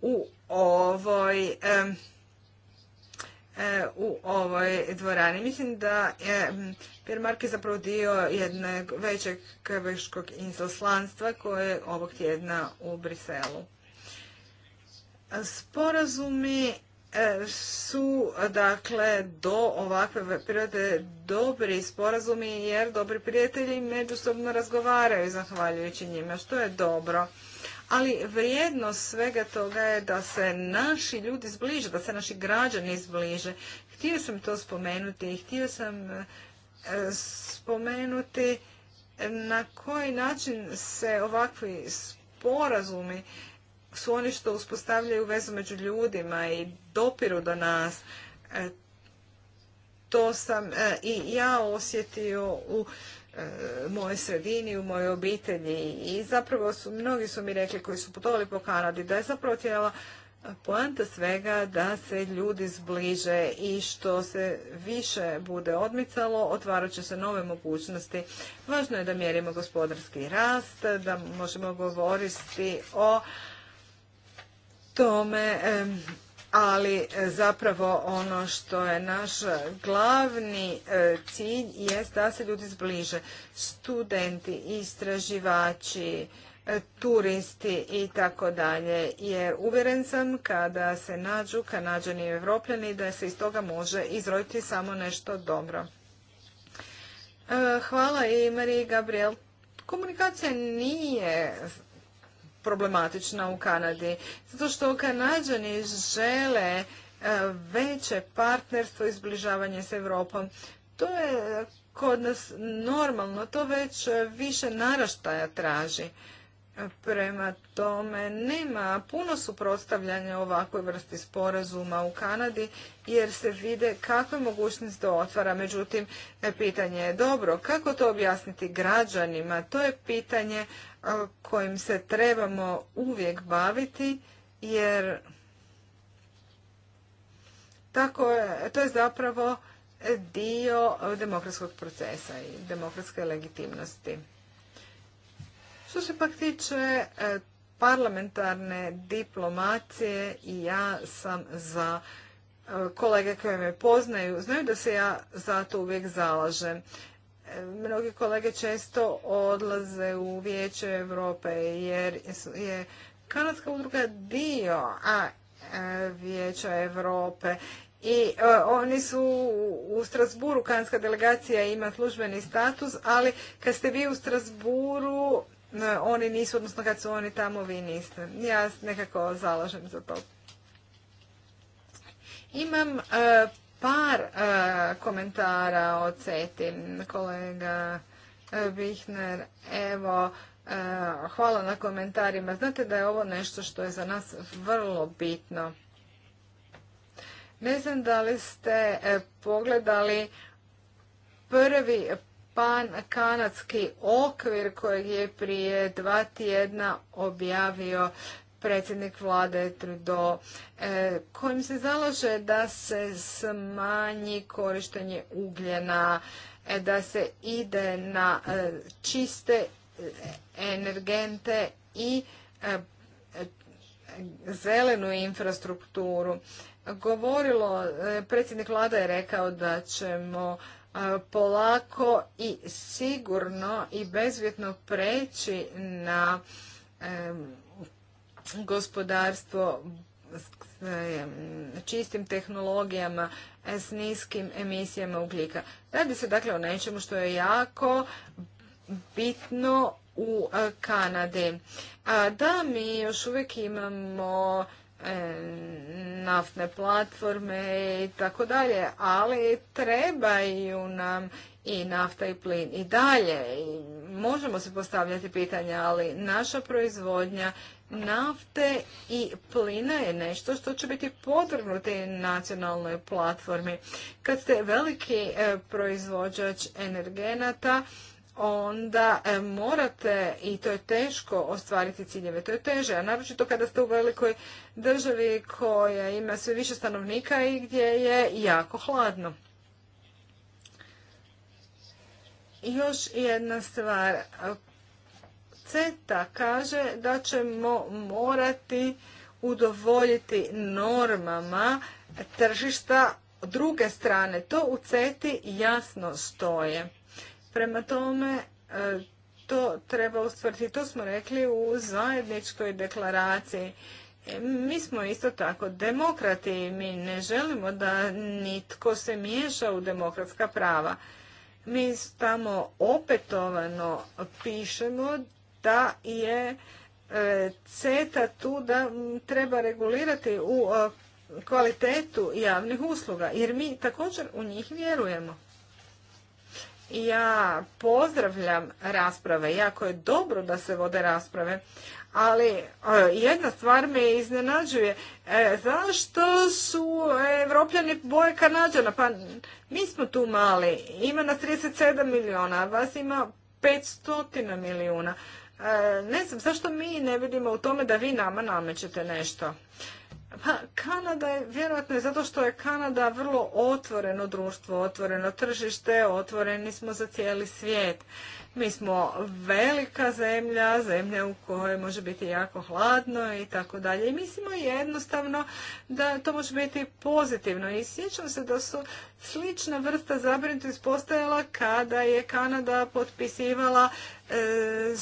A: u ovoj e, u ovoj dvorani. Mislim da je Pierre je zapravo dio jednog većeg kvebeškog izoslanstva koje je ovog tjedna u Briselu. Sporazumi e, su dakle do ovakve prirode dobri sporazumi jer dobri prijatelji međusobno razgovaraju zahvaljujući njima što je dobro. Ali vrijednost svega toga je da se naši ljudi zbliže, da se naši građani zbliže. Htio sam to spomenuti i htio sam e, spomenuti na koji način se ovakvi sporazumi su oni što uspostavljaju vezu među ljudima i dopiru do nas. E, to sam e, i ja osjetio u e, mojoj sredini, u mojoj obitelji i zapravo su, mnogi su mi rekli koji su putovali po Kanadi da je zapravo tijela poanta svega da se ljudi zbliže i što se više bude odmicalo, otvarat će se nove mogućnosti. Važno je da mjerimo gospodarski rast, da možemo govoriti o tome, ali e, zapravo ono što je naš glavni e, cilj jest da se ljudi zbliže. Studenti, istraživači, e, turisti i tako dalje. Jer uvjeren sam kada se nađu kanadžani i evropljani da se iz toga može izrojiti samo nešto dobro. Hvala i Mariji Gabriel. Komunikacija nije problematična u Kanadi. Zato što Kanadžani žele e, veće partnerstvo i zbližavanje s Europom. To je kod nas normalno, to već više naraštaja traži. Prema tome nema puno suprotstavljanja ovakvoj vrsti sporazuma u Kanadi jer se vide je mogućnost to otvara. Međutim, e, pitanje je dobro. Kako to objasniti građanima? To je pitanje kojim se trebamo uvijek baviti jer tako je, to je zapravo dio demokratskog procesa i demokratske legitimnosti. Što se pak tiče e, parlamentarne diplomacije i ja sam za e, kolege koje me poznaju, znaju da se ja za to uvijek zalažem. Mnogi kolege često odlaze u Vijeće Europe jer je Kanadska udruga dio a, e, Vijeća Europe i e, oni su u Strasburu, kanadska delegacija ima službeni status, ali kad ste vi u Strasburu, e, oni nisu, odnosno kad su oni tamo, vi niste. Ja nekako zalažem za to. Imam par e, komentara od Kolega e, Bihner, evo, e, hvala na komentarima. Znate da je ovo nešto što je za nas vrlo bitno. Ne znam da li ste pogledali prvi pan kanadski okvir kojeg je prije dva tjedna objavio predsjednik vlade Trudeau, e, kojim se zalaže da se smanji korištenje ugljena, e, da se ide na e, čiste energente i zelenu infrastrukturu. Govorilo, predsjednik vlada je rekao da ćemo polako i sigurno i bezvjetno preći na gospodarstvo s e, čistim tehnologijama, e, s niskim emisijama ugljika. Radi se dakle o nečemu što je jako bitno u e, Kanadi. da, mi još uvijek imamo naftne platforme i tako dalje, ali trebaju nam i nafta i plin i dalje. možemo se postavljati pitanja, ali naša proizvodnja nafte i plina je nešto što će biti potrebno te nacionalnoj platformi. Kad ste veliki e, proizvođač energenata, onda e, morate, i to je teško, ostvariti ciljeve. To je teže, a naročito kada ste u velikoj državi koja ima sve više stanovnika i gdje je jako hladno. Još jedna stvar. CETA kaže da ćemo morati udovoljiti normama tržišta druge strane. To u CETI jasno stoje. Prema tome, e, to treba ustvrditi. To smo rekli u zajedničkoj deklaraciji. E, mi smo isto tako demokrati. Mi ne želimo da nitko se miješa u demokratska prava. Mi tamo opetovano pišemo da je e, CETA tu da treba regulirati u e, kvalitetu javnih usluga, jer mi također u njih vjerujemo. Ja pozdravljam rasprave, jako je dobro da se vode rasprave, ali e, jedna stvar me iznenađuje. zašto su evropljani boje Kanadžana? Pa mi smo tu mali, ima nas 37 miliona, a vas ima 500 milijuna. E, ne znam, zašto mi ne vidimo u tome da vi nama namećete nešto? Pa, Kanada je, vjerojatno je zato što je Kanada vrlo otvoreno društvo, otvoreno tržište, otvoreni smo za cijeli svijet. Mi smo velika zemlja, zemlja u kojoj može biti jako hladno i tako dalje. I mislimo jednostavno da to može biti pozitivno. I sjećam se da su slična vrsta zabrinutosti postojala kada je Kanada potpisivala e,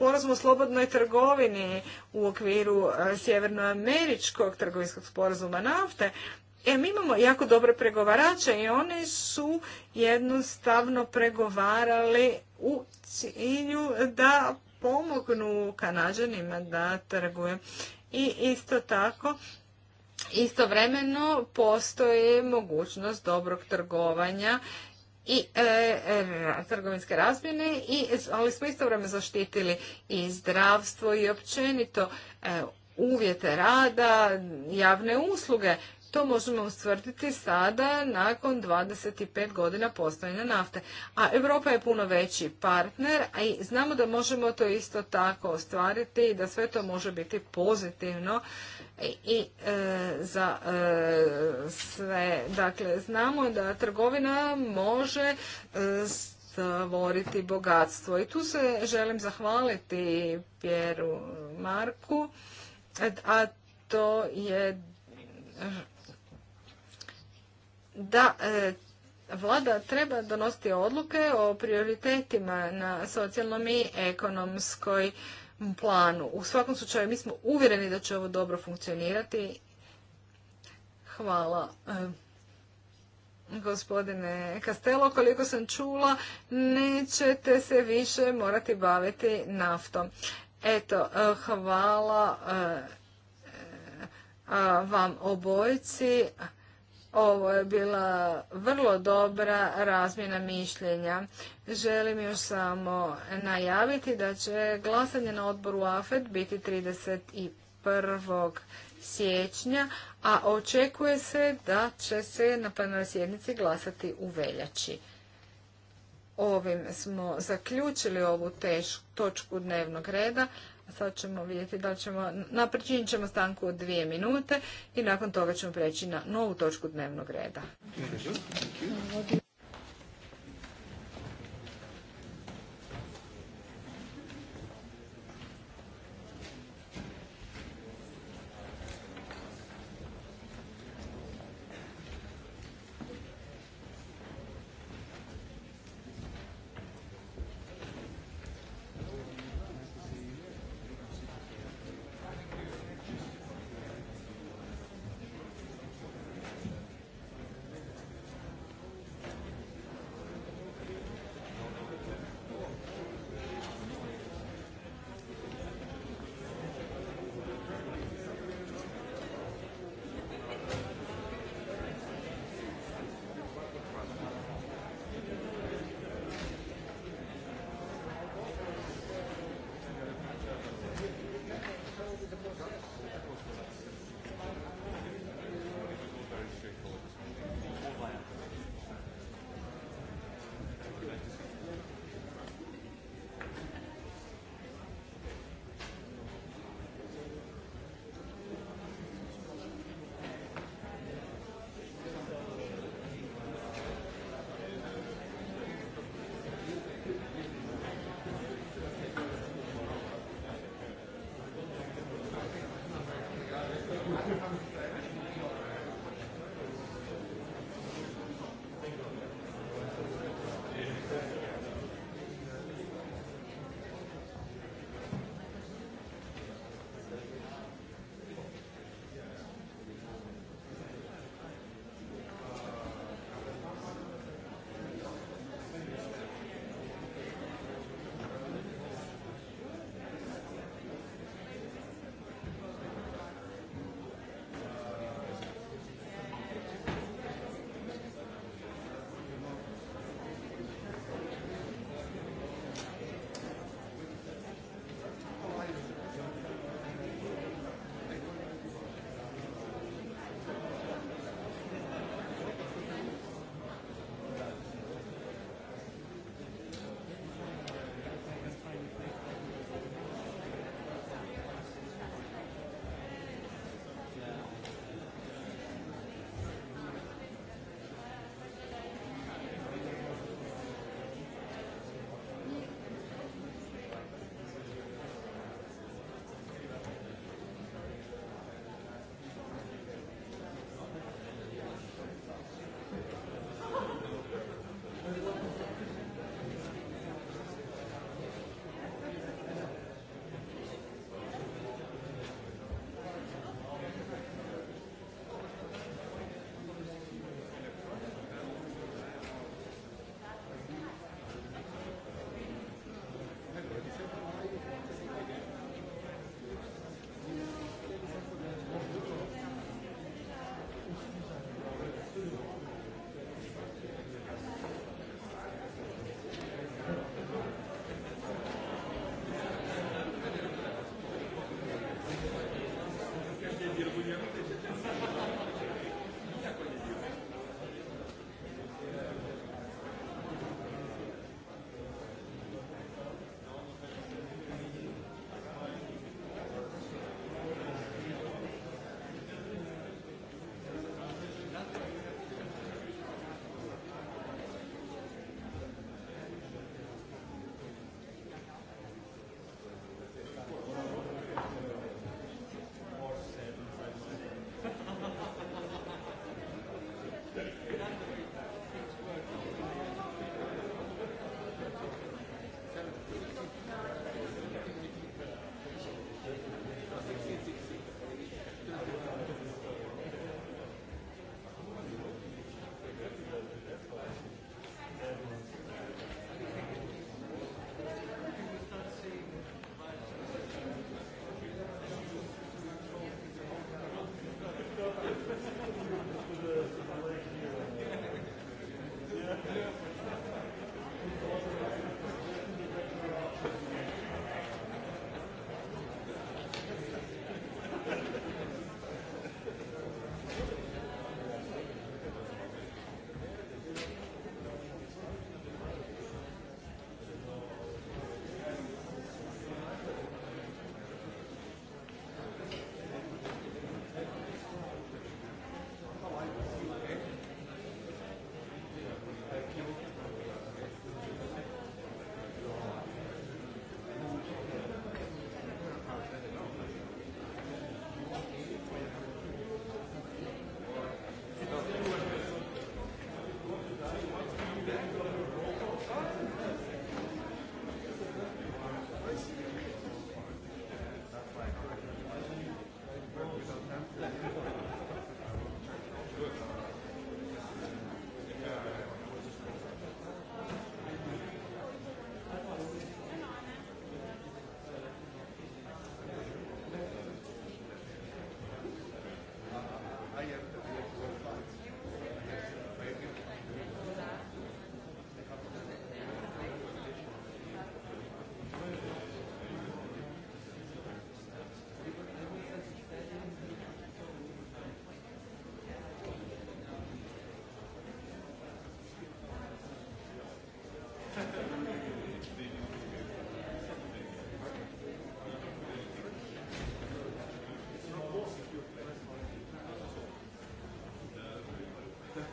A: sporazum o slobodnoj trgovini u okviru e, sjevernoameričkog trgovinskog sporazuma nafte, E, mi imamo jako dobre pregovarače i oni su jednostavno pregovarali u cilju da pomognu Kanađanima da trguje. I isto tako, istovremeno postoji mogućnost dobrog trgovanja i e, e, trgovinske razmjene, i, ali smo isto vreme zaštitili i zdravstvo i općenito e, uvjete rada, javne usluge. To možemo ustvrditi sada nakon 25 godina postojanja nafte. A Europa je puno veći partner i znamo da možemo to isto tako ostvariti i da sve to može biti pozitivno i e, za e, sve. Dakle, znamo da trgovina može e, stvoriti bogatstvo i tu se želim zahvaliti Pjeru Marku, a to je da vlada treba donositi odluke o prioritetima na socijalnom i ekonomskoj planu. U svakom slučaju mi smo uvjereni da će ovo dobro funkcionirati. Hvala eh, gospodine Kastelo, koliko sam čula, nećete se više morati baviti naftom. Eto, eh, hvala eh, vam obojci. Ovo je bila vrlo dobra razmjena mišljenja. Želim još samo najaviti da će glasanje na odboru AFED biti 31. siječnja, a očekuje se da će se na plenarnoj sjednici glasati u veljači. Ovim smo zaključili ovu tešku točku dnevnog reda, Sad ćemo vidjeti da ćemo, napričinit ćemo stanku od dvije minute i nakon toga ćemo preći na novu točku dnevnog reda.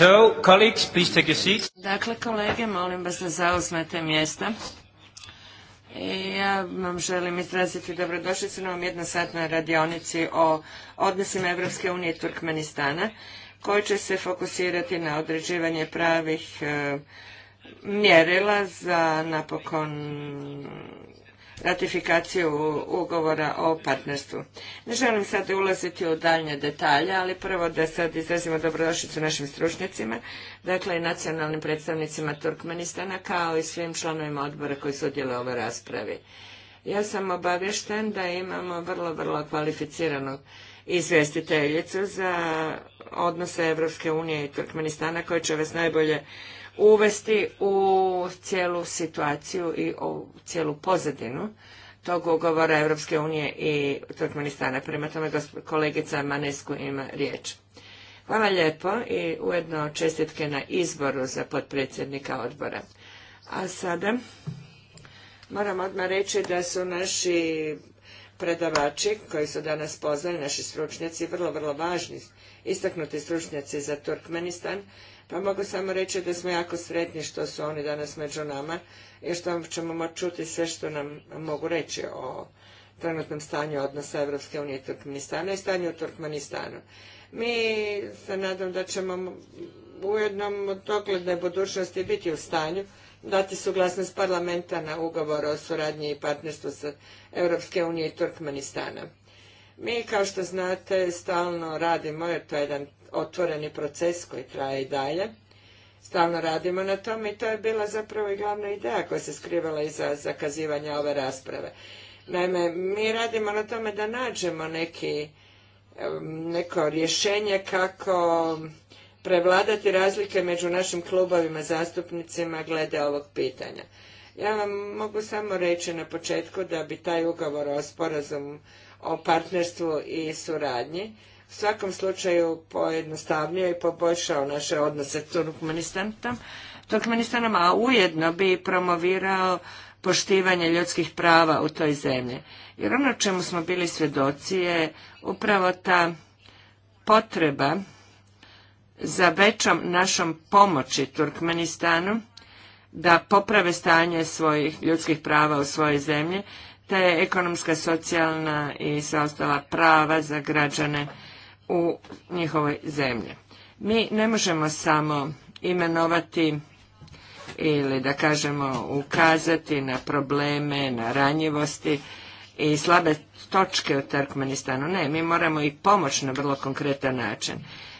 C: So, colleagues, please take Dakle, kolege, molim vas da zauzmete mjesta. I ja vam želim izraziti dobrodošlicu na ovom jednosatnoj radionici o odnosima Evropske unije i Turkmenistana, koji će se fokusirati na određivanje pravih eh, mjerila za napokon ratifikaciju ugovora o partnerstvu. Ne želim sad ulaziti u daljnje detalje, ali prvo da sad izrazimo dobrodošlicu našim stručnjacima, dakle i nacionalnim predstavnicima Turkmenistana, kao i svim članovima odbora koji su u ovoj raspravi. Ja sam obavješten da imamo vrlo, vrlo kvalificiranu izvjestiteljicu za odnose Evropske unije i Turkmenistana koji će vas najbolje uvesti u cijelu situaciju i u cijelu pozadinu tog ugovora Europske unije i Turkmenistana. Prema tome, kolegica Manesku ima riječ. Hvala lijepo i ujedno čestitke na izboru za potpredsjednika odbora. A sada moram odmah reći da su naši predavači koji su danas pozvali, naši stručnjaci, vrlo, vrlo važni, istaknuti stručnjaci za Turkmenistan pa mogu samo reći da smo jako sretni što su oni danas među nama i što ćemo moći čuti sve što nam mogu reći o trenutnom stanju odnosa Evropske unije i Turkmenistana i stanju u Turkmenistanu. Mi se nadam da ćemo u jednom dogledne budućnosti biti u stanju dati suglasnost parlamenta na ugovor o suradnji i partnerstvu sa Europske unije i Turkmenistana. Mi, kao što znate, stalno radimo, jer to je jedan otvoreni proces koji traje i dalje. Stalno radimo na tome i to je bila zapravo i glavna ideja koja se skrivala iza zakazivanja ove rasprave. Naime, mi radimo na tome da nađemo neki, neko rješenje kako prevladati razlike među našim klubovima zastupnicima glede ovog pitanja. Ja vam mogu samo reći na početku da bi taj ugovor o sporazumu o partnerstvu i suradnji svakom slučaju pojednostavnio i poboljšao naše odnose s Turkmenistanom, a ujedno bi promovirao poštivanje ljudskih prava u toj zemlji. Jer ono čemu smo bili svjedoci je upravo ta potreba za većom našom pomoći Turkmenistanu da poprave stanje svojih ljudskih prava u svojoj zemlji, te ekonomska, socijalna i sva ostala prava za građane u njihovoj zemlji. Mi ne možemo samo imenovati ili da kažemo ukazati na probleme, na ranjivosti i slabe točke u Turkmenistanu. Ne, mi moramo i pomoć na vrlo konkretan način.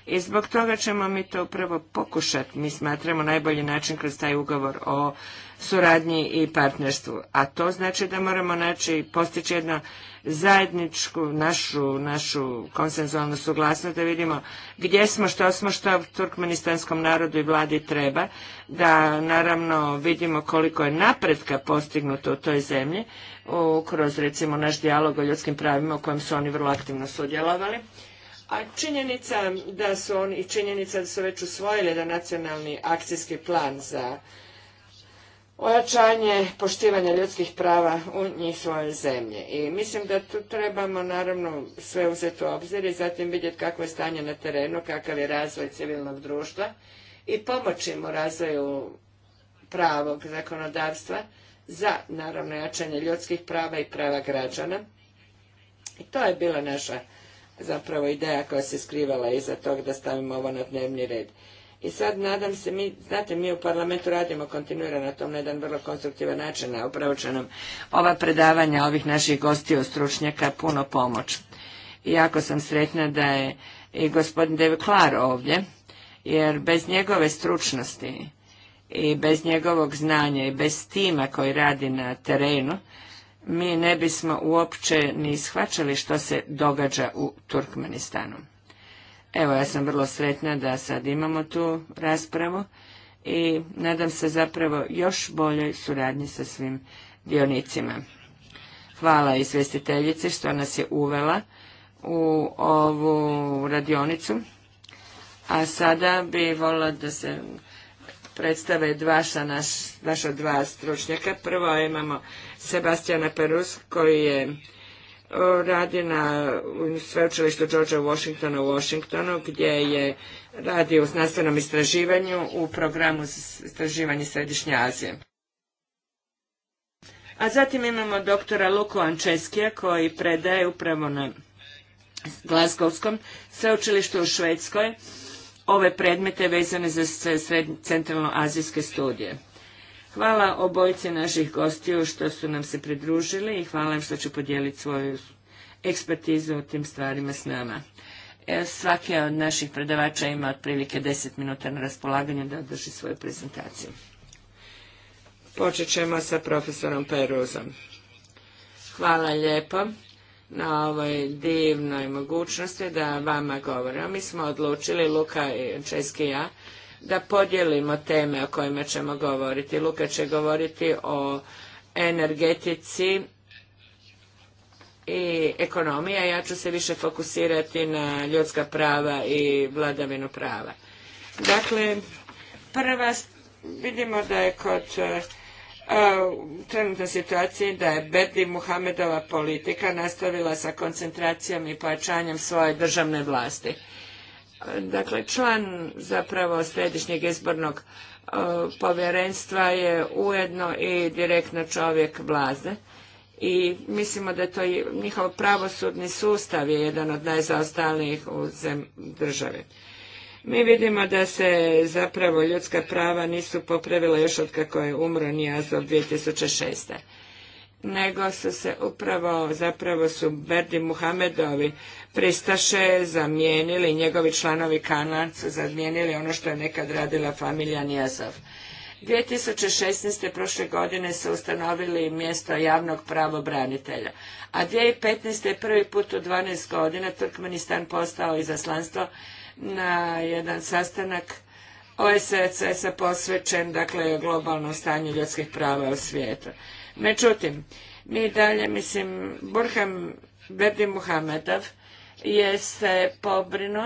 C: I zbog toga ćemo mi to upravo pokušati. Mi smatramo najbolji način kroz taj ugovor o suradnji i partnerstvu. A to znači da moramo naći, postići jedno zajedničku našu, našu konsenzualnu suglasnost da vidimo gdje smo, što smo, što turkmenistanskom narodu i vladi treba, da naravno vidimo koliko je napretka postignuto u toj zemlji kroz recimo naš dijalog o ljudskim pravima u kojem su oni vrlo aktivno sudjelovali. A činjenica da su oni i činjenica da su već usvojili da nacionalni akcijski plan za ojačanje poštivanja ljudskih prava u njih svojoj zemlji. I mislim da tu trebamo naravno sve uzeti u obzir i zatim vidjeti kakvo je stanje na terenu, kakav je razvoj civilnog društva i pomoći mu razvoju pravog zakonodavstva za naravno jačanje ljudskih prava i prava građana. I to je bila naša zapravo ideja koja se skrivala iza toga da stavimo ovo na dnevni red. I sad nadam se, mi, znate, mi u parlamentu radimo kontinuirano na tom na jedan vrlo konstruktivan način, a upravo će nam ova predavanja ovih naših gostiju stručnjaka puno pomoć. I jako sam sretna da je i gospodin Deve Klar ovdje, jer bez njegove stručnosti i bez njegovog znanja i bez tima koji radi na terenu, mi ne bismo uopće ni shvaćali što se događa u Turkmenistanu. Evo, ja sam vrlo sretna da sad imamo tu raspravu i nadam se zapravo još boljoj suradnji sa svim dionicima. Hvala izvjestiteljici što nas je uvela u ovu radionicu. A sada bi volila da se predstave vaša dva stručnjaka. Prvo imamo Sebastijana Perus koji je E, radi na sveučilištu Georgia Washingtona u Washingtonu gdje je radio u znanstvenom istraživanju u programu istraživanje Središnje Azije. A zatim imamo doktora Luko Ančeskija koji predaje upravo na Glasgowskom sveučilištu u Švedskoj ove predmete vezane za azijske studije. Hvala obojci naših gostiju što su nam se pridružili i hvala im što će podijeliti svoju ekspertizu u tim stvarima s nama. E, svaki od naših predavača ima otprilike 10 minuta na raspolaganju da održi svoju prezentaciju. Počet ćemo sa profesorom Peruzom. Hvala lijepo na ovoj divnoj mogućnosti da vama govorim. Mi smo odlučili, Luka Česki i ja, da podijelimo teme o kojima ćemo govoriti. Luka će govoriti o energetici i a ja ću se više fokusirati na ljudska prava i vladavinu prava. Dakle, prva vidimo da je kod e, e, trenutne situacije da je Bedi Muhamedova politika nastavila sa koncentracijom i pojačanjem svoje državne vlasti. Dakle, član zapravo središnjeg izbornog e, povjerenstva je ujedno i direktno čovjek vlade i mislimo da to njihov pravosudni sustav je jedan od najzaostalijih u državi. Mi vidimo da se zapravo ljudska prava nisu popravila još od kako je umro Nijazov 2006 nego su se upravo, zapravo su Berdi Muhamedovi pristaše zamijenili, njegovi članovi Kanan su zamijenili ono što je nekad radila familija Njezov. 2016. prošle godine su ustanovili mjesto javnog pravobranitelja, a 2015. je prvi put u 12 godina Turkmenistan postao izaslanstvo na jedan sastanak osce posvećen dakle, globalnom stanju ljudskih prava u svijetu. Međutim, mi dalje, mislim, Burhan Berdi Muhamedov je se pobrino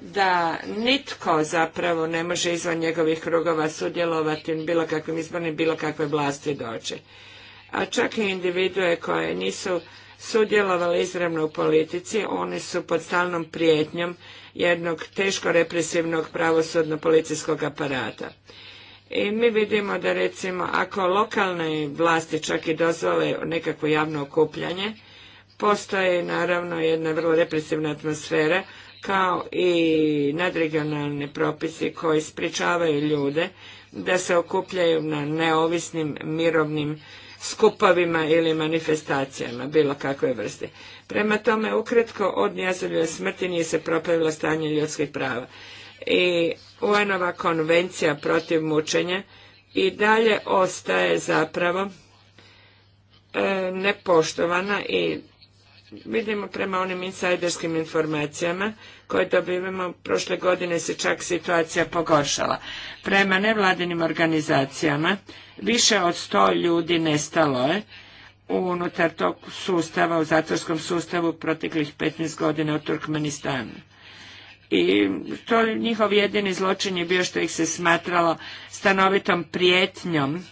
C: da nitko zapravo ne može izvan njegovih krugova sudjelovati u bilo kakvim izbornim, bilo kakve vlasti doći. A čak i individue koje nisu sudjelovali izravno u politici, oni su pod stalnom prijetnjom jednog teško represivnog pravosudno-policijskog aparata. I mi vidimo da recimo ako lokalne vlasti čak i dozvole nekako javno okupljanje, postoji naravno jedna vrlo represivna atmosfera kao i nadregionalni propisi koji spričavaju ljude da se okupljaju na neovisnim mirovnim skupovima ili manifestacijama, bilo kakve vrste. Prema tome, ukratko, od njazoljuje smrti nije se propravilo stanje ljudskih prava. I UN-ova konvencija protiv mučenja i dalje ostaje zapravo e, nepoštovana i vidimo prema onim insajderskim informacijama koje dobivamo prošle godine se čak situacija pogoršala. Prema nevladinim organizacijama više od sto ljudi nestalo je unutar tog sustava, u zatvorskom sustavu proteklih 15 godina u Turkmenistanu i to njihov jedini zločin je bio što ih se smatralo stanovitom prijetnjom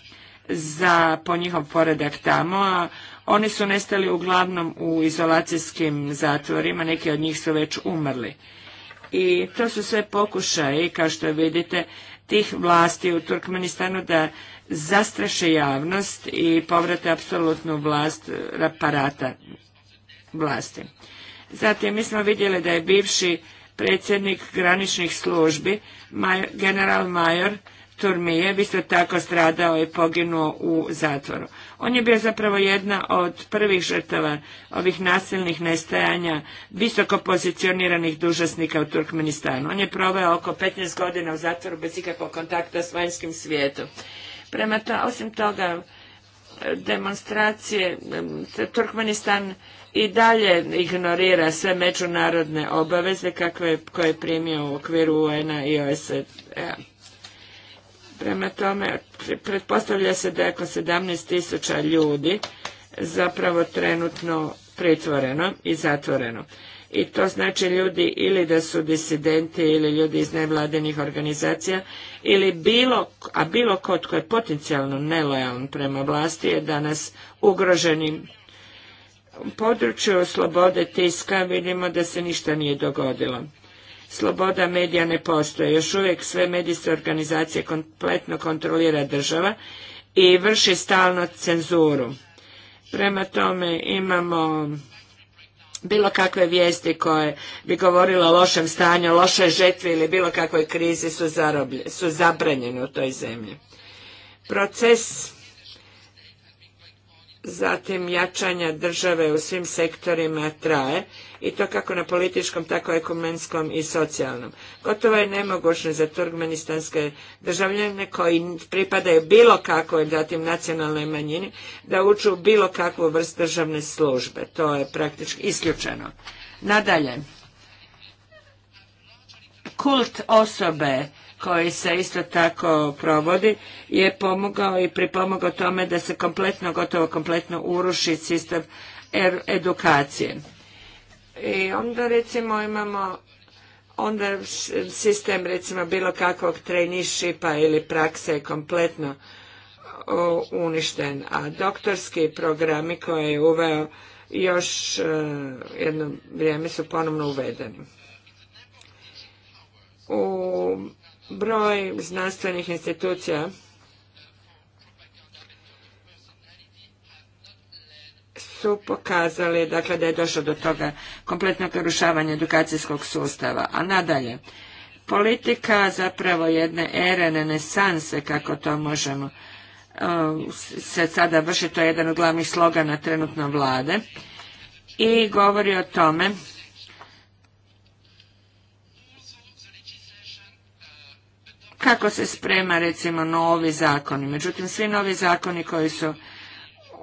C: za po njihov poredak tamo, a oni su nestali uglavnom u izolacijskim zatvorima, neki od njih su već umrli. I to su sve pokušaje, kao što vidite, tih vlasti u Turkmenistanu da zastraše javnost i povrate apsolutnu vlast aparata vlasti. Zatim, mi smo vidjeli da je bivši predsjednik graničnih službi, general major Turmije, isto tako stradao i poginuo u zatvoru. On je bio zapravo jedna od prvih žrtava ovih nasilnih nestajanja visoko pozicioniranih dužasnika u Turkmenistanu. On je proveo oko 15 godina u zatvoru bez ikakvog kontakta s vanjskim svijetom. Prema to, osim toga, demonstracije, Turkmenistan i dalje ignorira sve međunarodne obaveze kakve, koje je primio u okviru UN-a i OSD-a. Prema tome, pretpostavlja se da je oko tisuća ljudi zapravo trenutno pritvoreno i zatvoreno. I to znači ljudi ili da su disidenti ili ljudi iz nevladinih organizacija ili bilo, a bilo kod koji je potencijalno nelojalan prema vlasti je danas ugroženim u području slobode tiska vidimo da se ništa nije dogodilo. Sloboda medija ne postoje. Još uvijek sve medijske organizacije kompletno kontrolira država i vrši stalno cenzuru. Prema tome imamo bilo kakve vijesti koje bi govorile o lošem stanju, lošoj žetvi ili bilo kakvoj krizi su, su zabranjene u toj zemlji. Proces zatim jačanja države u svim sektorima traje i to kako na političkom, tako ekumenskom i socijalnom. Gotovo je nemogućno za turkmenistanske državljane koji pripadaju bilo kakvoj, zatim nacionalnoj manjini, da uču bilo kakvu vrst državne službe. To je praktički isključeno. Nadalje, kult osobe koji se isto tako provodi je pomogao i pripomogao tome da se kompletno, gotovo kompletno uruši sistem er- edukacije. I onda recimo imamo onda sistem recimo bilo kakvog trenišipa ili prakse je kompletno uništen, a doktorski programi koje je uveo još e, jedno vrijeme su ponovno uvedeni. U broj znanstvenih institucija su pokazali dakle, da je došlo do toga kompletnog porušavanje edukacijskog sustava. A nadalje, politika zapravo jedne ere renesanse, kako to možemo uh, se sada vršiti, to je jedan od glavnih slogana trenutno vlade, i govori o tome kako se sprema recimo novi zakon? Međutim, svi novi zakoni koji su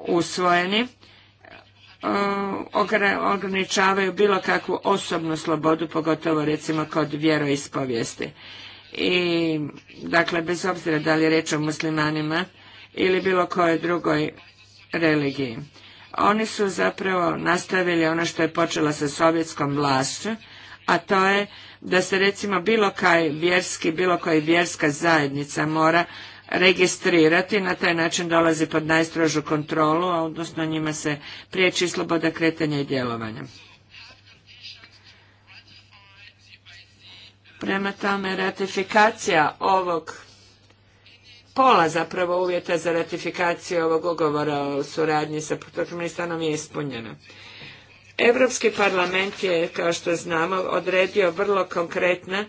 C: usvojeni uh, ograničavaju bilo kakvu osobnu slobodu, pogotovo recimo kod vjeroispovijesti. I, dakle, bez obzira da li je reč o muslimanima ili bilo kojoj drugoj religiji. Oni su zapravo nastavili ono što je počelo sa sovjetskom vlašću, a to je da se recimo bilo kaj vjerski, bilo koja vjerska zajednica mora registrirati, na taj način dolazi pod najstrožu kontrolu, odnosno njima se priječi sloboda kretanja i djelovanja. Prema tome, ratifikacija ovog pola zapravo uvjeta za ratifikaciju ovog ugovora o suradnji sa Turkmenistanom je ispunjena. Europski parlament je, kao što znamo, odredio vrlo konkretna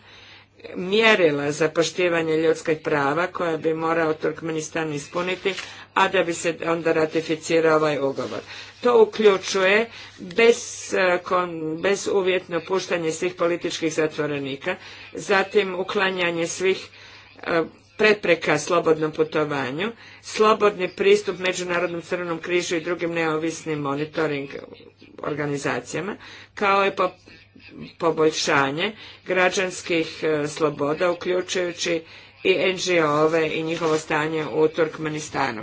C: mjerila za poštivanje ljudskih prava koja bi morao Turkmenistan ispuniti, a da bi se onda ratificirao ovaj ugovor. To uključuje bez, eh, bezuvjetno puštanje svih političkih zatvorenika, zatim uklanjanje svih eh, prepreka slobodnom putovanju, slobodni pristup Međunarodnom crvenom križu i drugim neovisnim monitoring organizacijama, kao i poboljšanje građanskih e, sloboda, uključujući i NGO-ove i njihovo stanje u Turkmenistanu.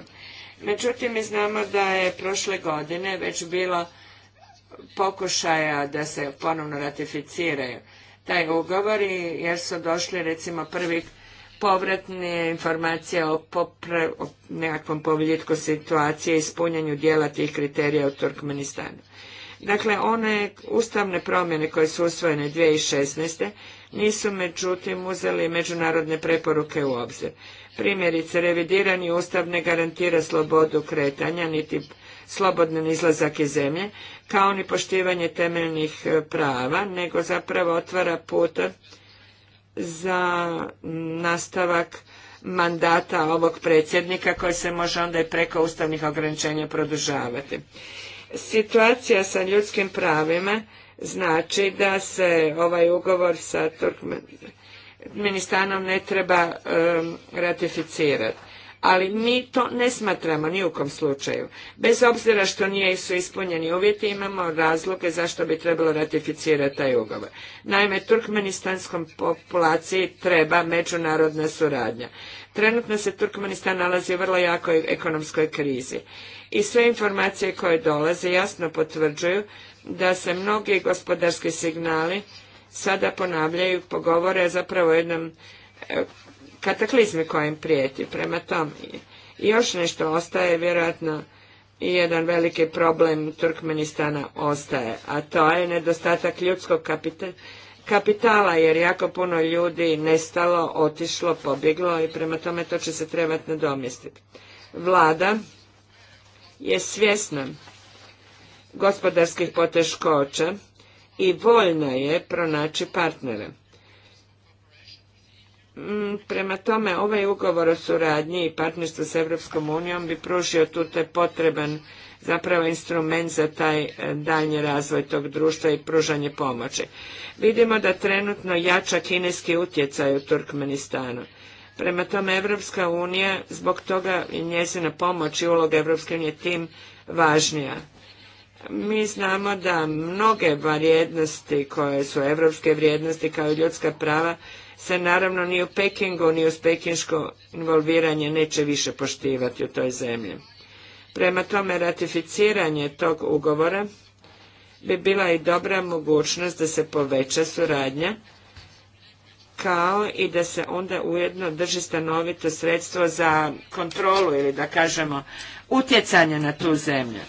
C: Međutim, mi znamo da je prošle godine već bilo pokušaja da se ponovno ratificiraju taj ugovor jer su došli recimo prvi povratne informacije o, nekakvom povljetku situacije i ispunjanju dijela tih kriterija u Turkmenistanu. Dakle, one ustavne promjene koje su usvojene 2016. nisu međutim uzeli međunarodne preporuke u obzir. Primjerice, revidirani ustav ne garantira slobodu kretanja, niti slobodan izlazak iz zemlje, kao ni poštivanje temeljnih e, prava, nego zapravo otvara puta za nastavak mandata ovog predsjednika koji se može onda i preko ustavnih ograničenja produžavati. Situacija sa ljudskim pravima znači da se ovaj ugovor sa Turkmenistanom ne treba ratificirati ali mi to ne smatramo ni u kom slučaju. Bez obzira što nije su ispunjeni uvjeti, imamo razloge zašto bi trebalo ratificirati taj ugovor. Naime, turkmenistanskom populaciji treba međunarodna suradnja. Trenutno se Turkmenistan nalazi u vrlo jakoj ekonomskoj krizi i sve informacije koje dolaze jasno potvrđuju da se mnogi gospodarski signali sada ponavljaju, pogovore zapravo jednom kataklizmi koja im prijeti. Prema tome, još nešto ostaje, vjerojatno i jedan veliki problem Turkmenistana ostaje, a to je nedostatak ljudskog kapitala, jer jako puno ljudi nestalo, otišlo, pobjeglo i prema tome to će se trebati nadomjestiti. Vlada je svjesna gospodarskih poteškoća i voljna je pronaći partnere. Mm, prema tome, ovaj ugovor o suradnji i partnerstvu s Evropskom unijom bi pružio tu te potreban zapravo instrument za taj e, daljnji razvoj tog društva i pružanje pomoći. Vidimo da trenutno jača kineski utjecaj u Turkmenistanu. Prema tome, Evropska unija, zbog toga i njezina pomoć i uloga Evropske unije tim važnija. Mi znamo da mnoge vrijednosti koje su evropske vrijednosti kao i ljudska prava se naravno ni u Pekingu ni uz pekinško involviranje neće više poštivati u toj zemlji. Prema tome ratificiranje tog ugovora bi bila i dobra mogućnost da se poveća suradnja kao i da se onda ujedno drži stanovito sredstvo za kontrolu ili da kažemo utjecanje na tu zemlju.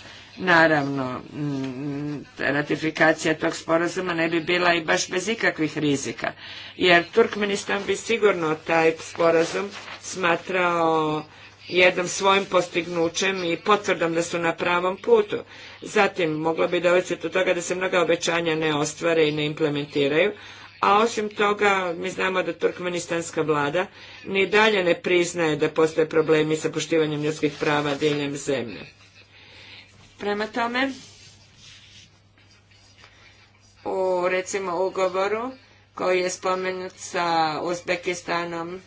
C: Naravno, mm, ratifikacija tog sporazuma ne bi bila i baš bez ikakvih rizika, jer Turkmenistan bi sigurno taj sporazum smatrao jednom svojim postignućem i potvrdom da su na pravom putu. Zatim, moglo bi dovesti do toga da se mnoga obećanja ne ostvare i ne implementiraju, a osim toga mi znamo da turkmenistanska vlada ni dalje ne priznaje da postoje problemi sa poštivanjem ljudskih prava diljem zemlje. Prema tome, u recimo ugovoru koji je spomenut sa Uzbekistanom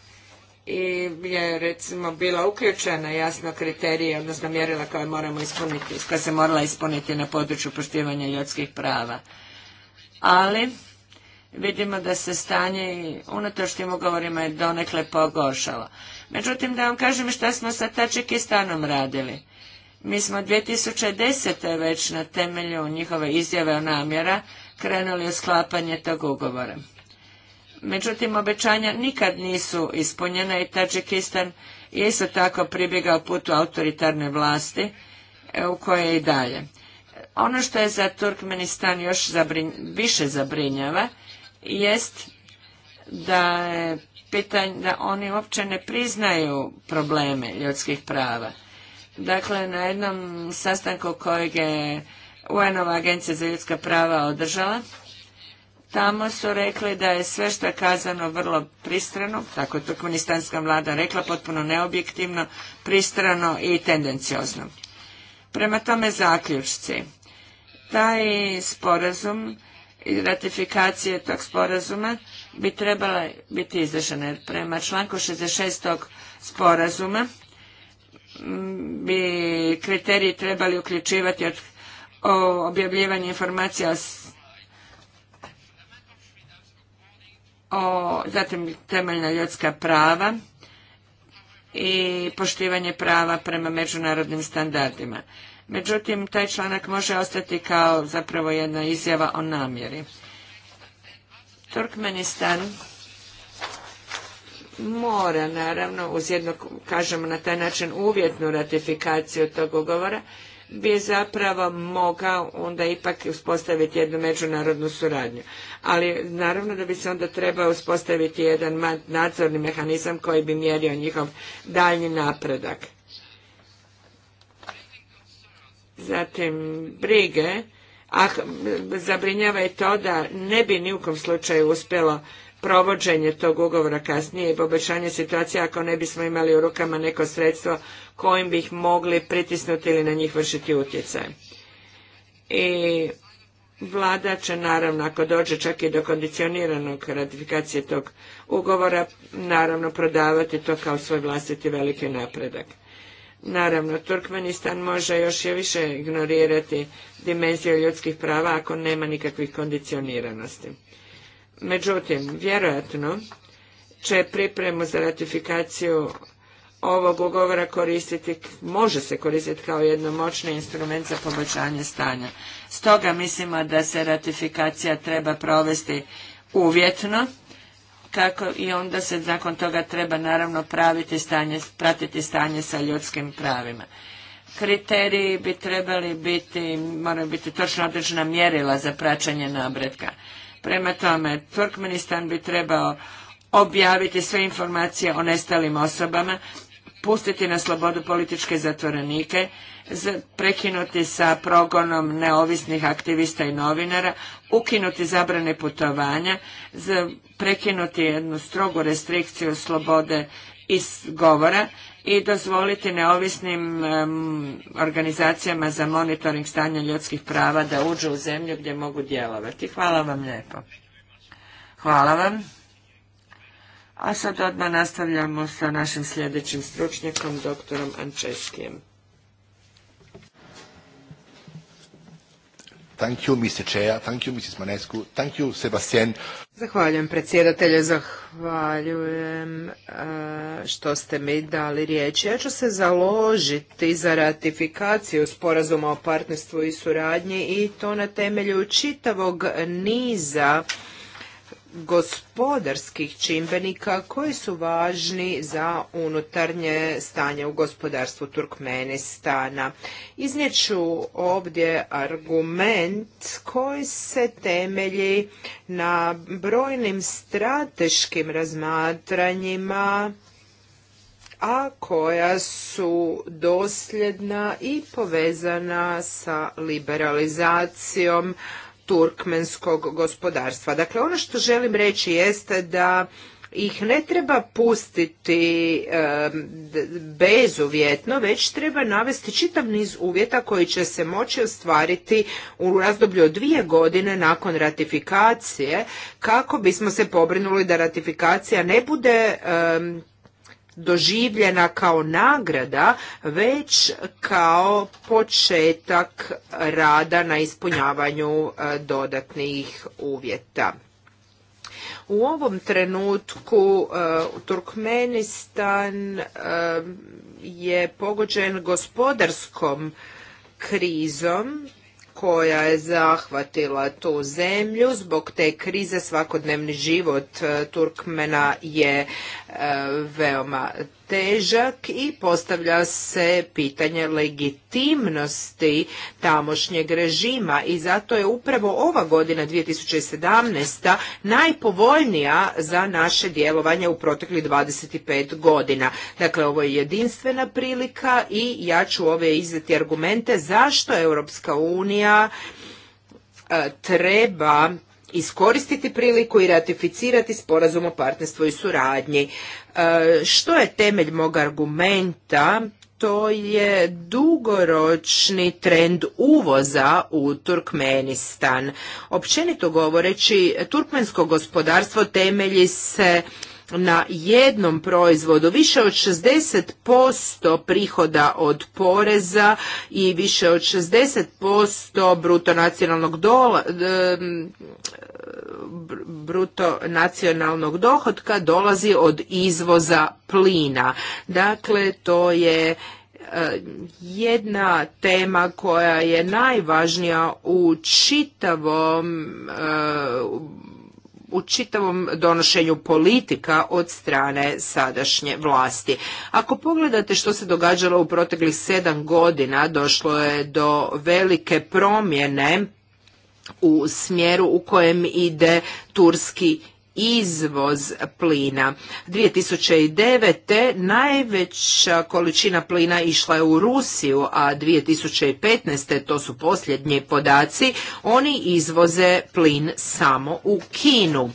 C: i je recimo bila uključena jasno kriterije, odnosno mjerila koje moramo ispuniti, koja se morala ispuniti na području poštivanja ljudskih prava. Ali vidimo da se stanje unatoč tim ugovorima je donekle pogoršalo. Međutim, da vam kažem šta smo sa Tačikistanom radili. Mi smo 2010. već na temelju njihove izjave o namjera krenuli u sklapanje tog ugovora. Međutim, obećanja nikad nisu ispunjena i Tadžikistan je isto tako pribjegao putu autoritarne vlasti e, u koje i dalje. Ono što je za Turkmenistan još zabrin, više zabrinjava jest da je pitanje da oni uopće ne priznaju probleme ljudskih prava Dakle, na jednom sastanku kojeg je UN-ova agencija za ljudska prava održala, tamo su rekli da je sve što je kazano vrlo pristrano, tako je turkmenistanska vlada rekla, potpuno neobjektivno, pristrano i tendenciozno. Prema tome zaključci. Taj sporazum i ratifikacije tog sporazuma bi trebala biti izvršena. Prema članku 66. sporazuma bi kriteriji trebali uključivati od, o informacija o, zatim temeljna ljudska prava i poštivanje prava prema međunarodnim standardima. Međutim, taj članak može ostati kao zapravo jedna izjava o namjeri. Turkmenistan mora naravno uz jedno, kažemo na taj način uvjetnu ratifikaciju tog ugovora, bi zapravo mogao onda ipak uspostaviti jednu međunarodnu suradnju. Ali naravno da bi se onda trebao uspostaviti jedan nadzorni mehanizam koji bi mjerio njihov daljnji napredak. Zatim brige, a zabrinjava je to da ne bi ni u kom slučaju uspjelo provođenje tog ugovora kasnije i poboljšanje situacije ako ne bismo imali u rukama neko sredstvo kojim bi ih mogli pritisnuti ili na njih vršiti utjecaj. I vlada će naravno ako dođe čak i do kondicioniranog ratifikacije tog ugovora naravno prodavati to kao svoj vlastiti veliki napredak. Naravno, Turkmenistan može još i više ignorirati dimenziju ljudskih prava ako nema nikakvih kondicioniranosti. Međutim, vjerojatno će pripremu za ratifikaciju ovog ugovora koristiti, može se koristiti kao jedno moćni instrument za poboljšanje stanja. Stoga mislimo da se ratifikacija treba provesti uvjetno kako i onda se nakon toga treba naravno praviti stanje, pratiti stanje sa ljudskim pravima. Kriteriji bi trebali biti, moraju biti točno određena mjerila za praćenje napretka. Prema tome, Turkmenistan bi trebao objaviti sve informacije o nestalim osobama, pustiti na slobodu političke zatvorenike, prekinuti sa progonom neovisnih aktivista i novinara, ukinuti zabrane putovanja, prekinuti jednu strogu restrikciju slobode iz govora i dozvoliti neovisnim organizacijama za monitoring stanja ljudskih prava da uđu u zemlju gdje mogu djelovati. Hvala vam lijepo. Hvala vam. A sad odmah nastavljamo sa našim sljedećim stručnjakom, doktorom Ančeskijem. Thank you, Mr.
B: Zahvaljujem predsjedatelju, zahvaljujem e, što ste mi dali riječ. Ja ću se založiti za ratifikaciju sporazuma o partnerstvu i suradnji i to na temelju čitavog niza gospodarskih čimbenika koji su važni za unutarnje stanje u gospodarstvu Turkmenistana. Iznijeću ovdje argument koji se temelji na brojnim strateškim razmatranjima a koja su dosljedna i povezana sa liberalizacijom turkmenskog gospodarstva. Dakle, ono što želim reći jeste da ih ne treba pustiti bezuvjetno, već treba navesti čitav niz uvjeta koji će se moći ostvariti u razdoblju od dvije godine nakon ratifikacije, kako bismo se pobrinuli da ratifikacija ne bude doživljena kao nagrada, već kao početak rada na ispunjavanju e, dodatnih uvjeta. U ovom trenutku e, Turkmenistan e, je pogođen gospodarskom krizom koja je zahvatila tu zemlju. Zbog te krize svakodnevni život e, Turkmena je e, veoma težak i postavlja se pitanje legitimnosti tamošnjeg režima i zato je upravo ova godina 2017. najpovoljnija za naše djelovanje u proteklih 25 godina. Dakle, ovo je jedinstvena prilika i ja ću ove izdati argumente zašto Europska unija e, treba iskoristiti priliku i ratificirati sporazum o partnerstvu i suradnji. E, što je temelj mog argumenta? To je dugoročni trend uvoza u Turkmenistan. Općenito govoreći, turkmensko gospodarstvo temelji se na jednom proizvodu više od 60% prihoda od poreza i više od 60% bruto nacionalnog bruto nacionalnog dohotka dolazi od izvoza plina. Dakle, to je e, jedna tema koja je najvažnija u čitavom e, u čitavom donošenju politika od strane sadašnje vlasti. Ako pogledate što se događalo u proteklih sedam godina, došlo je do velike promjene u smjeru u kojem ide turski izvoz plina. 2009. najveća količina plina išla je u Rusiju, a 2015. to su posljednji podaci, oni izvoze plin samo u Kinu.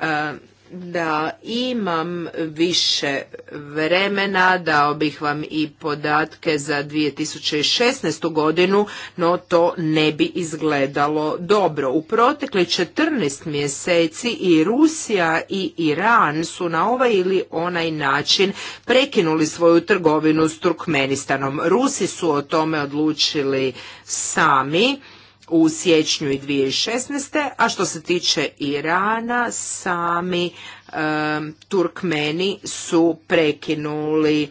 B: E, da imam više vremena, dao bih vam i podatke za 2016. godinu, no to ne bi izgledalo dobro. U protekli 14 mjeseci i Rusija i Iran su na ovaj ili onaj način prekinuli svoju trgovinu s Turkmenistanom. Rusi su o tome odlučili sami u siječnju i 2016. A što se tiče Irana, sami Turkmeni su prekinuli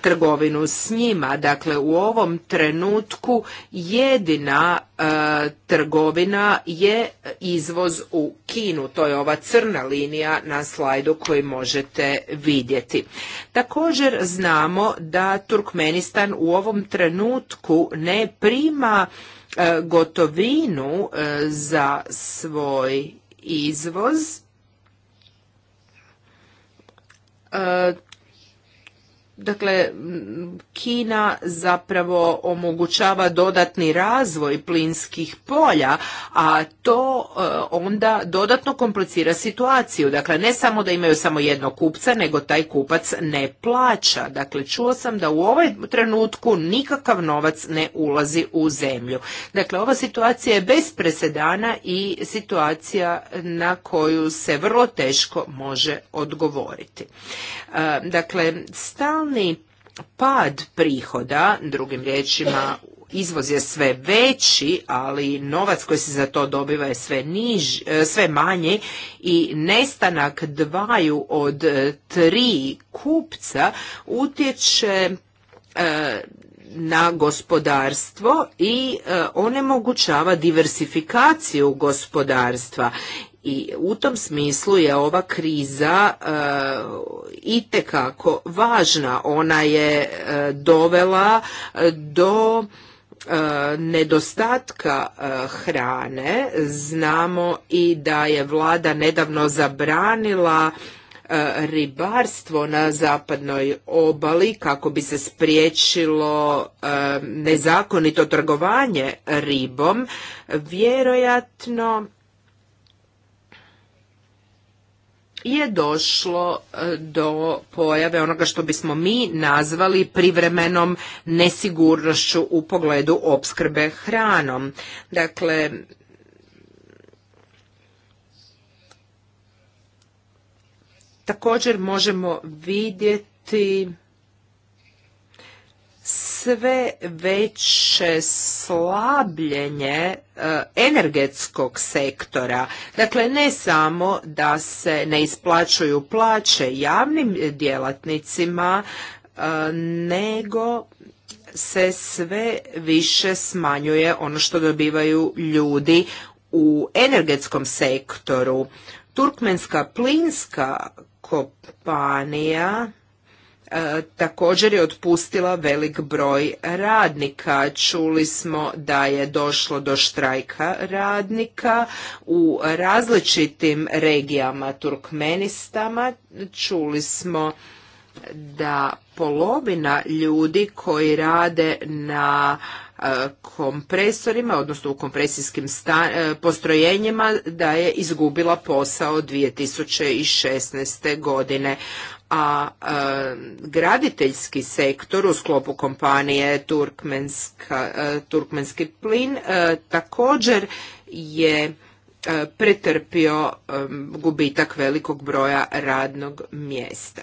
B: trgovinu s njima. Dakle, u ovom trenutku jedina e, trgovina je izvoz u Kinu. To je ova crna linija na slajdu koji možete vidjeti. Također znamo da Turkmenistan u ovom trenutku ne prima E, gotovinu e, za svoj izvoz e, Dakle, Kina zapravo omogućava dodatni razvoj plinskih polja, a to e, onda dodatno komplicira situaciju. Dakle, ne samo da imaju samo jednog kupca, nego taj kupac ne plaća. Dakle, čuo sam da u ovaj trenutku nikakav novac ne ulazi u zemlju. Dakle, ova situacija je bez presedana i situacija na koju se vrlo teško može odgovoriti. E, dakle, stalno pad prihoda, drugim riječima izvoz je sve veći, ali novac koji se za to dobiva je sve, niž, e, sve manji i nestanak dvaju od tri kupca utječe e, na gospodarstvo i e, onemogućava diversifikaciju gospodarstva i u tom smislu je ova kriza e, itekako važna ona je e, dovela e, do nedostatka hrane znamo i da je vlada nedavno zabranila ribarstvo na zapadnoj obali kako bi se spriječilo nezakonito trgovanje ribom vjerojatno je došlo e, do pojave onoga što bismo mi nazvali privremenom nesigurnošću u pogledu opskrbe hranom. Dakle, također možemo vidjeti sve veće slabljenje e, energetskog sektora. Dakle, ne samo da se ne isplaćuju plaće javnim djelatnicima, e, nego se sve više smanjuje ono što dobivaju ljudi u energetskom sektoru. Turkmenska plinska kompanija E, također je otpustila velik broj radnika. Čuli smo da je došlo do štrajka radnika u različitim regijama Turkmenistama. Čuli smo da polovina ljudi koji rade na e, kompresorima, odnosno u kompresijskim e, postrojenjima, da je izgubila posao 2016. godine a e, graditeljski sektor u sklopu kompanije e, Turkmenski plin e, također je pretrpio gubitak velikog broja radnog mjesta.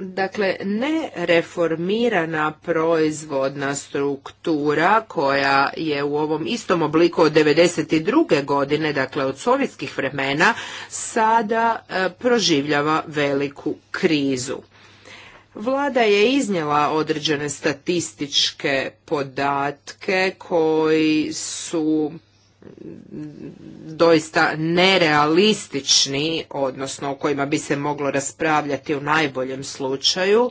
B: Dakle, ne reformirana proizvodna struktura koja je u ovom istom obliku od 1992. godine, dakle od sovjetskih vremena, sada e, proživljava veliku krizu. Vlada je iznjela određene statističke podatke koji su doista nerealistični, odnosno o kojima bi se moglo raspravljati u najboljem slučaju.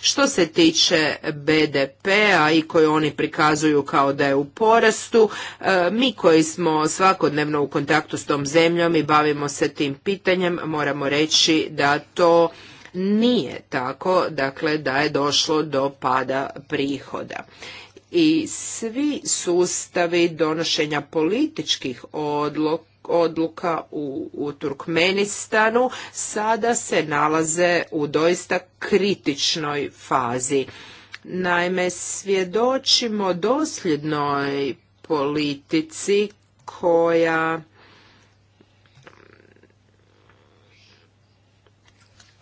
B: Što se tiče BDP-a i koje oni prikazuju kao da je u porastu, e, mi koji smo svakodnevno u kontaktu s tom zemljom i bavimo se tim pitanjem, moramo reći da to nije tako, dakle da je došlo do pada prihoda i svi sustavi donošenja političkih odluka u, u Turkmenistanu sada se nalaze u doista kritičnoj fazi. Naime, svjedočimo dosljednoj politici koja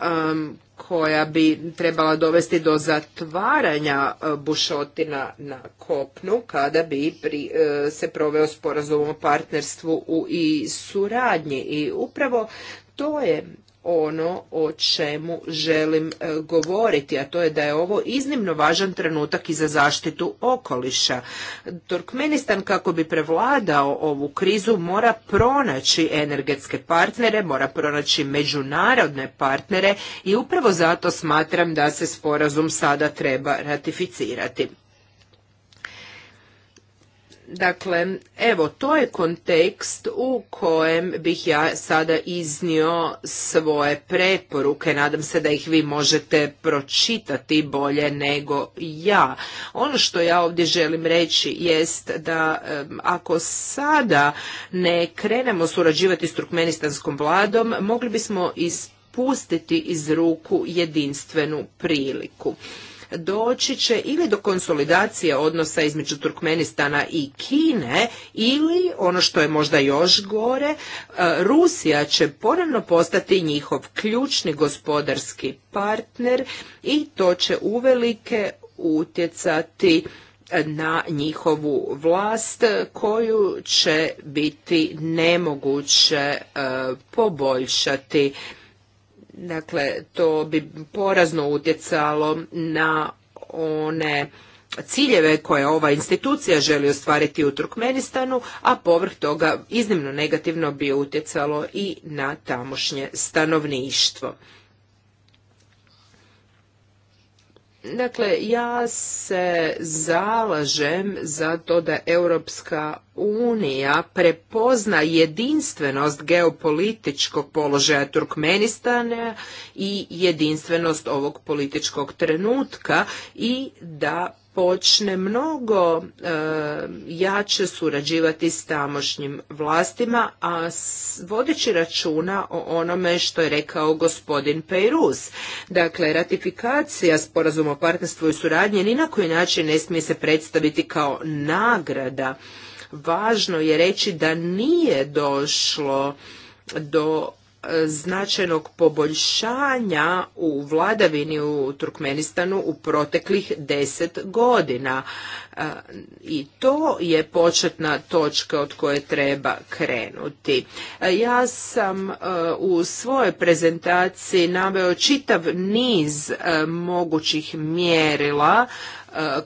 B: um, koja bi trebala dovesti do zatvaranja e, bušotina na kopnu kada bi e, se proveo sporazum o partnerstvu u, i suradnji. I upravo to je ono o čemu želim e, govoriti, a to je da je ovo iznimno važan trenutak i za zaštitu okoliša. Turkmenistan kako bi prevladao ovu krizu mora pronaći energetske partnere, mora pronaći međunarodne partnere i upravo zato smatram da se sporazum sada treba ratificirati. Dakle, evo, to je kontekst u kojem bih ja sada iznio svoje preporuke. Nadam se da ih vi možete pročitati bolje nego ja. Ono što ja ovdje želim reći jest da ako sada ne krenemo surađivati s Turkmenistanskom vladom, mogli bismo ispustiti iz ruku jedinstvenu priliku doći će ili do konsolidacije odnosa između Turkmenistana i Kine ili, ono što je možda još gore, e, Rusija će ponovno postati njihov ključni gospodarski partner i to će uvelike utjecati na njihovu vlast koju će biti nemoguće e, poboljšati Dakle, to bi porazno utjecalo na one ciljeve koje ova institucija želi ostvariti u Turkmenistanu, a povrh toga iznimno negativno bi utjecalo i na tamošnje stanovništvo. Dakle, ja se zalažem za to da Europska unija prepozna jedinstvenost geopolitičkog položaja Turkmenistana i jedinstvenost ovog političkog trenutka i da počne mnogo e, jače surađivati s tamošnjim vlastima, a vodeći računa o onome što je rekao gospodin Pejrus. Dakle, ratifikacija sporazuma o partnerstvu i suradnji ni na koji način ne smije se predstaviti kao nagrada. Važno je reći da nije došlo do značajnog poboljšanja u vladavini u Turkmenistanu u proteklih deset godina. E, I to je početna točka od koje treba krenuti. E, ja sam e, u svojoj prezentaciji naveo čitav niz mogućih mjerila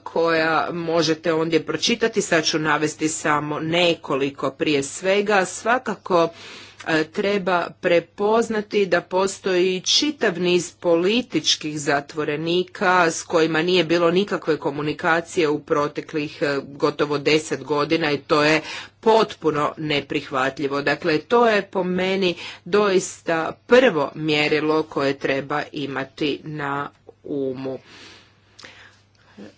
B: koja možete ondje pročitati. Sad ću navesti samo nekoliko prije svega. Svakako E, treba prepoznati da postoji čitav niz političkih zatvorenika s kojima nije bilo nikakve komunikacije u proteklih e, gotovo deset godina i to je potpuno neprihvatljivo. Dakle, to je po meni doista prvo mjerilo koje treba imati na umu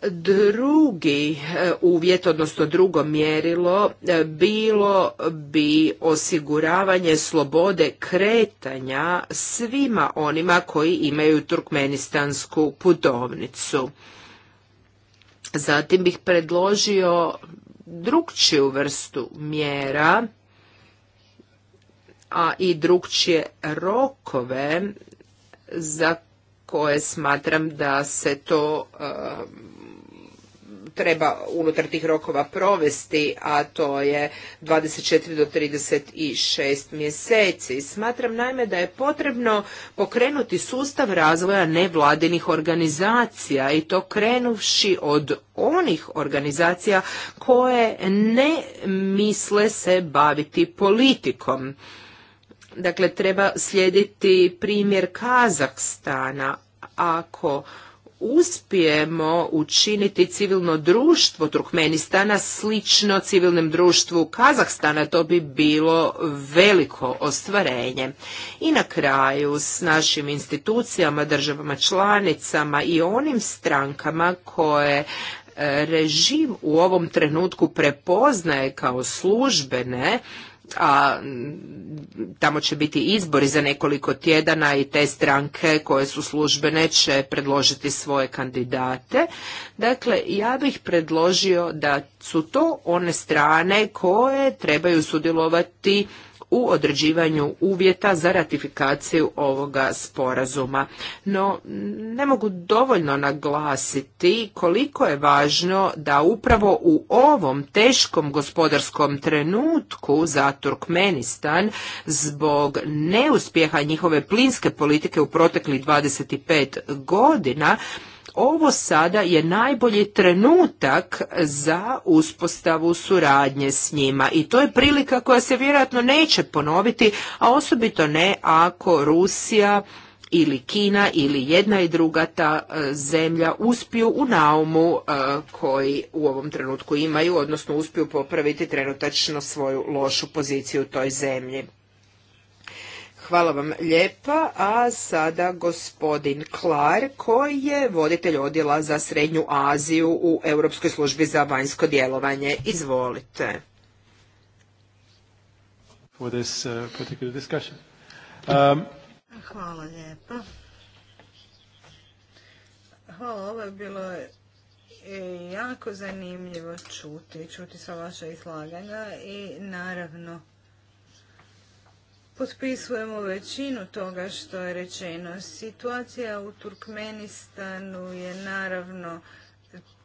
B: drugi e, uvjet, odnosno drugo mjerilo, e, bilo bi osiguravanje slobode kretanja svima onima koji imaju turkmenistansku putovnicu. Zatim bih predložio drugčiju vrstu mjera, a i drugčije rokove za koje smatram da se to um, treba unutar tih rokova provesti, a to je 24 do 36 mjeseci. Smatram naime da je potrebno pokrenuti sustav razvoja nevladinih organizacija i to krenuvši od onih organizacija koje ne misle se baviti politikom. Dakle, treba slijediti primjer Kazahstana. Ako uspijemo učiniti civilno društvo Turkmenistana slično civilnom društvu Kazahstana, to bi bilo veliko ostvarenje. I na kraju s našim institucijama, državama članicama i onim strankama koje e, režim u ovom trenutku prepoznaje kao službene a tamo će biti izbori za nekoliko tjedana i te stranke koje su službene će predložiti svoje kandidate. Dakle, ja bih predložio da su to one strane koje trebaju sudjelovati u određivanju uvjeta za ratifikaciju ovoga sporazuma. No, ne mogu dovoljno naglasiti koliko je važno da upravo u ovom teškom gospodarskom trenutku za Turkmenistan zbog neuspjeha njihove plinske politike u proteklih 25 godina ovo sada je najbolji trenutak za uspostavu suradnje s njima i to je prilika koja se vjerojatno neće ponoviti, a osobito ne ako Rusija ili Kina ili jedna i druga ta e, zemlja uspiju u naumu e, koji u ovom trenutku imaju, odnosno uspiju popraviti trenutačno svoju lošu poziciju u toj zemlji. Hvala vam lijepa, a sada gospodin Klar koji je voditelj odjela za Srednju Aziju u Europskoj službi za vanjsko djelovanje. Izvolite. Uh, um,
A: Hvala lijepa. Hvala, ovo je bilo jako zanimljivo čuti, čuti sva vaša izlaganja i naravno potpisujemo većinu toga što je rečeno. Situacija u Turkmenistanu je naravno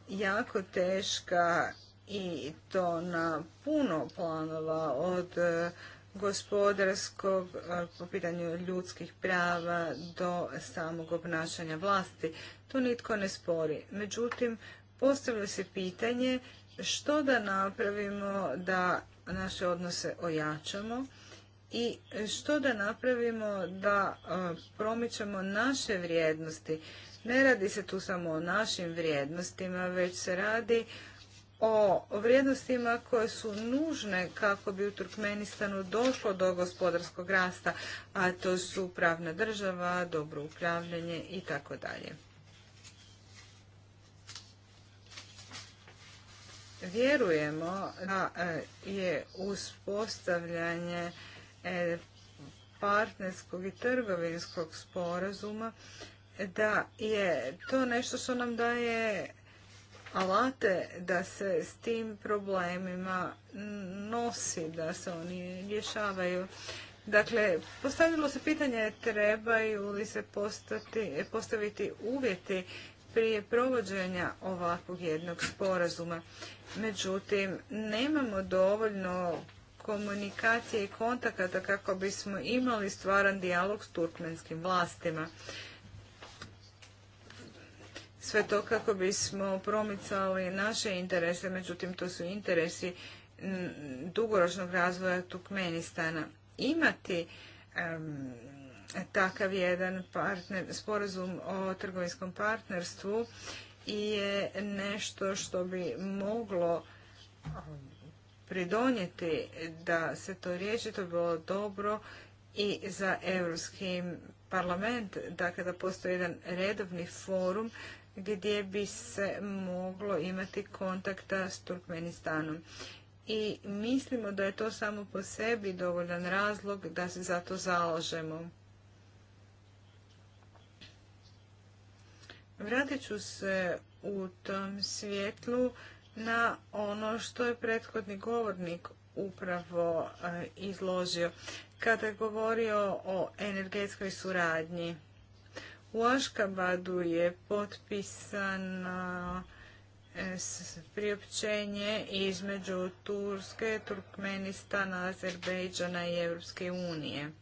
A: jako teška i to na puno planova od e, gospodarskog e, po pitanju ljudskih prava do samog obnašanja vlasti. To nitko ne spori. Međutim, postavlja se pitanje što da napravimo da naše odnose ojačamo i što da napravimo da e, promičemo naše vrijednosti. Ne radi se tu samo o našim vrijednostima, već se radi o vrijednostima koje su nužne kako bi u Turkmenistanu došlo do gospodarskog rasta, a to su pravna država, dobro upravljanje i tako dalje. Vjerujemo da e, je uspostavljanje E, partnerskog i trgovinskog sporazuma da je to nešto što nam daje alate da se s tim problemima nosi, da se oni rješavaju. Dakle, postavilo se pitanje trebaju li se postati, postaviti uvjeti prije provođenja ovakvog jednog sporazuma. Međutim, nemamo dovoljno komunikacije i kontakata kako bismo imali stvaran dijalog s turkmenskim vlastima. Sve to kako bismo promicali naše interese, međutim to su interesi dugoročnog razvoja Turkmenistana. Imati takav jedan partner, sporazum o trgovinskom partnerstvu je nešto što bi moglo pridonijeti da se to riješi, to bi bilo dobro i za Europski parlament, dakle da postoji jedan redovni forum gdje bi se moglo imati kontakta s Turkmenistanom. I mislimo da je to samo po sebi dovoljan razlog da se za to zalažemo. Vratit ću se u tom svjetlu na ono što je prethodni govornik upravo e, izložio kada je govorio o energetskoj suradnji. U Aškabadu je potpisan e, priopćenje između Turske, Turkmenistana, Azerbejdžana i Europske unije.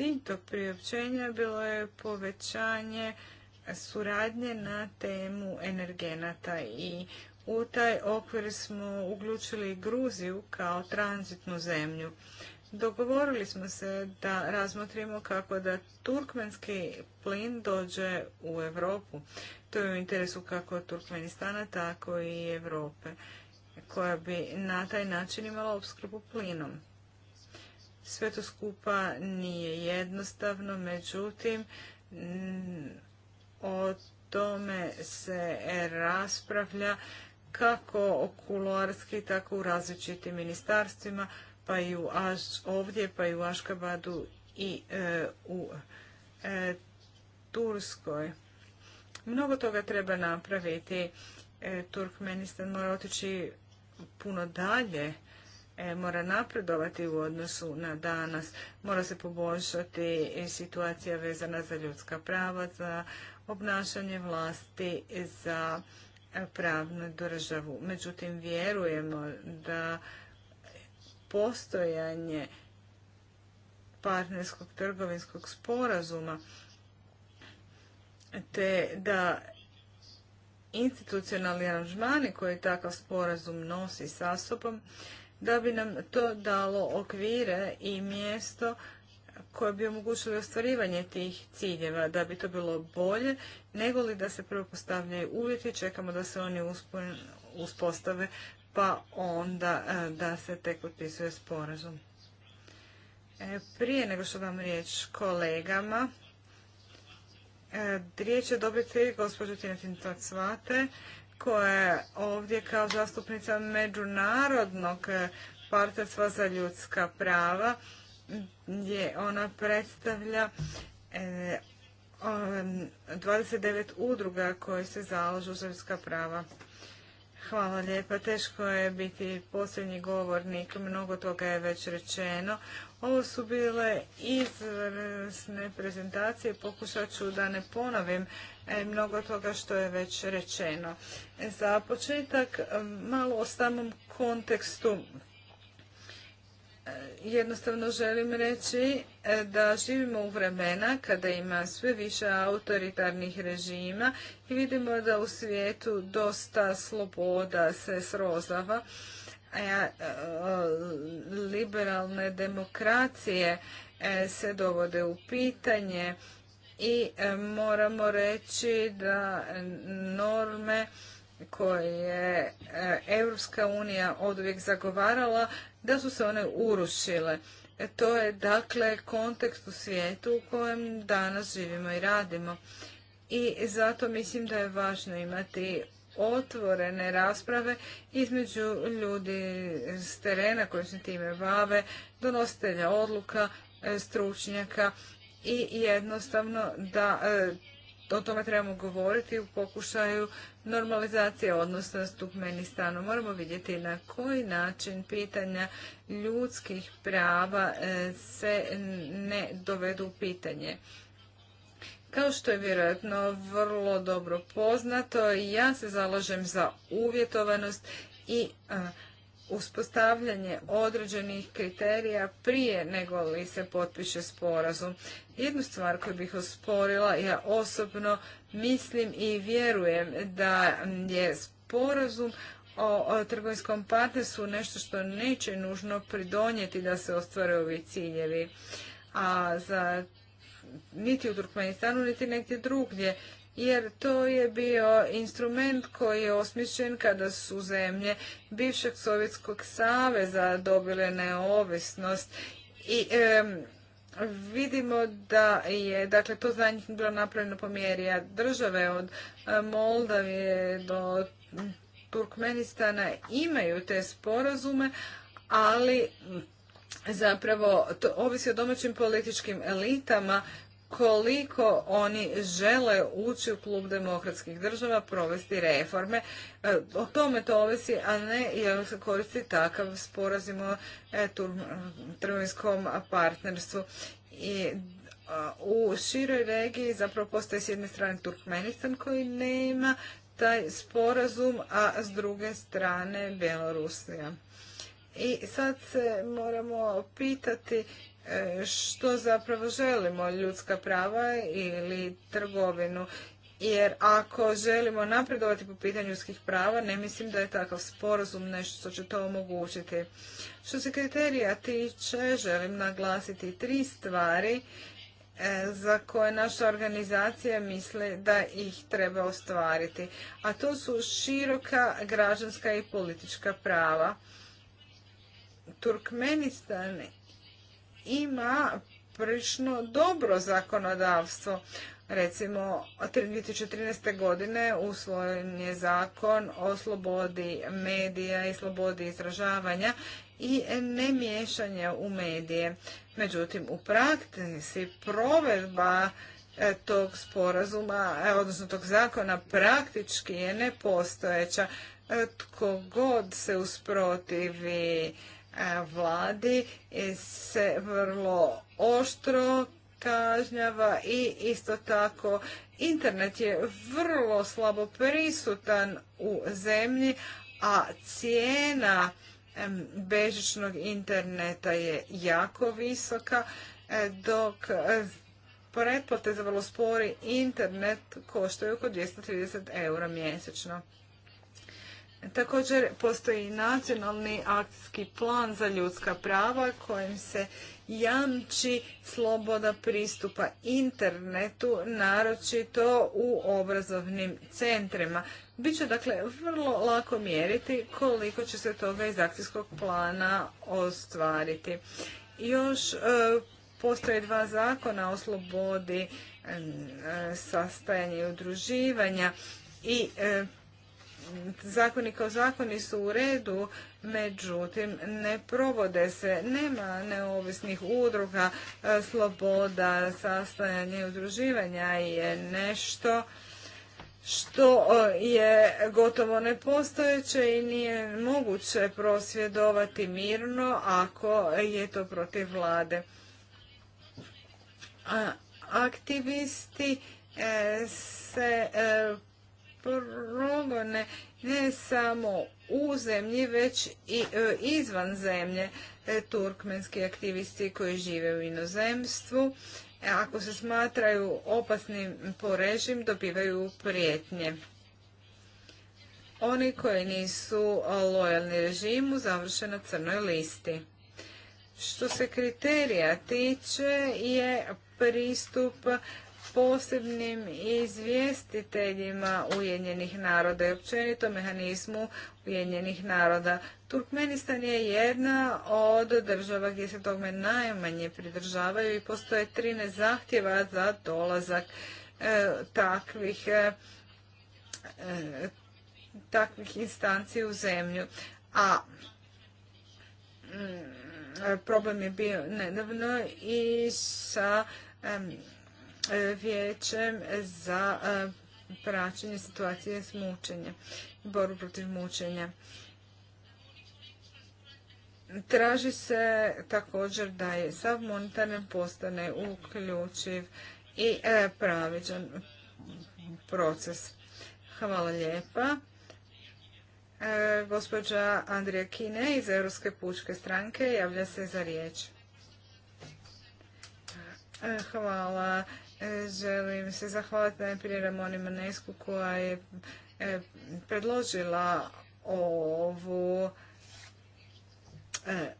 A: Cilj tog priopćenja bilo je povećanje suradnje na temu energenata i u taj okvir smo uključili Gruziju kao tranzitnu zemlju. Dogovorili smo se da razmotrimo kako da turkmenski plin dođe u Europu. To je u interesu kako Turkmenistana, tako i Europe koja bi na taj način imala opskrbu plinom. Sve to skupa nije jednostavno, međutim, o tome se raspravlja kako kuloarski, tako u različitim ministarstvima, pa i u Aš, ovdje, pa i u Aškabadu i e, u e, Turskoj. Mnogo toga treba napraviti. E, Turkmenistan mora otići puno dalje E, mora napredovati u odnosu na danas. Mora se poboljšati situacija vezana za ljudska prava, za obnašanje vlasti, za e, pravnu državu. Međutim, vjerujemo da postojanje partnerskog trgovinskog sporazuma te da institucionalni aranžmani koji takav sporazum nosi sa sobom da bi nam to dalo okvire i mjesto koje bi omogućili ostvarivanje tih ciljeva, da bi to bilo bolje, nego li da se prvo postavljaju uvjeti, čekamo da se oni uspostave, pa onda e, da se tek potpisuje sporazum. E, prije nego što vam riječ kolegama, e, riječ je dobiti gospođo Tinatin koja je ovdje kao zastupnica međunarodnog partnerstva za ljudska prava gdje ona predstavlja 29 e, udruga koje se zalažu za ljudska prava. Hvala lijepa. Teško je biti posljednji govornik. Mnogo toga je već rečeno. Ovo su bile izvrsne prezentacije, pokušat ću da ne ponovim e, mnogo toga što je već rečeno. E, za početak malo o samom kontekstu. E, jednostavno želim reći da živimo u vremena kada ima sve više autoritarnih režima i vidimo da u svijetu dosta sloboda se srozava E, e, liberalne demokracije e, se dovode u pitanje i moramo reći da norme koje je Europska unija oduvijek zagovarala, da su se one urušile. To je dakle kontekst u svijetu u kojem danas živimo i radimo. I zato mislim da je važno imati otvorene rasprave između ljudi s terena koji se time bave, donositelja odluka, e, stručnjaka i jednostavno da e, o tome trebamo govoriti u pokušaju normalizacije odnosa meni stanu. Moramo vidjeti na koji način pitanja ljudskih prava e, se ne dovedu u pitanje. Kao što je vjerojatno vrlo dobro poznato, ja se zalažem za uvjetovanost i uspostavljanje određenih kriterija prije nego li se potpiše sporazum. Jednu stvar koju bih osporila, ja osobno mislim i vjerujem da je sporazum o, o trgovinskom partnerstvu nešto što neće nužno pridonijeti da se ostvare ovi ciljevi. A za niti u Turkmenistanu, niti negdje drugdje. Jer to je bio instrument koji je osmišljen kada su zemlje bivšeg Sovjetskog saveza dobile neovisnost i vidimo da je dakle, to za njih bilo napravljeno po mjeri države od e, Moldavije do Turkmenistana imaju te sporazume, ali zapravo to ovisi o domaćim političkim elitama koliko oni žele ući u klub demokratskih država, provesti reforme. E, o tome to ovisi, a ne jel se koristi takav sporazum o trgovinskom partnerstvu. I u široj regiji zapravo postoje s jedne strane Turkmenistan koji nema taj sporazum, a s druge strane Bjelorusija. I sad se moramo pitati e, što zapravo želimo, ljudska prava ili trgovinu. Jer ako želimo napredovati po pitanju ljudskih prava, ne mislim da je takav sporazum nešto što će to omogućiti. Što se kriterija tiče, želim naglasiti tri stvari e, za koje naša organizacija misle da ih treba ostvariti. A to su široka građanska i politička prava. Turkmenistan ima prilično dobro zakonodavstvo. Recimo, 2013. godine usvojen je zakon o slobodi medija i slobodi izražavanja i ne miješanja u medije. Međutim, u praktici provedba e, tog sporazuma, e, odnosno tog zakona praktički je nepostojeća. E, tko god se usprotivi vladi se vrlo oštro kažnjava i isto tako internet je vrlo slabo prisutan u zemlji, a cijena bežičnog interneta je jako visoka, e, dok e, pretplate za vrlo spori internet koštaju oko 230 eura mjesečno. Također postoji nacionalni akcijski plan za ljudska prava kojim se jamči sloboda pristupa internetu, naročito u obrazovnim centrima. Biće dakle vrlo lako mjeriti koliko će se toga iz akcijskog plana ostvariti. Još e, postoje dva zakona o slobodi e, sastajanja i udruživanja i e, zakoni kao zakoni su u redu, međutim ne provode se, nema neovisnih udruga, e, sloboda, sastajanja i udruživanja je nešto što e, je gotovo nepostojeće i nije moguće prosvjedovati mirno ako je to protiv vlade. Aktivisti e, se progone ne samo u zemlji, već i e, izvan zemlje e, turkmenski aktivisti koji žive u inozemstvu. E, ako se smatraju opasnim po režim, dobivaju prijetnje. Oni koji nisu lojalni režimu završe na crnoj listi. Što se kriterija tiče je pristup posebnim izvjestiteljima Ujedinjenih naroda i općenito mehanizmu Ujedinjenih naroda. Turkmenistan je jedna od država gdje se tome najmanje pridržavaju i postoje 13 zahtjeva za dolazak e, takvih e, e, takvih instanci u zemlju. A mm, problem je bio nedavno i sa vijećem za e, praćenje situacije s mučenjem, boru protiv mučenja. Traži se također da je sav monetarne postane uključiv i e, pravičan proces. Hvala lijepa. E, gospođa Andrija Kine iz Europske pučke stranke javlja se za riječ. hvala. E, želim se zahvaliti najprije Ramoni Manesku koja je e, predložila ovu e,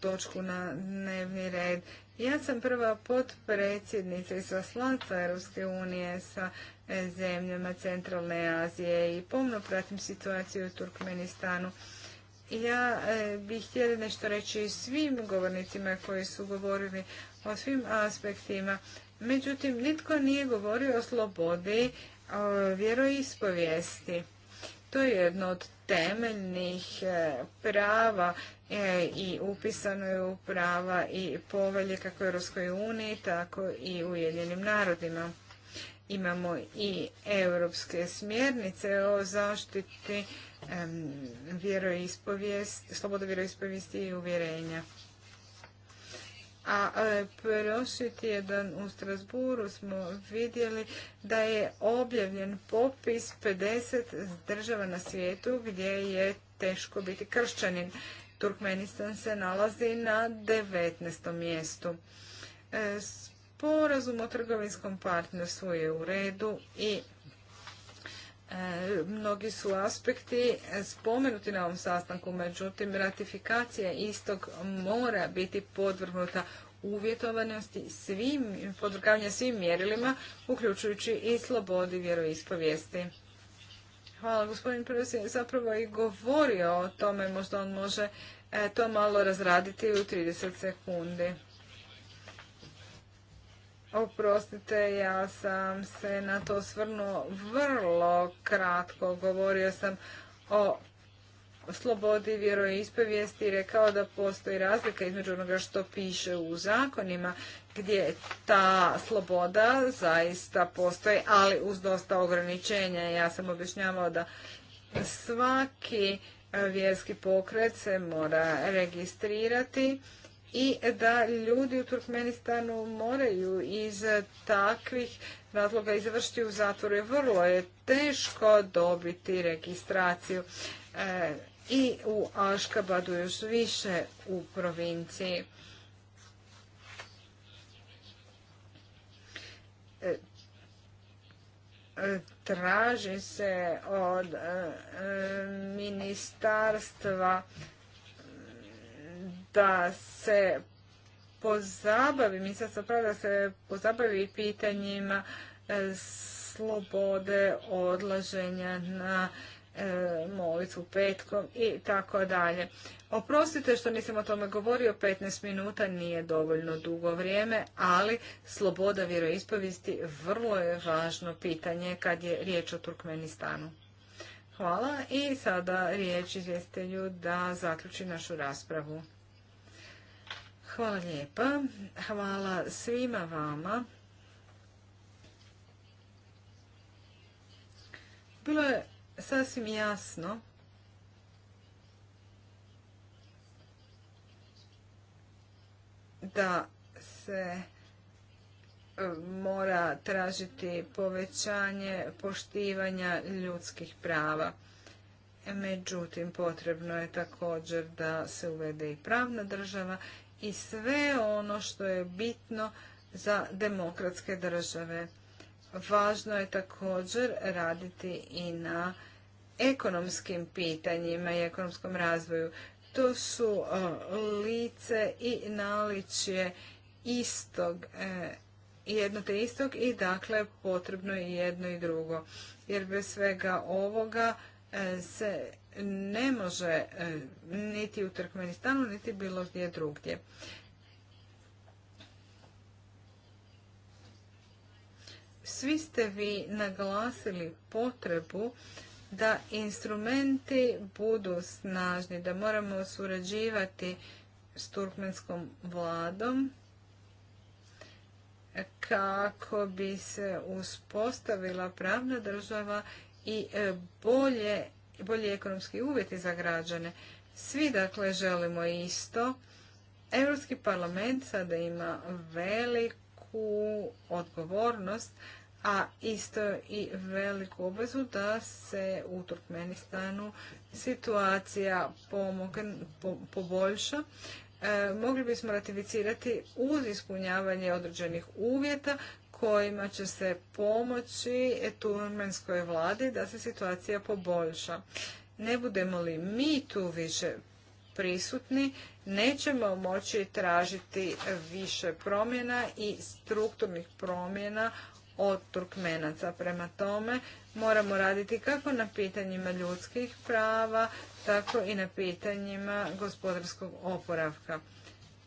A: točku na dnevni red. Ja sam prva potpredsjednica i saslanca Europske unije sa zemljama Centralne Azije i pomno pratim situaciju u Turkmenistanu. Ja bih htjela nešto reći svim govornicima koji su govorili o svim aspektima Međutim, nitko nije govorio o slobodi vjeroispovijesti. To je jedno od temeljnih e, prava e, i upisano je u prava i povelje kako Europskoj uniji, tako i Ujedinjenim narodima. Imamo i europske smjernice o zaštiti vjeroispovijest, slobode vjeroispovijesti i uvjerenja a e, prošli tjedan u Strasburu smo vidjeli da je objavljen popis 50 država na svijetu gdje je teško biti kršćanin. Turkmenistan se nalazi na 19. mjestu. E, sporazum o trgovinskom partnerstvu je u redu i E, mnogi su aspekti spomenuti na ovom sastanku, međutim ratifikacija istog mora biti podvrgnuta uvjetovanosti svim, podvrgavanja svim mjerilima, uključujući i slobodi vjeroispovijesti. Hvala, gospodin predsjednik je zapravo i govorio o tome, možda on može e, to malo razraditi u 30 sekundi. Oprostite, ja sam se na to svrnuo vrlo kratko. Govorio sam o slobodi vjeroispovijesti i rekao da postoji razlika između onoga što piše u zakonima gdje ta sloboda zaista postoji, ali uz dosta ograničenja. Ja sam objašnjavao da svaki vjerski pokret se mora registrirati i da ljudi u Turkmenistanu moraju iz takvih razloga izvršiti u zatvoru. Je vrlo je teško dobiti registraciju e, i u Aškabadu još više u provinciji. E, traži se od e, ministarstva da se pozabavi, ministarstvo pravda se pozabavi pitanjima e, slobode odlaženja na e, molicu petkom i tako dalje. Oprostite što nisam o tome govorio, 15 minuta nije dovoljno dugo vrijeme, ali sloboda vjeroispovijesti vrlo je važno pitanje kad je riječ o Turkmenistanu. Hvala i sada riječ izvjestitelju da zaključi našu raspravu. Hvala lijepa. Hvala svima vama. Bilo je sasvim jasno da se e, mora tražiti povećanje poštivanja ljudskih prava. Međutim, potrebno je također da se uvede i pravna država i sve ono što je bitno za demokratske države. Važno je također raditi i na ekonomskim pitanjima i ekonomskom razvoju. To su e, lice i naličje istog, e, jedno te istog i dakle potrebno je jedno i drugo. Jer bez svega ovoga e, se ne može e, niti u Turkmenistanu, niti bilo gdje drugdje. Svi ste vi naglasili potrebu da instrumenti budu snažni, da moramo surađivati s turkmenskom vladom kako bi se uspostavila pravna država i e, bolje bolji ekonomski uvjeti za građane. Svi dakle želimo isto. Europski parlament sada ima veliku odgovornost, a isto i veliku obvezu da se u Turkmenistanu situacija pomogne, poboljša. E, mogli bismo ratificirati uz ispunjavanje određenih uvjeta kojima će se pomoći turmenskoj vladi da se situacija poboljša. Ne budemo li mi tu više prisutni, nećemo moći tražiti više promjena i strukturnih promjena od Turkmenaca. Prema tome moramo raditi kako na pitanjima ljudskih prava, tako i na pitanjima gospodarskog oporavka.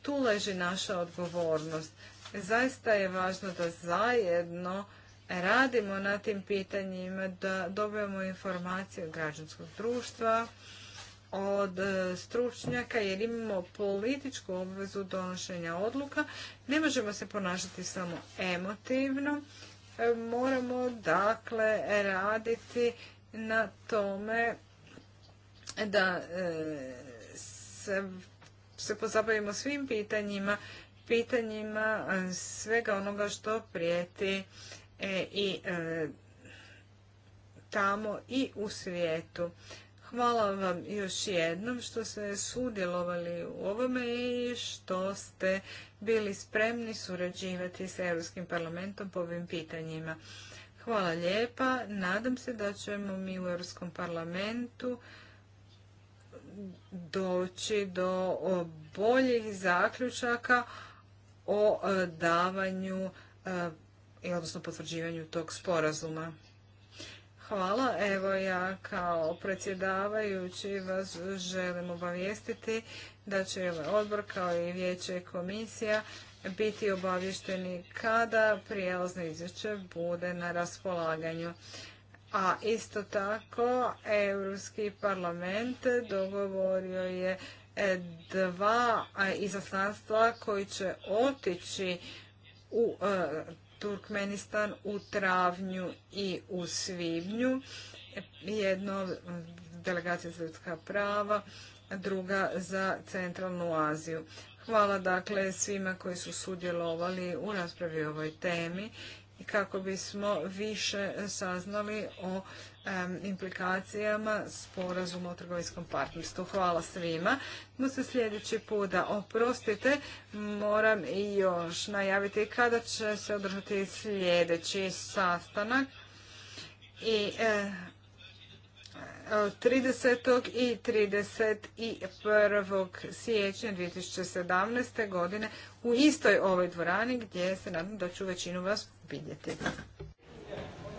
A: Tu leži naša odgovornost. Zaista je važno da zajedno radimo na tim pitanjima, da dobijemo informacije od građanskog društva, od e, stručnjaka jer imamo političku obvezu donošenja odluka. Ne možemo se ponašati samo emotivno. E, moramo dakle raditi na tome da se, se pozabavimo svim pitanjima pitanjima e, svega onoga što prijeti e, i e, tamo i u svijetu. Hvala vam još jednom što ste sudjelovali u ovome i što ste bili spremni surađivati s Europskim parlamentom po ovim pitanjima. Hvala lijepa. Nadam se da ćemo mi u Europskom parlamentu doći do boljih zaključaka o e, davanju e, odnosno potvrđivanju tog sporazuma. Hvala. Evo ja kao predsjedavajući vas želim obavijestiti da će ovaj odbor kao i vijeće komisija biti obavješteni kada prijelazno izvješće bude na raspolaganju. A isto tako, Europski parlament dogovorio je dva izaslanstva koji će otići u e, Turkmenistan u travnju i u svibnju. Jedno delegacija za ljudska prava, druga za centralnu Aziju. Hvala dakle svima koji su sudjelovali u raspravi o ovoj temi i kako bismo više saznali o implikacijama sporazuma o trgovinskom partnerstvu. Hvala svima. Mu se sljedeći da oprostite, moram i još najaviti kada će se održati sljedeći sastanak i e, eh, 30. i 31. siječnja 2017. godine u istoj ovoj dvorani gdje se nadam da ću većinu vas vidjeti.